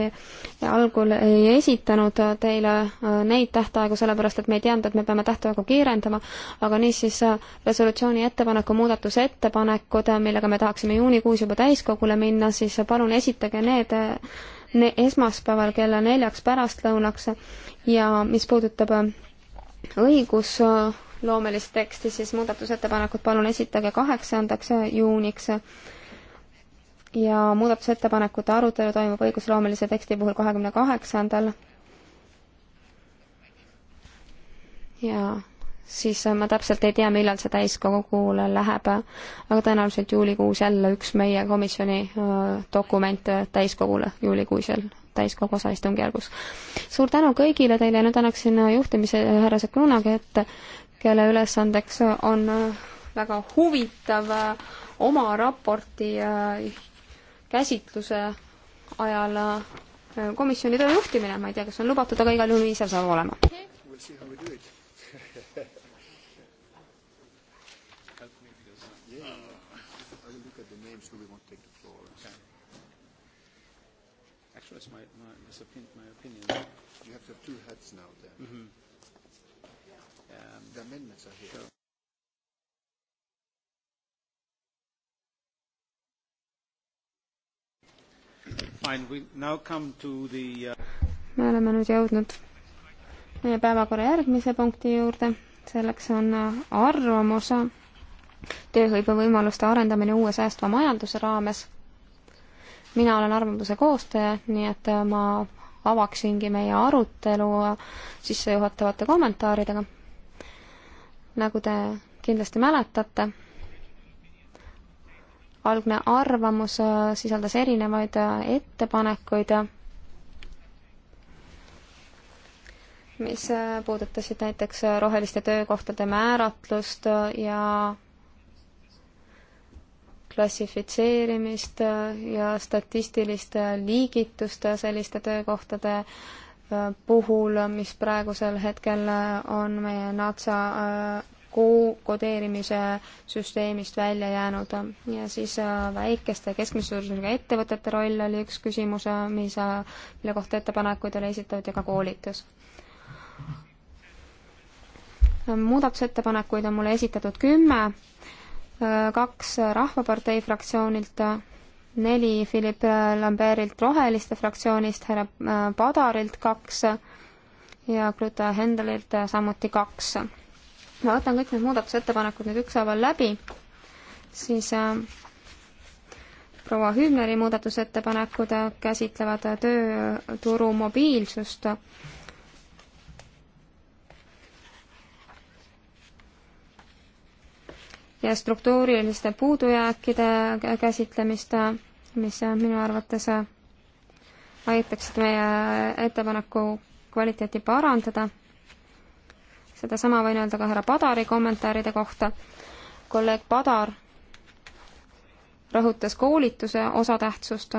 algul ei esitanud teile neid tähtaegu, sellepärast et me ei teadnud, et me peame tähtaegu kiirendama, aga niisiis resolutsiooni ettepaneku muudatusettepanekud, millega me tahaksime juunikuus juba täiskogule minna, siis palun esitage need esmaspäeval kella neljaks pärastlõunaks ja mis puudutab äh, õigusloomelist teksti, siis muudatusettepanekud palun esitage kaheksandaks juuniks ja muudatusettepanekute arutelu toimub õigusloomelise teksti puhul kahekümne kaheksandal ja siis ma täpselt ei tea, millal see täiskogule läheb, aga tõenäoliselt juulikuus jälle üks meie komisjoni dokument täiskogule juulikuisel täiskogu osaistungjärgus. suur tänu kõigile teile ja nüüd annaksin juhtimise härra Seklunaga, et kelle ülesandeks on väga huvitav oma raporti käsitluse ajal komisjoni töö juhtimine, ma ei tea, kas on lubatud, aga igal juhul ise saab olema. We'll see how we do it. Uh, me oleme nüüd jõudnud meie päevakorra järgmise punkti juurde, selleks on uh, arvamus tööhõivevõimaluste arendamine uue säästva majanduse raames. mina olen arvamuse koostaja, nii et uh, ma avaksingi meie arutelu sissejuhatavate kommentaaridega. nagu te kindlasti mäletate, algne arvamus äh, sisaldas erinevaid äh, ettepanekuid, mis äh, puudutasid näiteks roheliste töökohtade määratlust ja klassifitseerimist ja statistilist liigitust selliste töökohtade puhul, mis praegusel hetkel on meie natsa kodeerimise süsteemist välja jäänud. ja siis äh, väikeste ja keskmise suurusega ettevõtete roll oli üks küsimus, äh, mis, äh, mille kohta ettepanekuid oli esitatud ja ka koolitus. muudatusettepanekuid on mulle esitatud kümme, kaks Rahvapartei fraktsioonilt, neli Philip Lambertilt Roheliste fraktsioonist, härra Padarilt kaks ja Grüta Hendelilt samuti kaks ma võtan kõik need muudatusettepanekud nüüd ükshaaval läbi, siis äh, proua Hübneri muudatusettepanekud äh, käsitlevad äh, tööturu mobiilsust. ja struktuuriliste puudujääkide äh, käsitlemist, mis minu arvates aitaksid meie ettepaneku kvaliteeti parandada sedasama võin öelda ka härra Padari kommentaaride kohta. kolleeg Padar rõhutas koolituse osatähtsust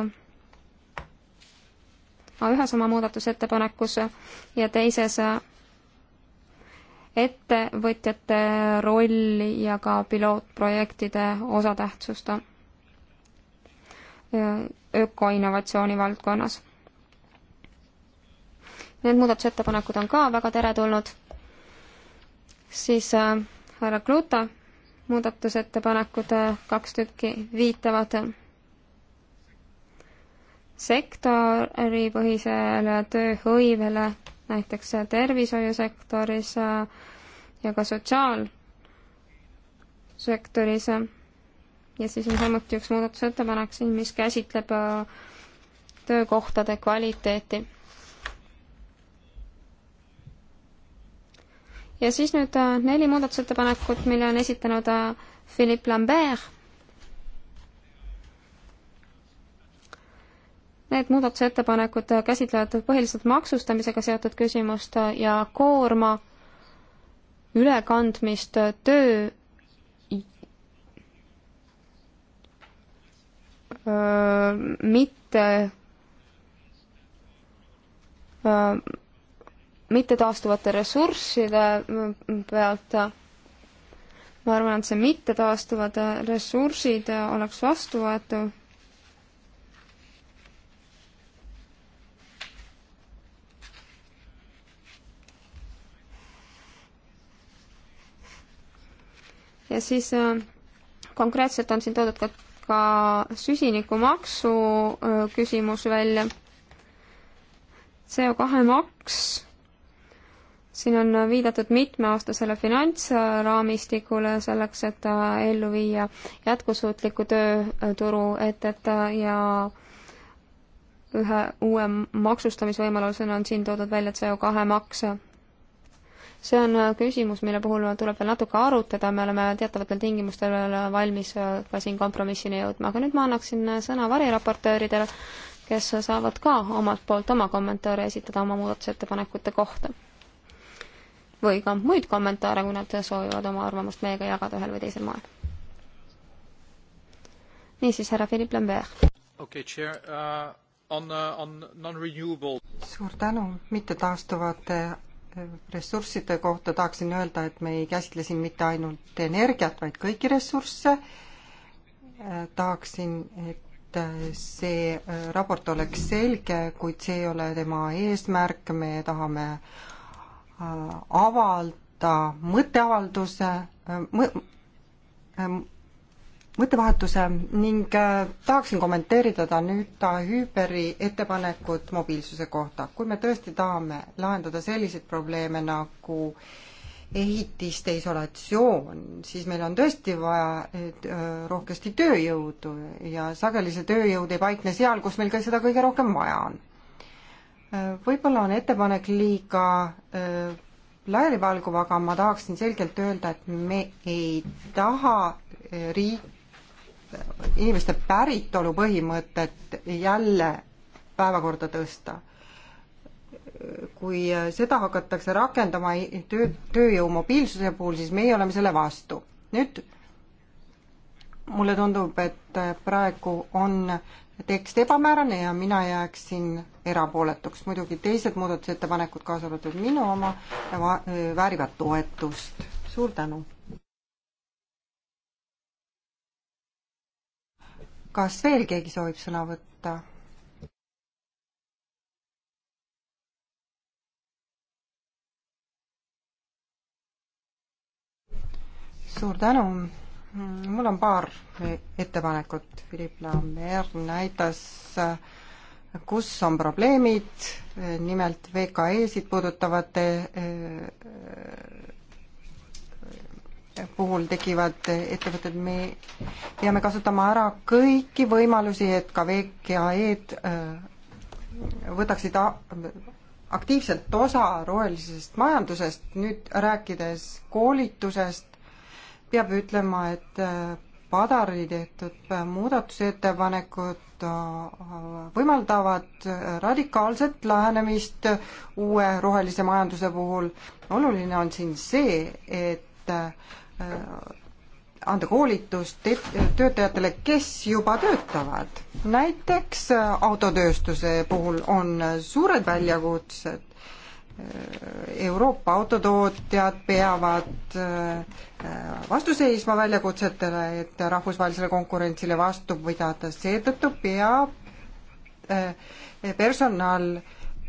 ühes oma muudatusettepanekus ja teises ettevõtjate rolli ja ka pilootprojektide osatähtsust ökoinnovatsiooni valdkonnas. Need muudatusettepanekud on ka väga teretulnud siis äh, härra Kluta muudatusettepanekud, äh, kaks tükki, viitavad sektoripõhisele tööhõivele, näiteks tervishoiusektoris äh, ja ka sotsiaalsektoris. ja siis on samuti üks muudatusettepanek siin, mis käsitleb töökohtade kvaliteeti ja siis nüüd äh, neli muudatusettepanekut, mille on esitanud äh, Philippe Lambert. Need muudatusettepanekud äh, käsitlevad põhiliselt maksustamisega seotud küsimust ja koorma ülekandmist töö mitte mittetaastuvate ressursside mm, mm, pealt. ma arvan, et see mittetaastuvad ressursid oleks vastuvõetav. ja siis äh, konkreetselt on siin toodud ka, ka süsinikumaksu äh, küsimus välja CO2 maks siin on viidatud mitmeaastasele finantsraamistikule selleks, et ellu viia jätkusuutliku tööturu etet ja ühe uue maksustamisvõimalusena on siin toodud välja CO2 maks. see on küsimus, mille puhul tuleb veel natuke arutada, me oleme teatavatel tingimustel valmis ka siin kompromissini jõudma, aga nüüd ma annaksin sõna variraportööridele, kes saavad ka omalt poolt oma kommentaare esitada oma muudatusettepanekute kohta või ka muid kommentaare, kui nad soovivad oma arvamust meiega jagada ühel või teisel moel. niisiis, härra Philippe Lambert. okei okay,, chair uh,. On, uh, on non-renewable. suur tänu, mittetaastuvate eh, ressursside kohta tahaksin öelda, et me ei käsitle siin mitte ainult energiat, vaid kõiki ressursse. Eh, tahaksin, et eh, see raport oleks selge, kuid see ei ole tema eesmärk, me tahame Äh, avalda mõtteavalduse äh, mõ,, ähm, mõttevahetuse ning äh, tahaksin kommenteerida Danuta Hüberi ettepanekut mobiilsuse kohta. kui me tõesti tahame lahendada selliseid probleeme nagu ehitiste isolatsioon, siis meil on tõesti vaja rohkesti tööjõudu ja sageli see tööjõud ei paikne seal, kus meil ka seda kõige rohkem vaja on võib-olla on ettepanek liiga äh, laialivalguv, aga ma tahaksin selgelt öelda, et me ei taha äh, riik, inimeste päritolu põhimõtet jälle päevakorda tõsta. kui äh, seda hakatakse rakendama töö, tööjõu mobiilsuse puhul, siis meie oleme selle vastu. nüüd mulle tundub, et praegu on tekst ebamäärane ja mina jääksin erapooletuks. muidugi teised muudatusettepanekud, kaasa arvatud minu oma, väärivad toetust. suur tänu! kas veel keegi soovib sõna võtta? suur tänu! Mm, mul on paar ettepanekut, Philipp Lambert näitas, kus on probleemid, nimelt VKE-sid puudutavate eh, puhul tekivad ettevõtted, me peame kasutama ära kõiki võimalusi, et ka VKE-d eh, võtaksid aktiivselt osa rohelisest majandusest, nüüd rääkides koolitusest, peab ütlema, et äh, Padari tehtud äh, muudatusettepanekud äh, võimaldavad radikaalset lähenemist uue rohelise majanduse puhul. oluline on siin see, et anda koolitust töötajatele, kes juba töötavad. näiteks autotööstuse puhul on suured väljakutsed Euroopa autotootjad peavad äh, vastu seisma väljakutsetele, et rahvusvahelisele konkurentsile vastu pidada, seetõttu peab äh, personal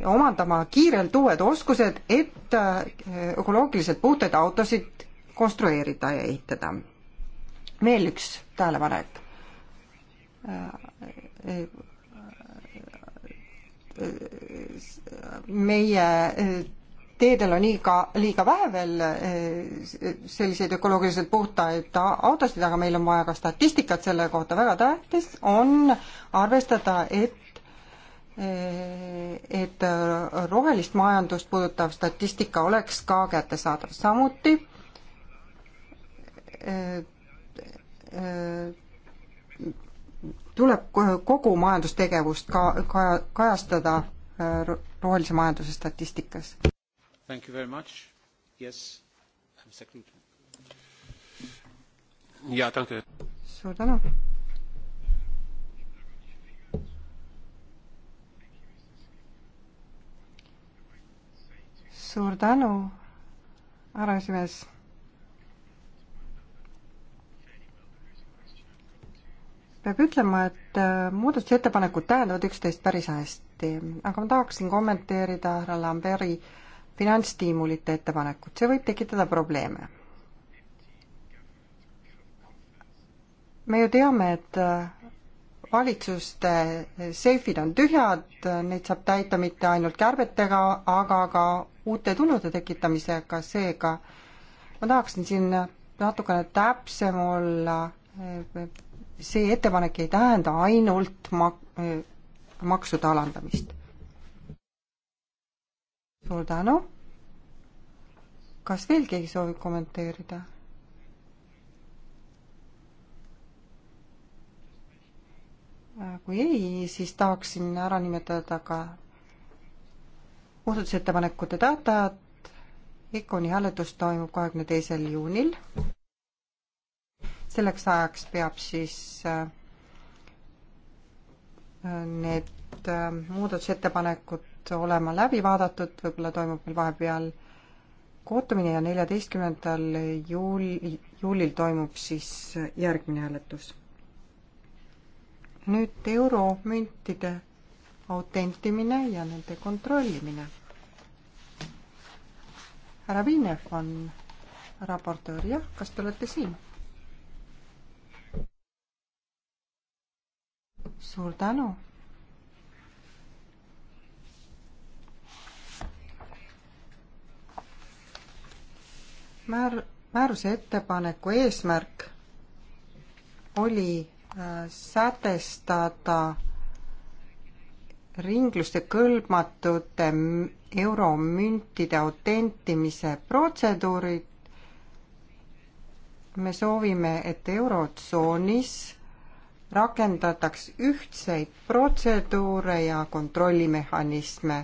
omandama kiirelt uued oskused, et äh, ökoloogiliselt puhtaid autosid konstrueerida ja ehitada. veel üks tähelepanek meie eh, teedel on liiga, liiga vähe veel eh, selliseid ökoloogiliselt puhtaid autosid, aga meil on vaja ka statistikat selle kohta, väga tähtis on arvestada, et eh, et rohelist majandust puudutav statistika oleks ka kättesaadav, samuti tuleb kogu majandustegevust ka, ka kajastada äh, rohelise majanduse statistikas. Thank you very much. Yes, I'm second. jaa, tänke. suur tänu. suur tänu, härra esimees peab ütlema, et äh, muudatusettepanekud tähendavad üksteist päris hästi, aga ma tahaksin kommenteerida härra Lamberi finantsstiimulite ettepanekut, see võib tekitada probleeme. me ju teame, et äh, valitsuste seifid on tühjad, neid saab täita mitte ainult kärbetega, aga ka uute tulude tekitamisega, seega ma tahaksin siin natukene täpsem olla äh, see ettepanek ei tähenda ainult mak-, maksude alandamist. suur tänu. kas veel keegi soovib kommenteerida? Äh, kui ei, siis tahaksin ära nimetada ka muudatusettepanekute tähtajad. EKONi hääletus toimub kahekümne teisel juunil selleks ajaks peab siis äh, need äh, muudatusettepanekud olema läbi vaadatud, võib-olla toimub meil vahepeal kohtumine ja neljateistkümnendal juul-, juulil toimub siis järgmine hääletus. nüüd euromüntide autentimine ja nende kontrollimine. härra Viinev on raportöör, jah, kas te olete siin? suur tänu. määr, määruse ettepaneku eesmärk oli äh, sätestada ringluste kõlbmatute euromüntide autentimise protseduurid. me soovime, et Eurotsoonis rakendataks ühtseid protseduure ja kontrollimehhanisme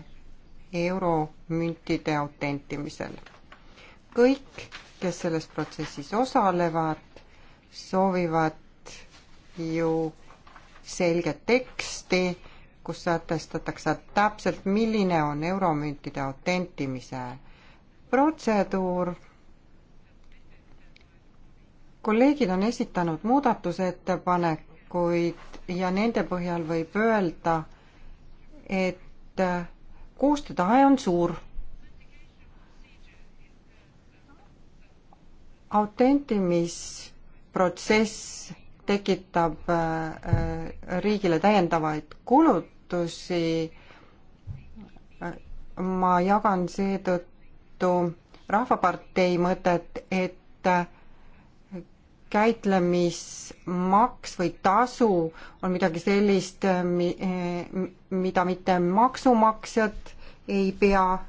euromüntide autentimisel. kõik, kes selles protsessis osalevad, soovivad ju selget teksti, kus sätestatakse täpselt, milline on euromüntide autentimise protseduur kolleegid on esitanud muudatusettepanek, ettepanekuid ja nende põhjal võib öelda, et koostöötahe on suur. autentimisprotsess tekitab äh, riigile täiendavaid kulutusi. ma jagan seetõttu Rahvapartei mõtet, et käitlemismaks või tasu on midagi sellist, mi-, mida mitte maksumaksjad ei pea äh,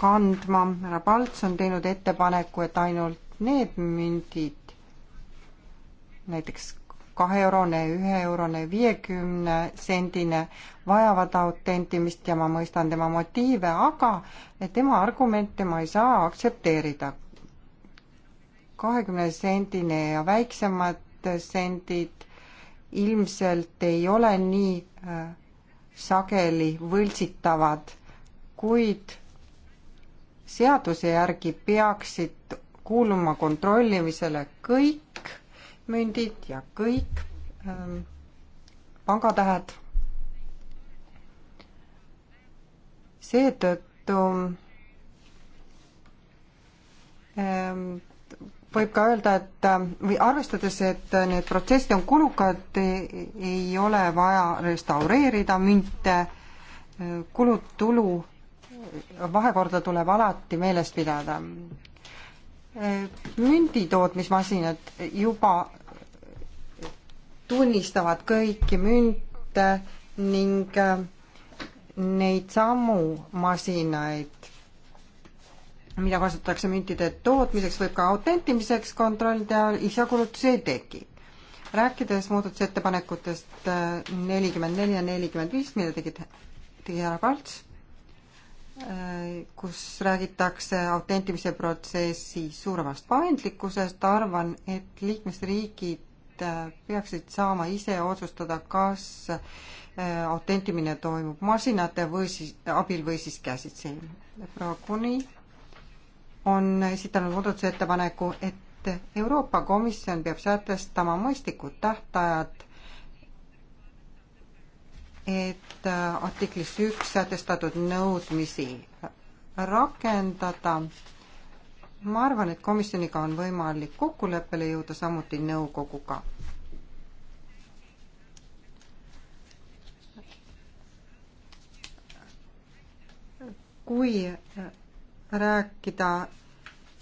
kandma, härra Palts on teinud ettepaneku, et ainult need mündid, näiteks kaheeurone, üheeurone, viiekümne sendine, vajavad autentimist ja ma mõistan tema motiive, aga tema argumente ma ei saa aktsepteerida kahekümne sendine ja väiksemad sendid ilmselt ei ole nii äh, sageli võltsitavad, kuid seaduse järgi peaksid kuuluma kontrollimisele kõik mündid ja kõik ähm, pangatähed. seetõttu ähm, võib ka öelda, et äh, või arvestades, et äh, need protsessid on kulukad, ei ole vaja restaureerida münte, äh, kulud-tulu vahekorda tuleb alati meeles pidada. münditootmismasinad juba tunnistavad kõiki münte ning neid samu masinaid mida kasutatakse müntide tootmiseks, võib ka autentimiseks kontrollida, lisakulutusi ei teki. rääkides muudatusettepanekutest äh, nelikümmend neli ja nelikümmend viis, mida tegid, tegi härra Palts, äh, kus räägitakse autentimise protsessi suuremast paindlikkusest, arvan, et liikmesriigid äh, peaksid saama ise otsustada, kas autentimine toimub masinate või siis, abil või siis käsitsi. proua Kuni on esitanud muudatusettepaneku, et Euroopa Komisjon peab sätestama mõistlikud tähtajad, et artiklis üks sätestatud nõudmisi rakendada. ma arvan, et komisjoniga on võimalik kokkuleppele jõuda, samuti nõukoguga. kui rääkida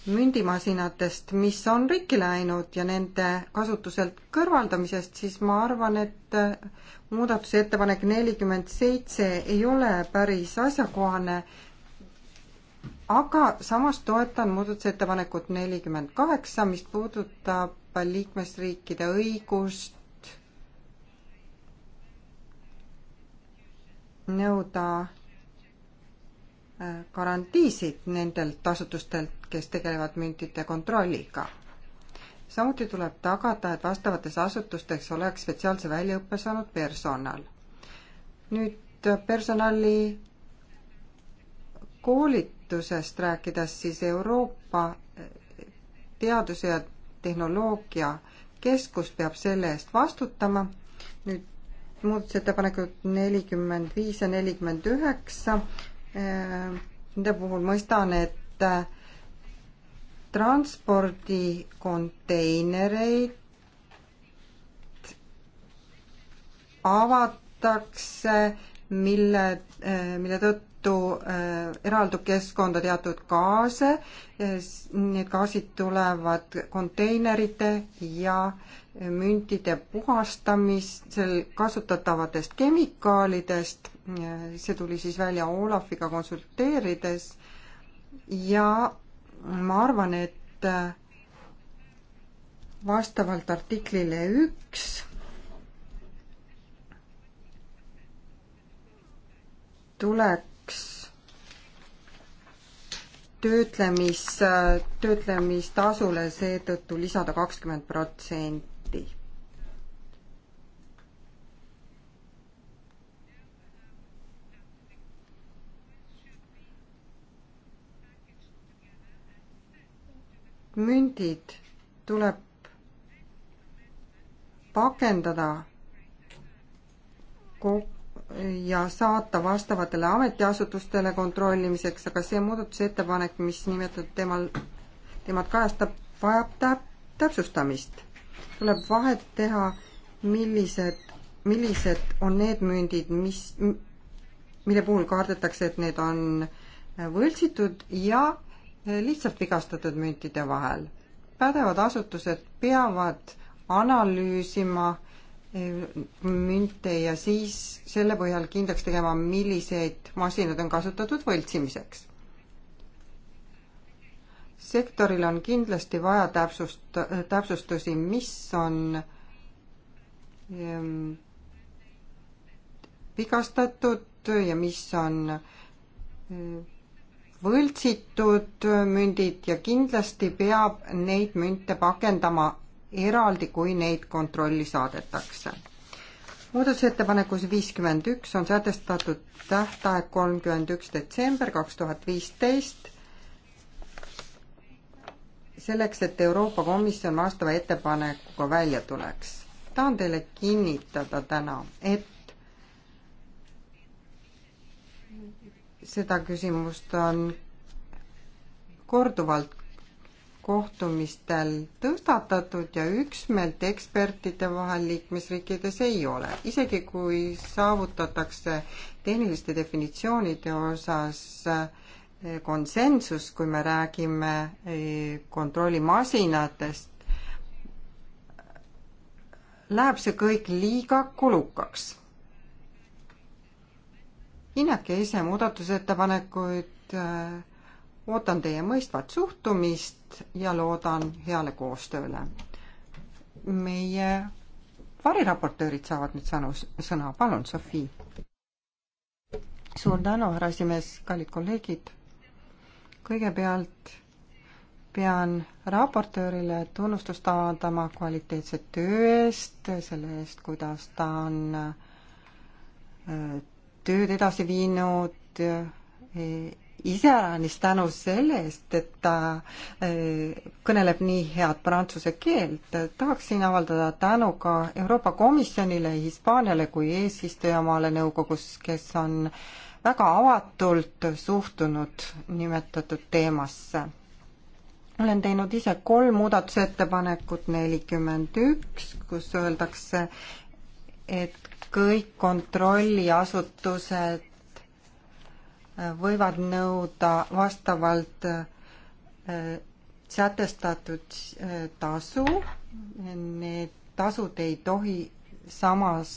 mündimasinatest, mis on rikki läinud ja nende kasutuselt kõrvaldamisest, siis ma arvan, et äh, muudatusettepanek nelikümmend seitse ei ole päris asjakohane, aga samas toetan muudatusettepanekut nelikümmend kaheksa, mis puudutab liikmesriikide õigust nõuda garantiisid nendelt asutustelt, kes tegelevad müntide kontrolliga. samuti tuleb tagada, et vastavates asutusteks oleks spetsiaalse väljaõppe saanud personal. nüüd personali koolitusest rääkides, siis Euroopa Teaduse ja Tehnoloogia Keskus peab selle eest vastutama. nüüd muudatusettepanekud nelikümmend viis ja nelikümmend üheksa Äh, nende puhul mõistan, et äh, transpordikonteinereid avatakse, mille, äh, mille tõttu eraldub keskkonda teatud gaase, need gaasid tulevad konteinerite ja müntide puhastamisel kasutatavatest kemikaalidest see tuli siis välja Olafiga konsulteerides ja ma arvan, et äh, vastavalt artiklile üks tuleks töötlemis, äh, töötlemistasule seetõttu lisada kakskümmend protsenti mündid tuleb pakendada ja saata vastavatele ametiasutustele kontrollimiseks, aga see muudatusettepanek, mis nimetatud temal, teemat kajastab, vajab täp-, täpsustamist. tuleb vahet teha, millised, millised on need mündid, mis, mille puhul kardetakse, et need on võltsitud ja lihtsalt vigastatud müntide vahel. pädevad asutused peavad analüüsima eh, münte ja siis selle põhjal kindlaks tegema, milliseid masinad on kasutatud võltsimiseks. sektoril on kindlasti vaja täpsust, täpsustusi, mis on ähm, vigastatud ja mis on äh, võltsitud mündid ja kindlasti peab neid münte pakendama eraldi, kui neid kontrolli saadetakse. muudatusettepanekus viiskümmend üks on sätestatud tähtaeg kolmkümmend üks detsember kaks tuhat viisteist, selleks, et Euroopa Komisjon vastava ettepanekuga välja tuleks. tahan teile kinnitada täna, et seda küsimust on korduvalt kohtumistel tõstatatud ja üksmeelt ekspertide vahel liikmesriikides ei ole. isegi kui saavutatakse tehniliste definitsioonide osas eh, konsensus, kui me räägime eh, kontrollimasinatest, läheb see kõik liiga kulukaks hinnake ise muudatusettepanekuid, äh, ootan teie mõistvat suhtumist ja loodan heale koostööle. meie variraportöörid saavad nüüd sõnu, sõna, palun, Sofi. suur tänu, härra esimees, kallid kolleegid. kõigepealt pean raportöörile tunnustust avaldama kvaliteetse töö eest, selle eest, kuidas ta on äh, tööd edasi viinud e, iseäranis tänu selle eest, et ta e, kõneleb nii head prantsuse keelt. tahaksin avaldada tänu ka Euroopa Komisjonile, Hispaaniale kui eesistujamaale nõukogus, kes on väga avatult suhtunud nimetatud teemasse olen teinud ise kolm muudatusettepanekut, nelikümmend üks, kus öeldakse, et kõik kontrolliasutused äh, võivad nõuda vastavalt äh, sätestatud äh, tasu. Need tasud ei tohi samas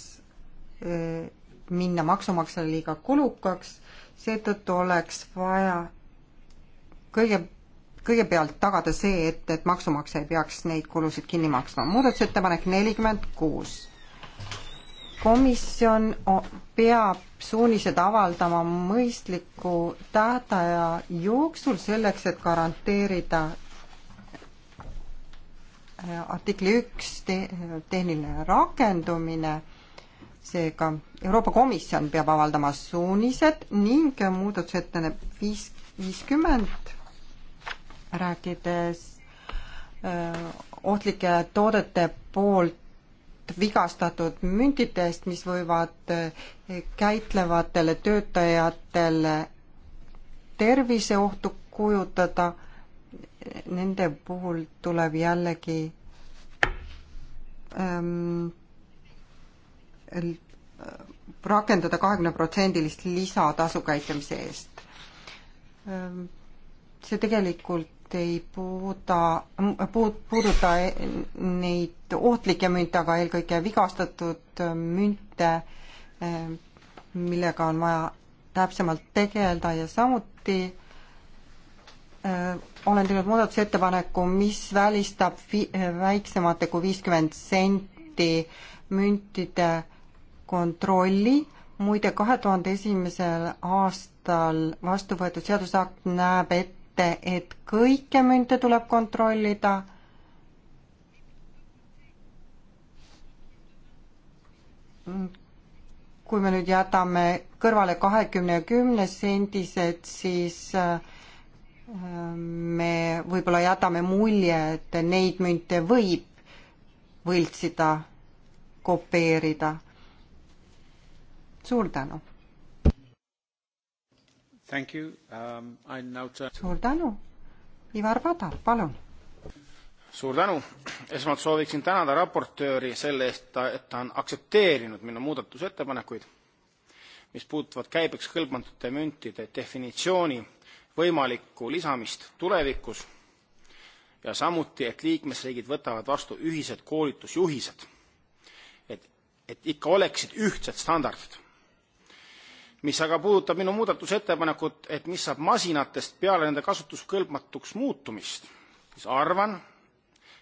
minna maksumaksjale liiga kulukaks, seetõttu oleks vaja kõige, kõigepealt tagada see, et, et maksumaksja ei peaks neid kulusid kinni maksma. muudatusettepanek nelikümmend kuus komisjon peab suunised avaldama mõistliku tähtaja jooksul selleks, et garanteerida äh, artikli üks te tehniline rakendumine, seega Euroopa Komisjon peab avaldama suunised ning muudatusettepanek viis, viiskümmend, rääkides öö, äh, ohtlike toodete poolt vigastatud müntidest, mis võivad eh, käitlevatele töötajatele terviseohtu kujutada. Nende puhul tuleb jällegi ähm, rakendada kahekümneprotsendilist lisatasu käitlemise eest. Ehm, see tegelikult ei puuda, puud-, puuduta neid ohtlikke münte, aga eelkõige vigastatud münte, millega on vaja täpsemalt tegeleda ja samuti äh, olen teinud muudatusettepaneku, mis välistab vi-, väiksemate kui viiskümmend senti müntide kontrolli. muide, kahe tuhande esimesel aastal vastu võetud seadusakt näeb ette, mitte, et kõiki münte tuleb kontrollida kui me nüüd jätame kõrvale kahekümne ja kümne sendised, siis äh, me võib-olla jätame mulje, et neid münte võib võltsida, kopeerida. suur tänu Um, turn... suur tänu. Ivar Padar, palun. suur tänu. esmalt sooviksin tänada raportööri selle eest, et ta on aktsepteerinud minu muudatusettepanekuid, mis puudutavad käibeks kõlbmatute müntide definitsiooni võimalikku lisamist tulevikus ja samuti, et liikmesriigid võtavad vastu ühised koolitusjuhised, et, et ikka oleksid ühtsed standardid mis aga puudutab minu muudatusettepanekut et mis saab masinatest peale nende kasutuskõlbmatuks muutumist siis arvan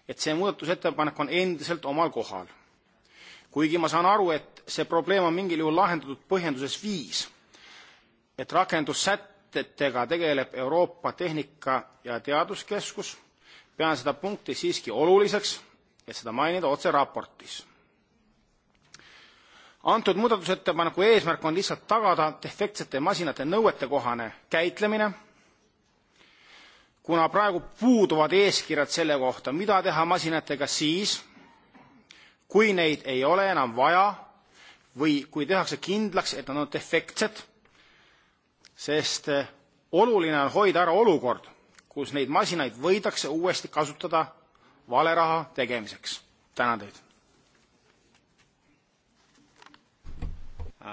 et see muudatusettepanek on endiselt omal kohal kuigi ma saan aru et see probleem on mingil juhul lahendatud põhjenduses viis et rakendussätetega tegeleb euroopa tehnika ja teaduskeskus pean seda punkti siiski oluliseks et seda mainida otse raportis antud muudatusettepaneku eesmärk on lihtsalt tagada defektsete masinate nõuetekohane käitlemine kuna praegu puuduvad eeskirjad selle kohta mida teha masinatega siis kui neid ei ole enam vaja või kui tehakse kindlaks et nad on defektsed sest eh, oluline on hoida ära olukord kus neid masinaid võidakse uuesti kasutada valeraha tegemiseks. tänan teid!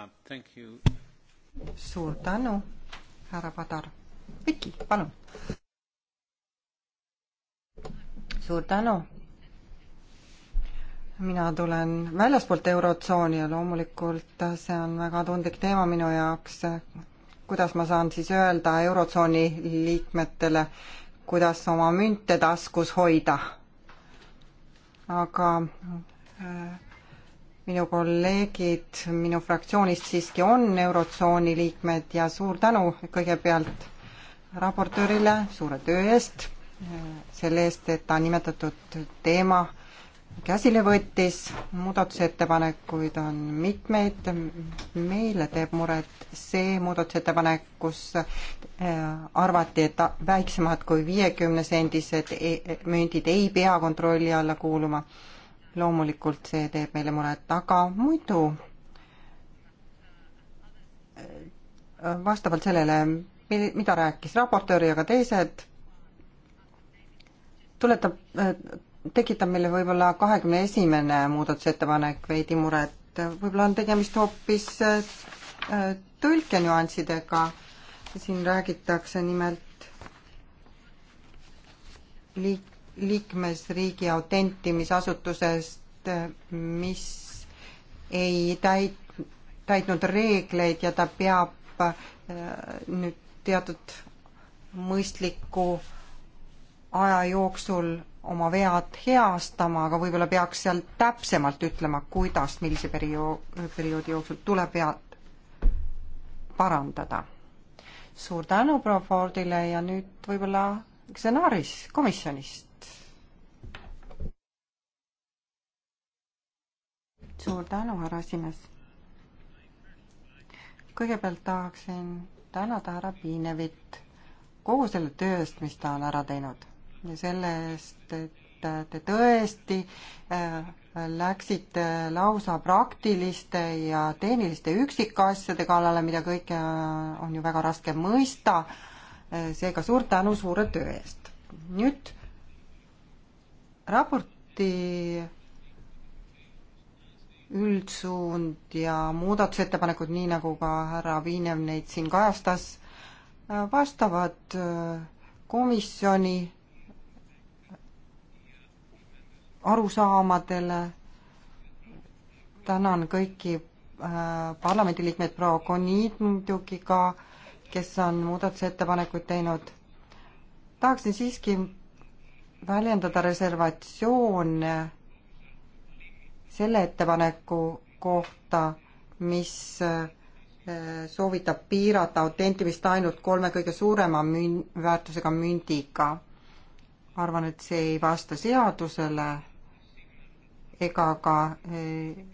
Uh, suur tänu, härra Padar. Viki, palun. suur tänu. mina tulen väljaspoolt Eurotsooni ja loomulikult see on väga tundlik teema minu jaoks. kuidas ma saan siis öelda Eurotsooni liikmetele, kuidas oma münte taskus hoida? aga äh, minu kolleegid minu fraktsioonist siiski on Eurotsooni liikmed ja suur tänu kõigepealt raportöörile suure töö eest, äh, selle eest, et ta nimetatud teema käsile võttis, muudatusettepanekuid on mitmeid, meile teeb muret see muudatusettepanek, kus äh, arvati, et väiksemad kui viiekümnesendised e-, mündid ei pea kontrolli alla kuuluma loomulikult see teeb meile muret, aga muidu äh, vastavalt sellele, mida rääkis raportöör ja ka teised, tuletab, äh, tekitab meile võib-olla kahekümne esimene muudatusettepanek veidi muret, võib-olla on tegemist hoopis äh, tõlkenüanssidega, siin räägitakse nimelt liik-, liikmesriigi autentimisasutusest, mis ei täit-, täitnud reegleid ja ta peab äh, nüüd teatud mõistliku aja jooksul oma vead heastama, aga võib-olla peaks seal täpsemalt ütlema, kuidas, millise perio-, perioodi jooksul tuleb vead parandada. suur tänu proua Fordile ja nüüd võib-olla stsenaarius komisjonist. suur tänu, härra esimees. kõigepealt tahaksin tänada härra Piinevit kogu selle töö eest, mis ta on ära teinud ja selle eest, et te tõesti äh, läksite lausa praktiliste ja tehniliste üksikasjade kallale, mida kõike on ju väga raske mõista. Äh, seega suur tänu suure töö eest. nüüd raporti üldsuund ja muudatusettepanekud, nii nagu ka härra Viinev neid siin kajastas, vastavad äh, komisjoni arusaamadele. tänan kõiki äh, parlamendiliikmeid, proua Konid muidugi ka, kes on muudatusettepanekuid teinud. tahaksin siiski väljendada reservatsioone selle ettepaneku kohta, mis eh, soovitab piirata autentimist ainult kolme kõige suurema müün-, väärtusega mündiga. arvan, et see ei vasta seadusele ega ka eh,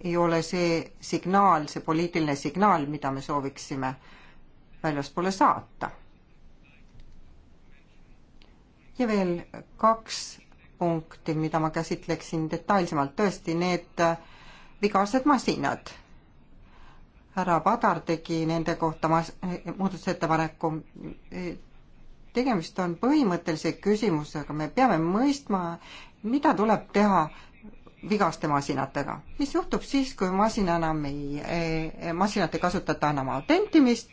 ei ole see signaal, see poliitiline signaal, mida me sooviksime väljaspoole saata. ja veel kaks punkti, mida ma käsitleksin detailsemalt, tõesti need äh, vigased masinad. härra Padar tegi nende kohta mas-, eh, muudatusettepaneku. Eh, tegemist on põhimõttelise küsimusega, me peame mõistma, mida tuleb teha vigaste masinatega. mis juhtub siis, kui masina enam ei, eh, masinat ei kasutata enam autentimist,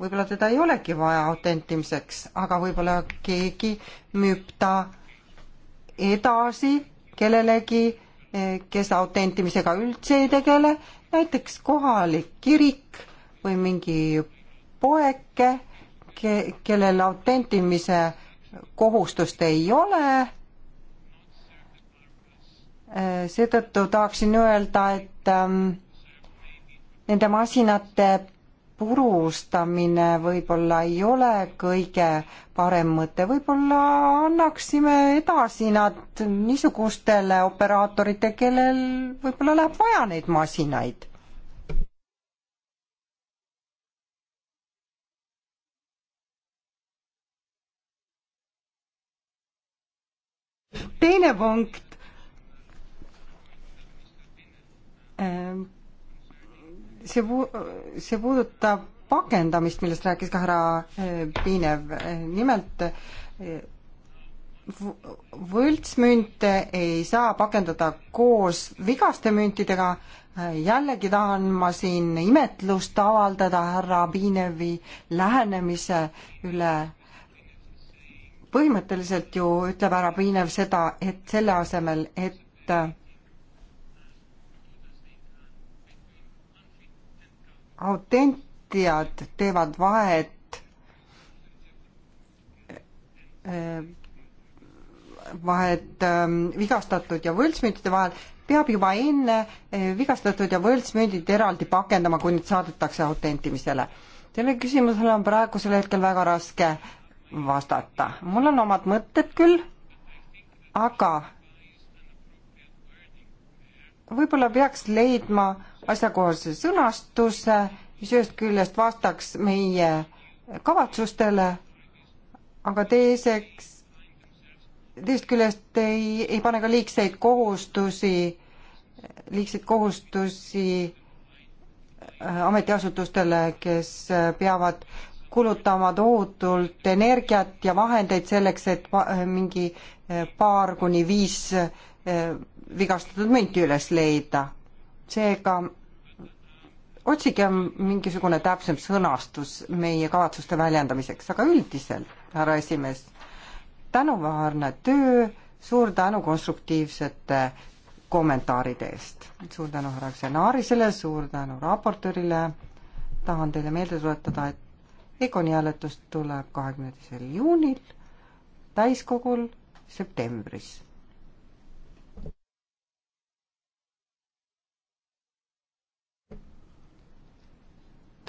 võib-olla teda ei olegi vaja autentimiseks, aga võib-olla keegi müüb ta edasi kellelegi, eh, kes autentimisega üldse ei tegele, näiteks kohalik kirik või mingi poeke, ke-, kellel autentimise kohustust ei ole, eh, seetõttu tahaksin öelda, et ähm, nende masinate purustamine võib-olla ei ole kõige parem mõte, võib-olla annaksime edasi nad niisugustele operaatoritele, kellel võib-olla läheb vaja neid masinaid. teine punkt ähm see puu-, see puudutab pakendamist, millest rääkis ka härra äh, Piinev, nimelt äh, võltsmünte ei saa pakendada koos vigaste müntidega, äh, jällegi tahan ma siin imetlust avaldada härra Piinevi lähenemise üle. põhimõtteliselt ju ütleb härra Piinev seda, et selle asemel, et autentiad teevad vahet eh, vahet ehm, vigastatud ja võltsmündide vahel, peab juba enne eh, vigastatud ja võltsmündid eraldi pakendama, kui need saadetakse autentimisele. Selle küsimusele on praegusel hetkel väga raske vastata. mul on omad mõtted küll, aga võib-olla peaks leidma asjakohase sõnastuse, mis ühest küljest vastaks meie kavatsustele, aga teiseks, teisest küljest ei, ei pane ka liigseid kohustusi, liigseid kohustusi äh, ametiasutustele, kes äh, peavad kulutama tohutult energiat ja vahendeid selleks, et mingi äh, paar kuni viis Eh, vigastatud münti üles leida. seega otsige mingisugune täpsem sõnastus meie kavatsuste väljendamiseks, aga üldiselt, härra esimees, tänuväärne töö, suur tänu konstruktiivsete kommentaaride eest. suur tänu härra Xenaarisele, suur tänu raportöörile, tahan teile meelde tuletada, et Egoni hääletus tuleb kahekümne teisel juunil, täiskogul septembris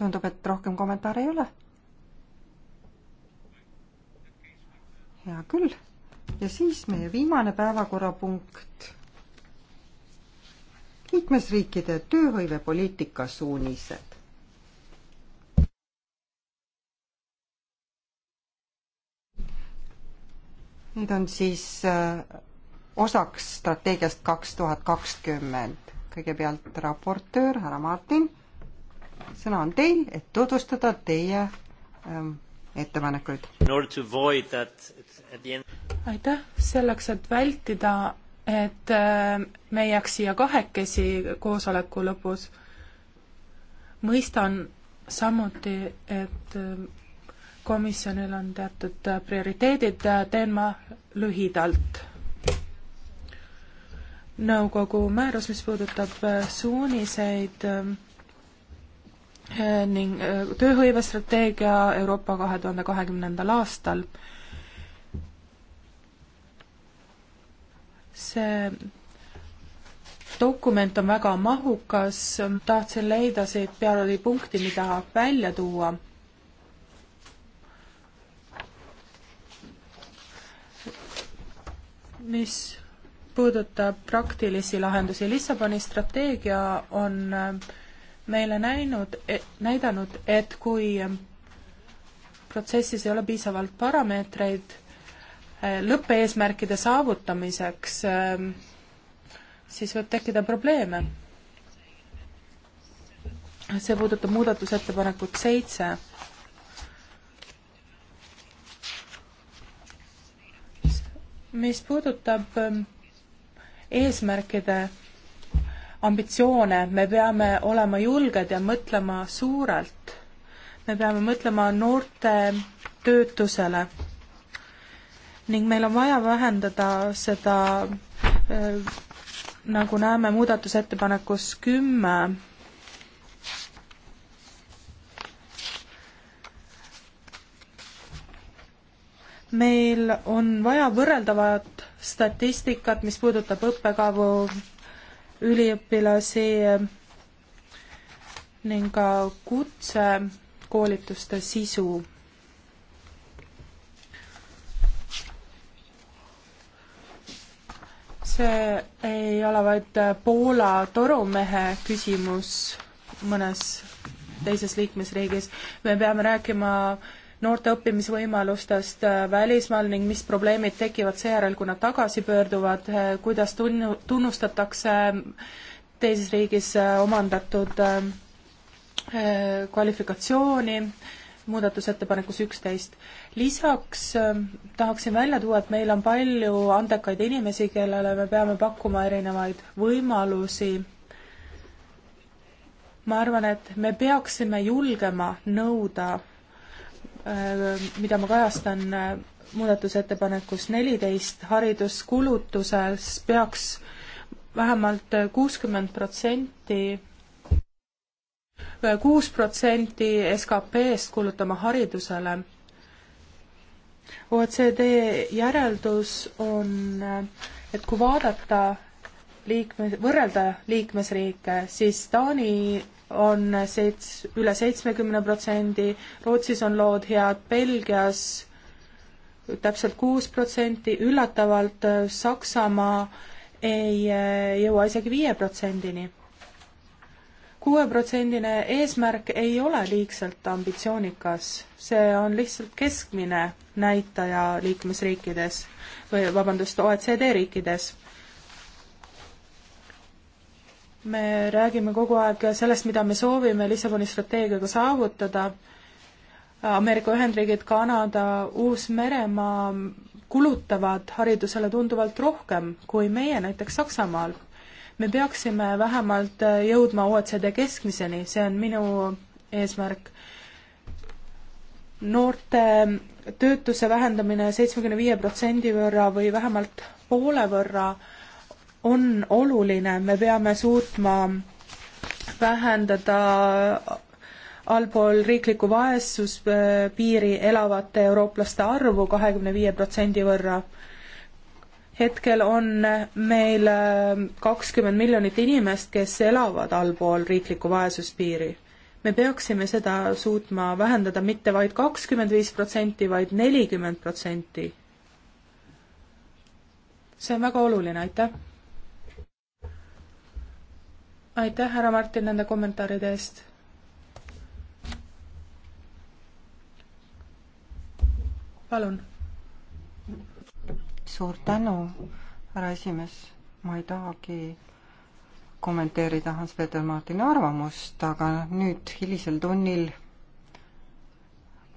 tundub, et rohkem kommentaare ei ole. hea küll. ja siis meie viimane päevakorrapunkt. liikmesriikide tööhõivepoliitika suunised. Need on siis äh, osaks strateegiast kaks tuhat kakskümmend. kõigepealt raportöör härra Martin sõna on teil, et tutvustada teie ähm, ettepanekuid. aitäh, selleks, et vältida, et äh, me ei jääks siia kahekesi koosoleku lõpus, mõistan samuti, et ähm, komisjonil on teatud prioriteedid, teen ma lühidalt. nõukogu määrus, mis puudutab äh, suuniseid äh, Eh, ning eh, tööhõivestrateegia Euroopa kahe tuhande kahekümnendal aastal. see dokument on väga mahukas, tahtsin leida siit pealoli punkti, mida välja tuua. mis puudutab praktilisi lahendusi, Lissaboni strateegia on äh, meile näinud, e-, näidanud, et kui protsessis ei ole piisavalt parameetreid eh, lõppeesmärkide saavutamiseks, eh, siis võib tekkida probleeme. see puudutab muudatusettepanekut seitse. mis puudutab eh, eesmärkide ambitsioone, me peame olema julged ja mõtlema suurelt. me peame mõtlema noorte töötusele ning meil on vaja vähendada seda äh, nagu näeme muudatusettepanekus kümme, meil on vaja võrreldavat statistikat, mis puudutab õppekavu üliõpilasi ning ka kutsekoolituste sisu. see ei ole vaid Poola torumehe küsimus mõnes teises liikmesriigis, me peame rääkima äh, noorte õppimisvõimalustest äh, välismaal ning mis probleemid tekivad seejärel, kui nad tagasi pöörduvad, äh, kuidas tunnu-, tunnustatakse teises riigis äh, omandatud kvalifikatsiooni, muudatusettepanekus üksteist. lisaks tahaksin välja tuua, et meil on palju andekaid inimesi, kellele me peame pakkuma erinevaid võimalusi. ma arvan, et me peaksime julgema nõuda Äh, mida ma kajastan äh, muudatusettepanekus neliteist, hariduskulutuses peaks vähemalt kuuskümmend protsenti, äh, kuus protsenti SKP-st kulutama haridusele. OECD järeldus on, et kui vaadata liikme, võrrelda liikmesriike, siis Taani on seits-, üle seitsmekümne protsendi, Rootsis on lood head, Belgias täpselt kuus protsenti, üllatavalt äh, Saksamaa ei äh, jõua isegi viie protsendini. kuueprotsendine eesmärk ei ole liigselt ambitsioonikas, see on lihtsalt keskmine näitaja liikmesriikides või vabandust, OECD riikides me räägime kogu aeg sellest, mida me soovime Lissaboni strateegiaga saavutada, Ameerika Ühendriigid, Kanada, Uus-Meremaa kulutavad haridusele tunduvalt rohkem kui meie näiteks Saksamaal. me peaksime vähemalt jõudma OECD keskmiseni, see on minu eesmärk. noorte töötuse vähendamine seitsmekümne viie protsendi võrra või vähemalt poole võrra äh, on oluline, me peame suutma vähendada allpool riikliku vaesuspiiri elavate eurooplaste arvu kahekümne viie protsendi võrra. hetkel on meil ähm, kakskümmend miljonit inimest, kes elavad allpool riikliku vaesuspiiri. me peaksime seda suutma vähendada mitte vaid kakskümmend viis protsenti, vaid nelikümmend protsenti. see on väga oluline, aitäh! aitäh, härra Martin, nende kommentaaride eest. palun. suur tänu, härra esimees. ma ei tahagi kommenteerida Hans-Peter Martini arvamust, aga nüüd hilisel tunnil,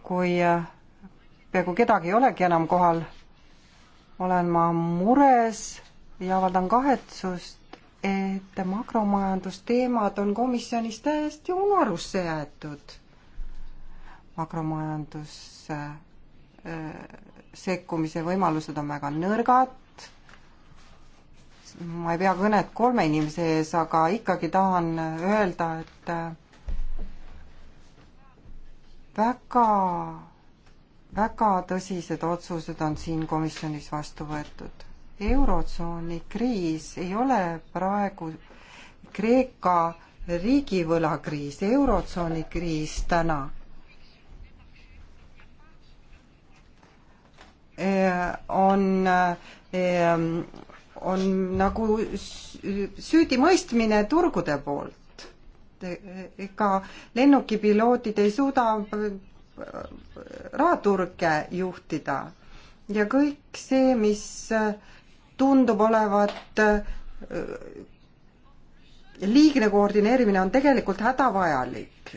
kui äh, peaaegu kedagi ei olegi enam kohal, olen ma mures ja avaldan kahetsust, et makromajandusteemad on komisjonis täiesti unarusse jäetud. makromajandus äh, sekkumise võimalused on väga nõrgad, ma ei pea kõnet kolme inimese ees, aga ikkagi tahan öelda, et äh, väga, väga tõsised otsused on siin komisjonis vastu võetud eurotsooni kriis ei ole praegu Kreeka riigivõlakriis, eurotsooni kriis täna on, on nagu süüdimõistmine turgude poolt. ega lennukipiloodid ei suuda äh, rahaturge juhtida ja kõik see, mis äh, tundub olevat äh, liigne koordineerimine on tegelikult hädavajalik.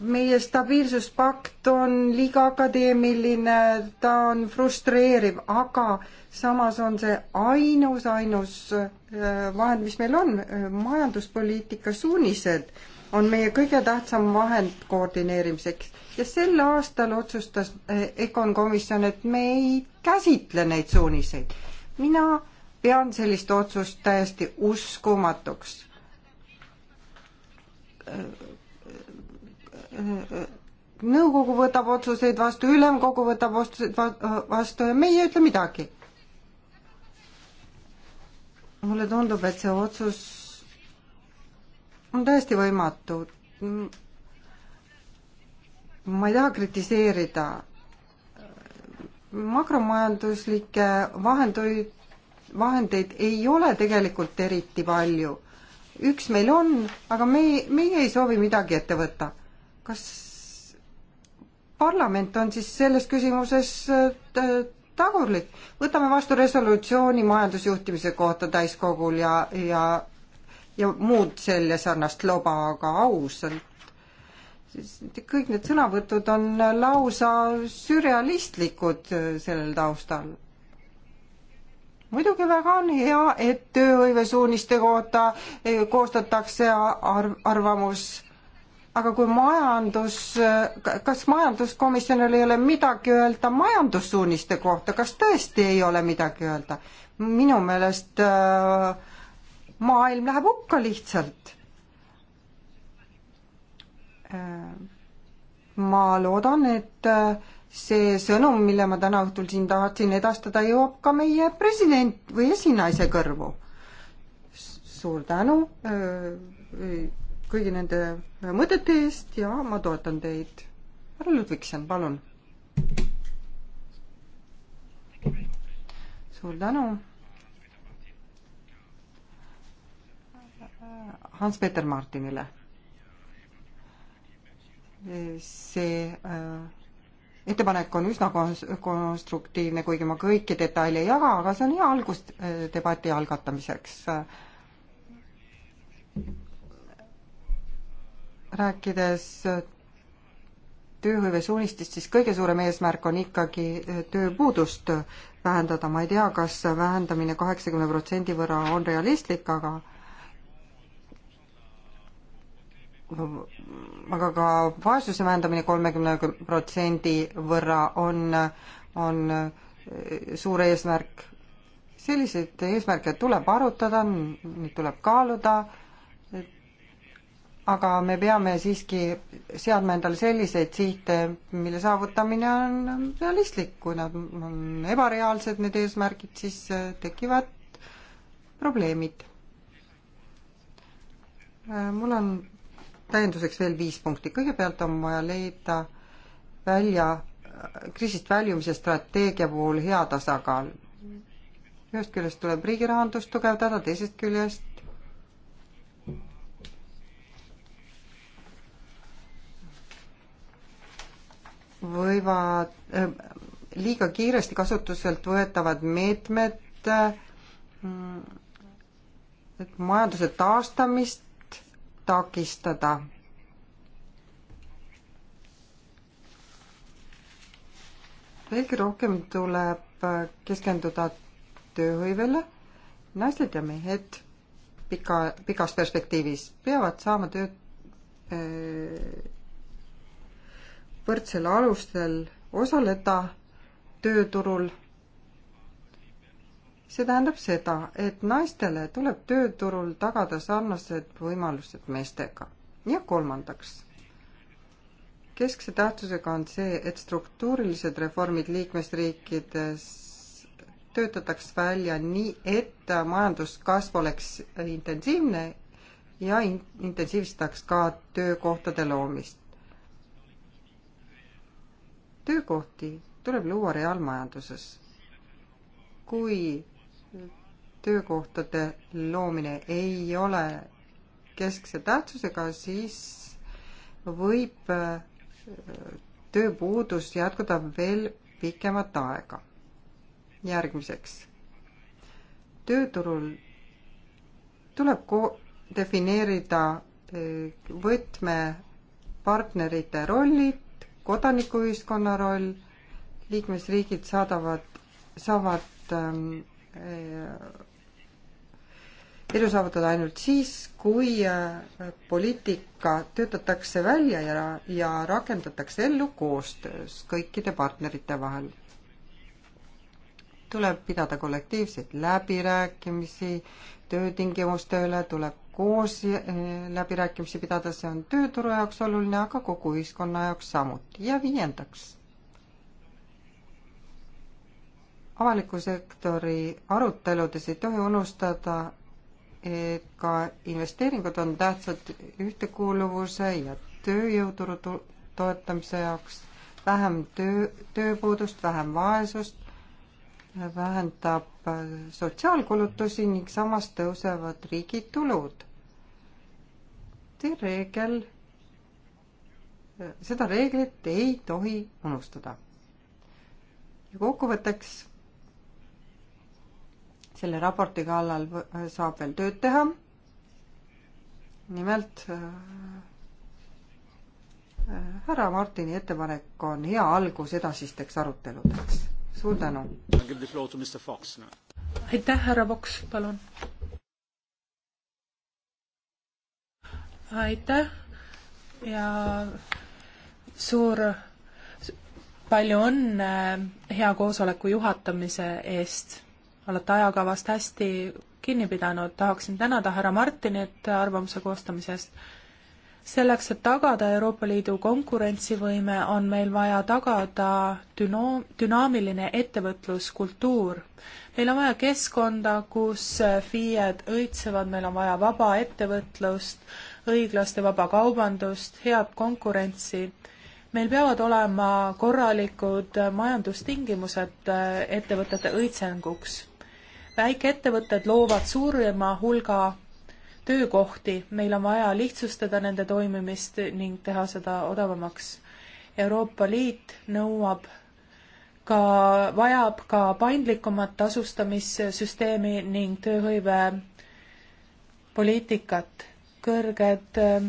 meie stabiilsuspakt on liiga akadeemiline, ta on frustreeriv, aga samas on see ainus, ainus äh, vahend, mis meil on, äh, majanduspoliitika suunised on meie kõige tähtsam vahend koordineerimiseks ja sel aastal otsustas EKOn eh, komisjon, et me ei käsitle neid suuniseid. mina pean sellist otsust täiesti uskumatuks. nõukogu võtab otsuseid vastu, ülemkogu võtab otsuseid vastu ja meie ei ütle midagi. mulle tundub, et see otsus on täiesti võimatu. ma ei taha kritiseerida makromajanduslikke vahendeid, vahendeid ei ole tegelikult eriti palju. üks meil on, aga me, meie ei soovi midagi ette võtta. kas parlament on siis selles küsimuses äh, tagurlik? võtame vastu resolutsiooni majandusjuhtimise kohta täiskogul ja, ja ja muud selle sarnast loba, aga ausalt. kõik need sõnavõtud on lausa sürrealistlikud sellel taustal muidugi väga on hea, et tööhõivesuuniste kohta eh, koostatakse arv, arvamus. aga kui majandus, kas majanduskomisjonil ei ole midagi öelda majandussuuniste kohta, kas tõesti ei ole midagi öelda? minu meelest äh, maailm läheb hukka lihtsalt. ma loodan, et see sõnum, mille ma täna õhtul siin tahtsin edastada, jõuab ka meie president või esinaise kõrvu. suur tänu äh, kõigi nende mõtete eest ja ma toetan teid. härra Ludvigson, palun. suur tänu Hans-Peter Martinile. see äh, ettepanek on üsna konstruktiivne, kuigi ma kõiki detaile ei jaga, aga see on hea algus äh, debati algatamiseks. rääkides äh, tööhõive suunistest, siis kõige suurem eesmärk on ikkagi tööpuudust vähendada, ma ei tea kas, kas vähendamine kaheksakümne protsendi võrra on realistlik, aga aga ka vaesuse vähendamine kolmekümne protsendi võrra on, on suur eesmärk. selliseid eesmärke tuleb arutada, neid tuleb kaaluda, aga me peame siiski seadma endale selliseid sihte, mille saavutamine on realistlik, kui nad on ebareaalsed, need eesmärgid, siis tekivad probleemid. mul on täienduseks veel viis punkti. kõigepealt on vaja leida välja, äh, kriisist väljumise strateegia puhul hea tasakaal. ühest küljest tuleb riigi rahandust tugevdada, teisest küljest võivad äh, liiga kiiresti kasutuselt võetavad meetmed äh, mm, et majanduse taastamist takistada. veelgi rohkem tuleb keskenduda tööhõivele. naised ja mehed pika, pikas perspektiivis peavad saama tööd eh, võrdsel alustel osaleda tööturul see tähendab seda, et naistele tuleb tööturul tagada sarnased võimalused meestega. ja kolmandaks, keskse tähtsusega on see, et struktuurilised reformid liikmesriikides töötataks välja nii, et majanduskasv oleks intensiivne ja in-, intensiivistaks ka töökohtade loomist. töökohti tuleb luua reaalmajanduses kui töökohtade loomine ei ole keskse tähtsusega, siis võib äh, tööpuudus jätkuda veel pikemat aega. järgmiseks, tööturul tuleb ko-, defineerida äh, võtmepartnerite rollid, kodanikuühiskonna roll, liikmesriigid saadavad, saavad ähm, Äh, edu saavutada ainult siis, kui äh, poliitika töötatakse välja ja, ja rakendatakse ellu koostöös kõikide partnerite vahel. tuleb pidada kollektiivseid läbirääkimisi töötingimuste üle, tuleb koos äh, läbirääkimisi pidada, see on tööturu jaoks oluline, aga kogu ühiskonna jaoks samuti. ja viiendaks avaliku sektori aruteludes ei tohi unustada, et ka investeeringud on tähtsad ühtekuuluvuse ja tööjõuturu toetamise jaoks. vähem töö, tööpuudust, vähem vaesust vähendab sotsiaalkulutusi ning samas tõusevad riigi tulud. see reegel, seda reeglit ei tohi unustada. ja kokkuvõtteks selle raporti kallal saab veel tööd teha. nimelt äh, äh, härra Martini ettepanek on hea algus edasisteks aruteludeks. suur tänu. aitäh, härra Voks, palun. aitäh ja suur palju õnne hea koosoleku juhatamise eest olete ajakavast hästi kinni pidanud, tahaksin tänada härra Martinit arvamuse koostamisest. selleks, et tagada Euroopa Liidu konkurentsivõime, on meil vaja tagada düno-, dünaamiline ettevõtluskultuur. meil on vaja keskkonda, kus FIE-d õitsevad, meil on vaja vaba ettevõtlust, õiglast ja vaba kaubandust, head konkurentsi meil peavad olema korralikud majandustingimused äh, ettevõtete õitsenguks väikeettevõtted loovad suurema hulga töökohti, meil on vaja lihtsustada nende toimimist ning teha seda odavamaks. Euroopa Liit nõuab ka, vajab ka paindlikumat tasustamissüsteemi ning tööhõivepoliitikat. kõrged äh,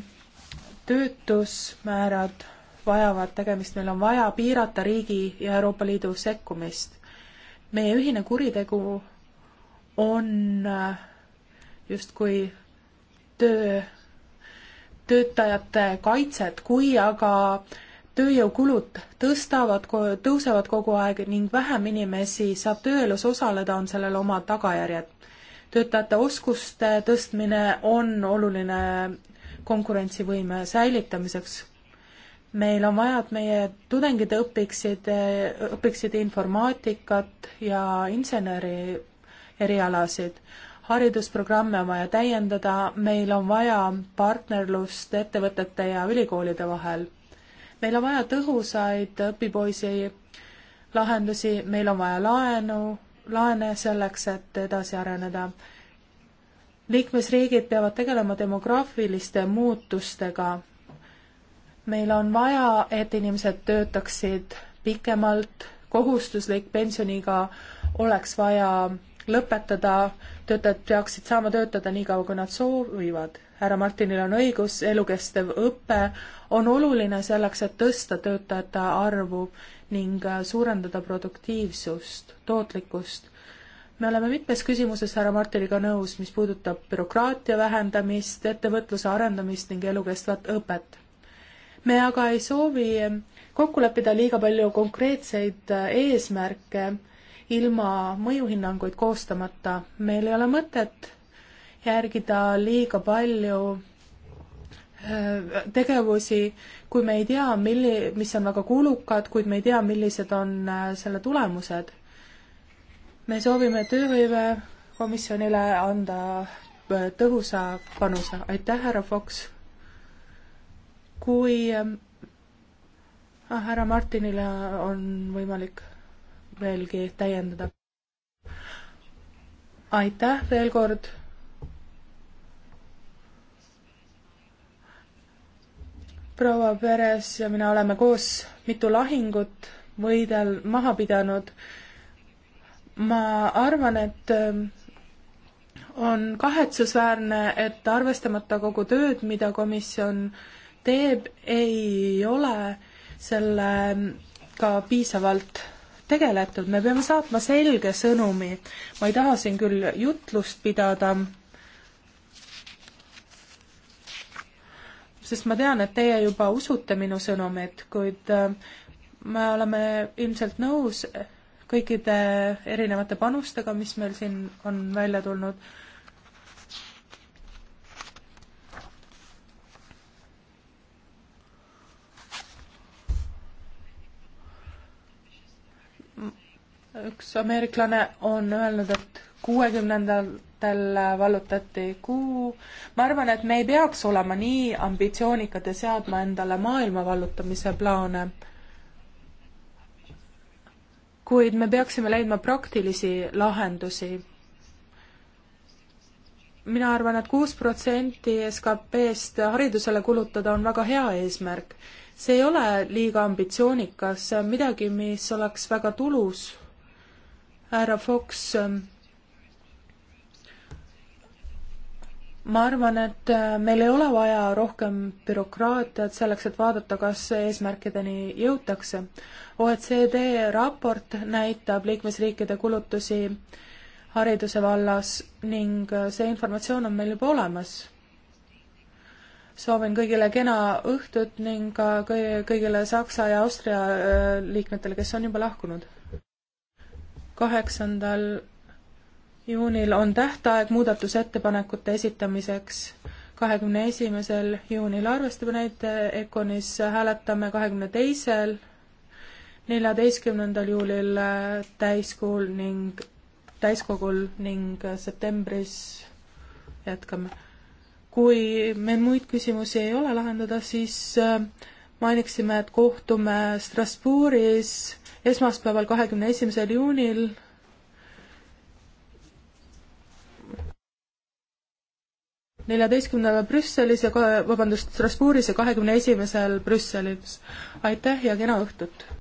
töötusmäärad vajavad tegemist, meil on vaja piirata riigi ja Euroopa Liidu sekkumist. meie ühine kuritegu on äh, justkui töö, töötajate kaitset, kui aga tööjõukulud tõstavad, tõusevad kogu aeg ning vähem inimesi saab tööelus osaleda, on sellel omad tagajärjed. töötajate oskuste tõstmine on oluline konkurentsivõime säilitamiseks. meil on vaja, et meie tudengid õpiksid, õpiksid informaatikat ja inseneri erialasid. haridusprogramme on vaja täiendada, meil on vaja partnerlust ettevõtete ja ülikoolide vahel. meil on vaja tõhusaid õpipoisi lahendusi, meil on vaja laenu, laene selleks, et edasi areneda. liikmesriigid peavad tegelema demograafiliste muutustega. meil on vaja, et inimesed töötaksid pikemalt, kohustuslik pensioniiga oleks vaja lõpetada, töötajad peaksid saama töötada nii kaua, kui nad soovivad. härra Martinil on õigus, elukestev õpe on oluline selleks, et tõsta töötajate arvu ning äh, suurendada produktiivsust, tootlikkust. me oleme mitmes küsimuses härra Martiniga nõus, mis puudutab bürokraatia vähendamist, ettevõtluse arendamist ning elukestvat õpet. me aga ei soovi äh, kokku leppida liiga palju konkreetseid äh, eesmärke ilma mõjuhinnanguid koostamata. meil ei ole mõtet järgida liiga palju äh, tegevusi, kui me ei tea, milli-, mis on väga kulukad, kuid me ei tea, millised on äh, selle tulemused. me soovime tööhõivekomisjonile anda äh, tõhusa panuse. aitäh, härra Fox! kui äh, ah, härra Martinile on võimalik veelgi täiendada. aitäh veel kord. proua Peres ja mina oleme koos mitu lahingut võidel maha pidanud. ma arvan, et ähm, on kahetsusväärne, et arvestamata kogu tööd, mida komisjon teeb, ei ole sellega ähm, piisavalt tegeletud, me peame saatma selge sõnumi. ma ei taha siin küll jutlust pidada, sest ma tean, et teie juba usute minu sõnumit, kuid äh, me oleme ilmselt nõus kõikide erinevate panustega, mis meil siin on välja tulnud üks ameeriklane on öelnud, et kuuekümnendatel vallutati kuu. ma arvan, et me ei peaks olema nii ambitsioonikad ja seadma endale maailma vallutamise plaane. kuid me peaksime leidma praktilisi lahendusi mina arvan et, et kuus protsenti SKP-st haridusele kulutada on väga hea eesmärk. see ei ole liiga ambitsioonikas, see on midagi, mis oleks väga tulus härra Fox, ähm, ma arvan, et äh, meil ei ole vaja rohkem bürokraatiat selleks, et vaadata, kas eesmärkideni jõutakse. OECD raport näitab liikmesriikide kulutusi hariduse vallas ning äh, see informatsioon on meil juba olemas soovin kõigile kena õhtut ning ka kõigile Saksa ja Austria äh, liikmetele, kes on juba lahkunud kaheksandal juunil on tähtaeg muudatusettepanekute esitamiseks kahekümne esimesel juunil arvestame neid, EKONis hääletame kahekümne teisel, neljateistkümnendal juulil äh, täiskool ning, täiskogul ning äh, septembris jätkame. kui meil muid küsimusi ei ole lahendada, siis äh, mainiksime, et kohtume Strasbourgis esmaspäeval, kahekümne esimesel juunil neljateistkümnendal Brüsselis ja ka, vabandust, Strasbourgis ja kahekümne esimesel Brüsselis. aitäh ja kena õhtut!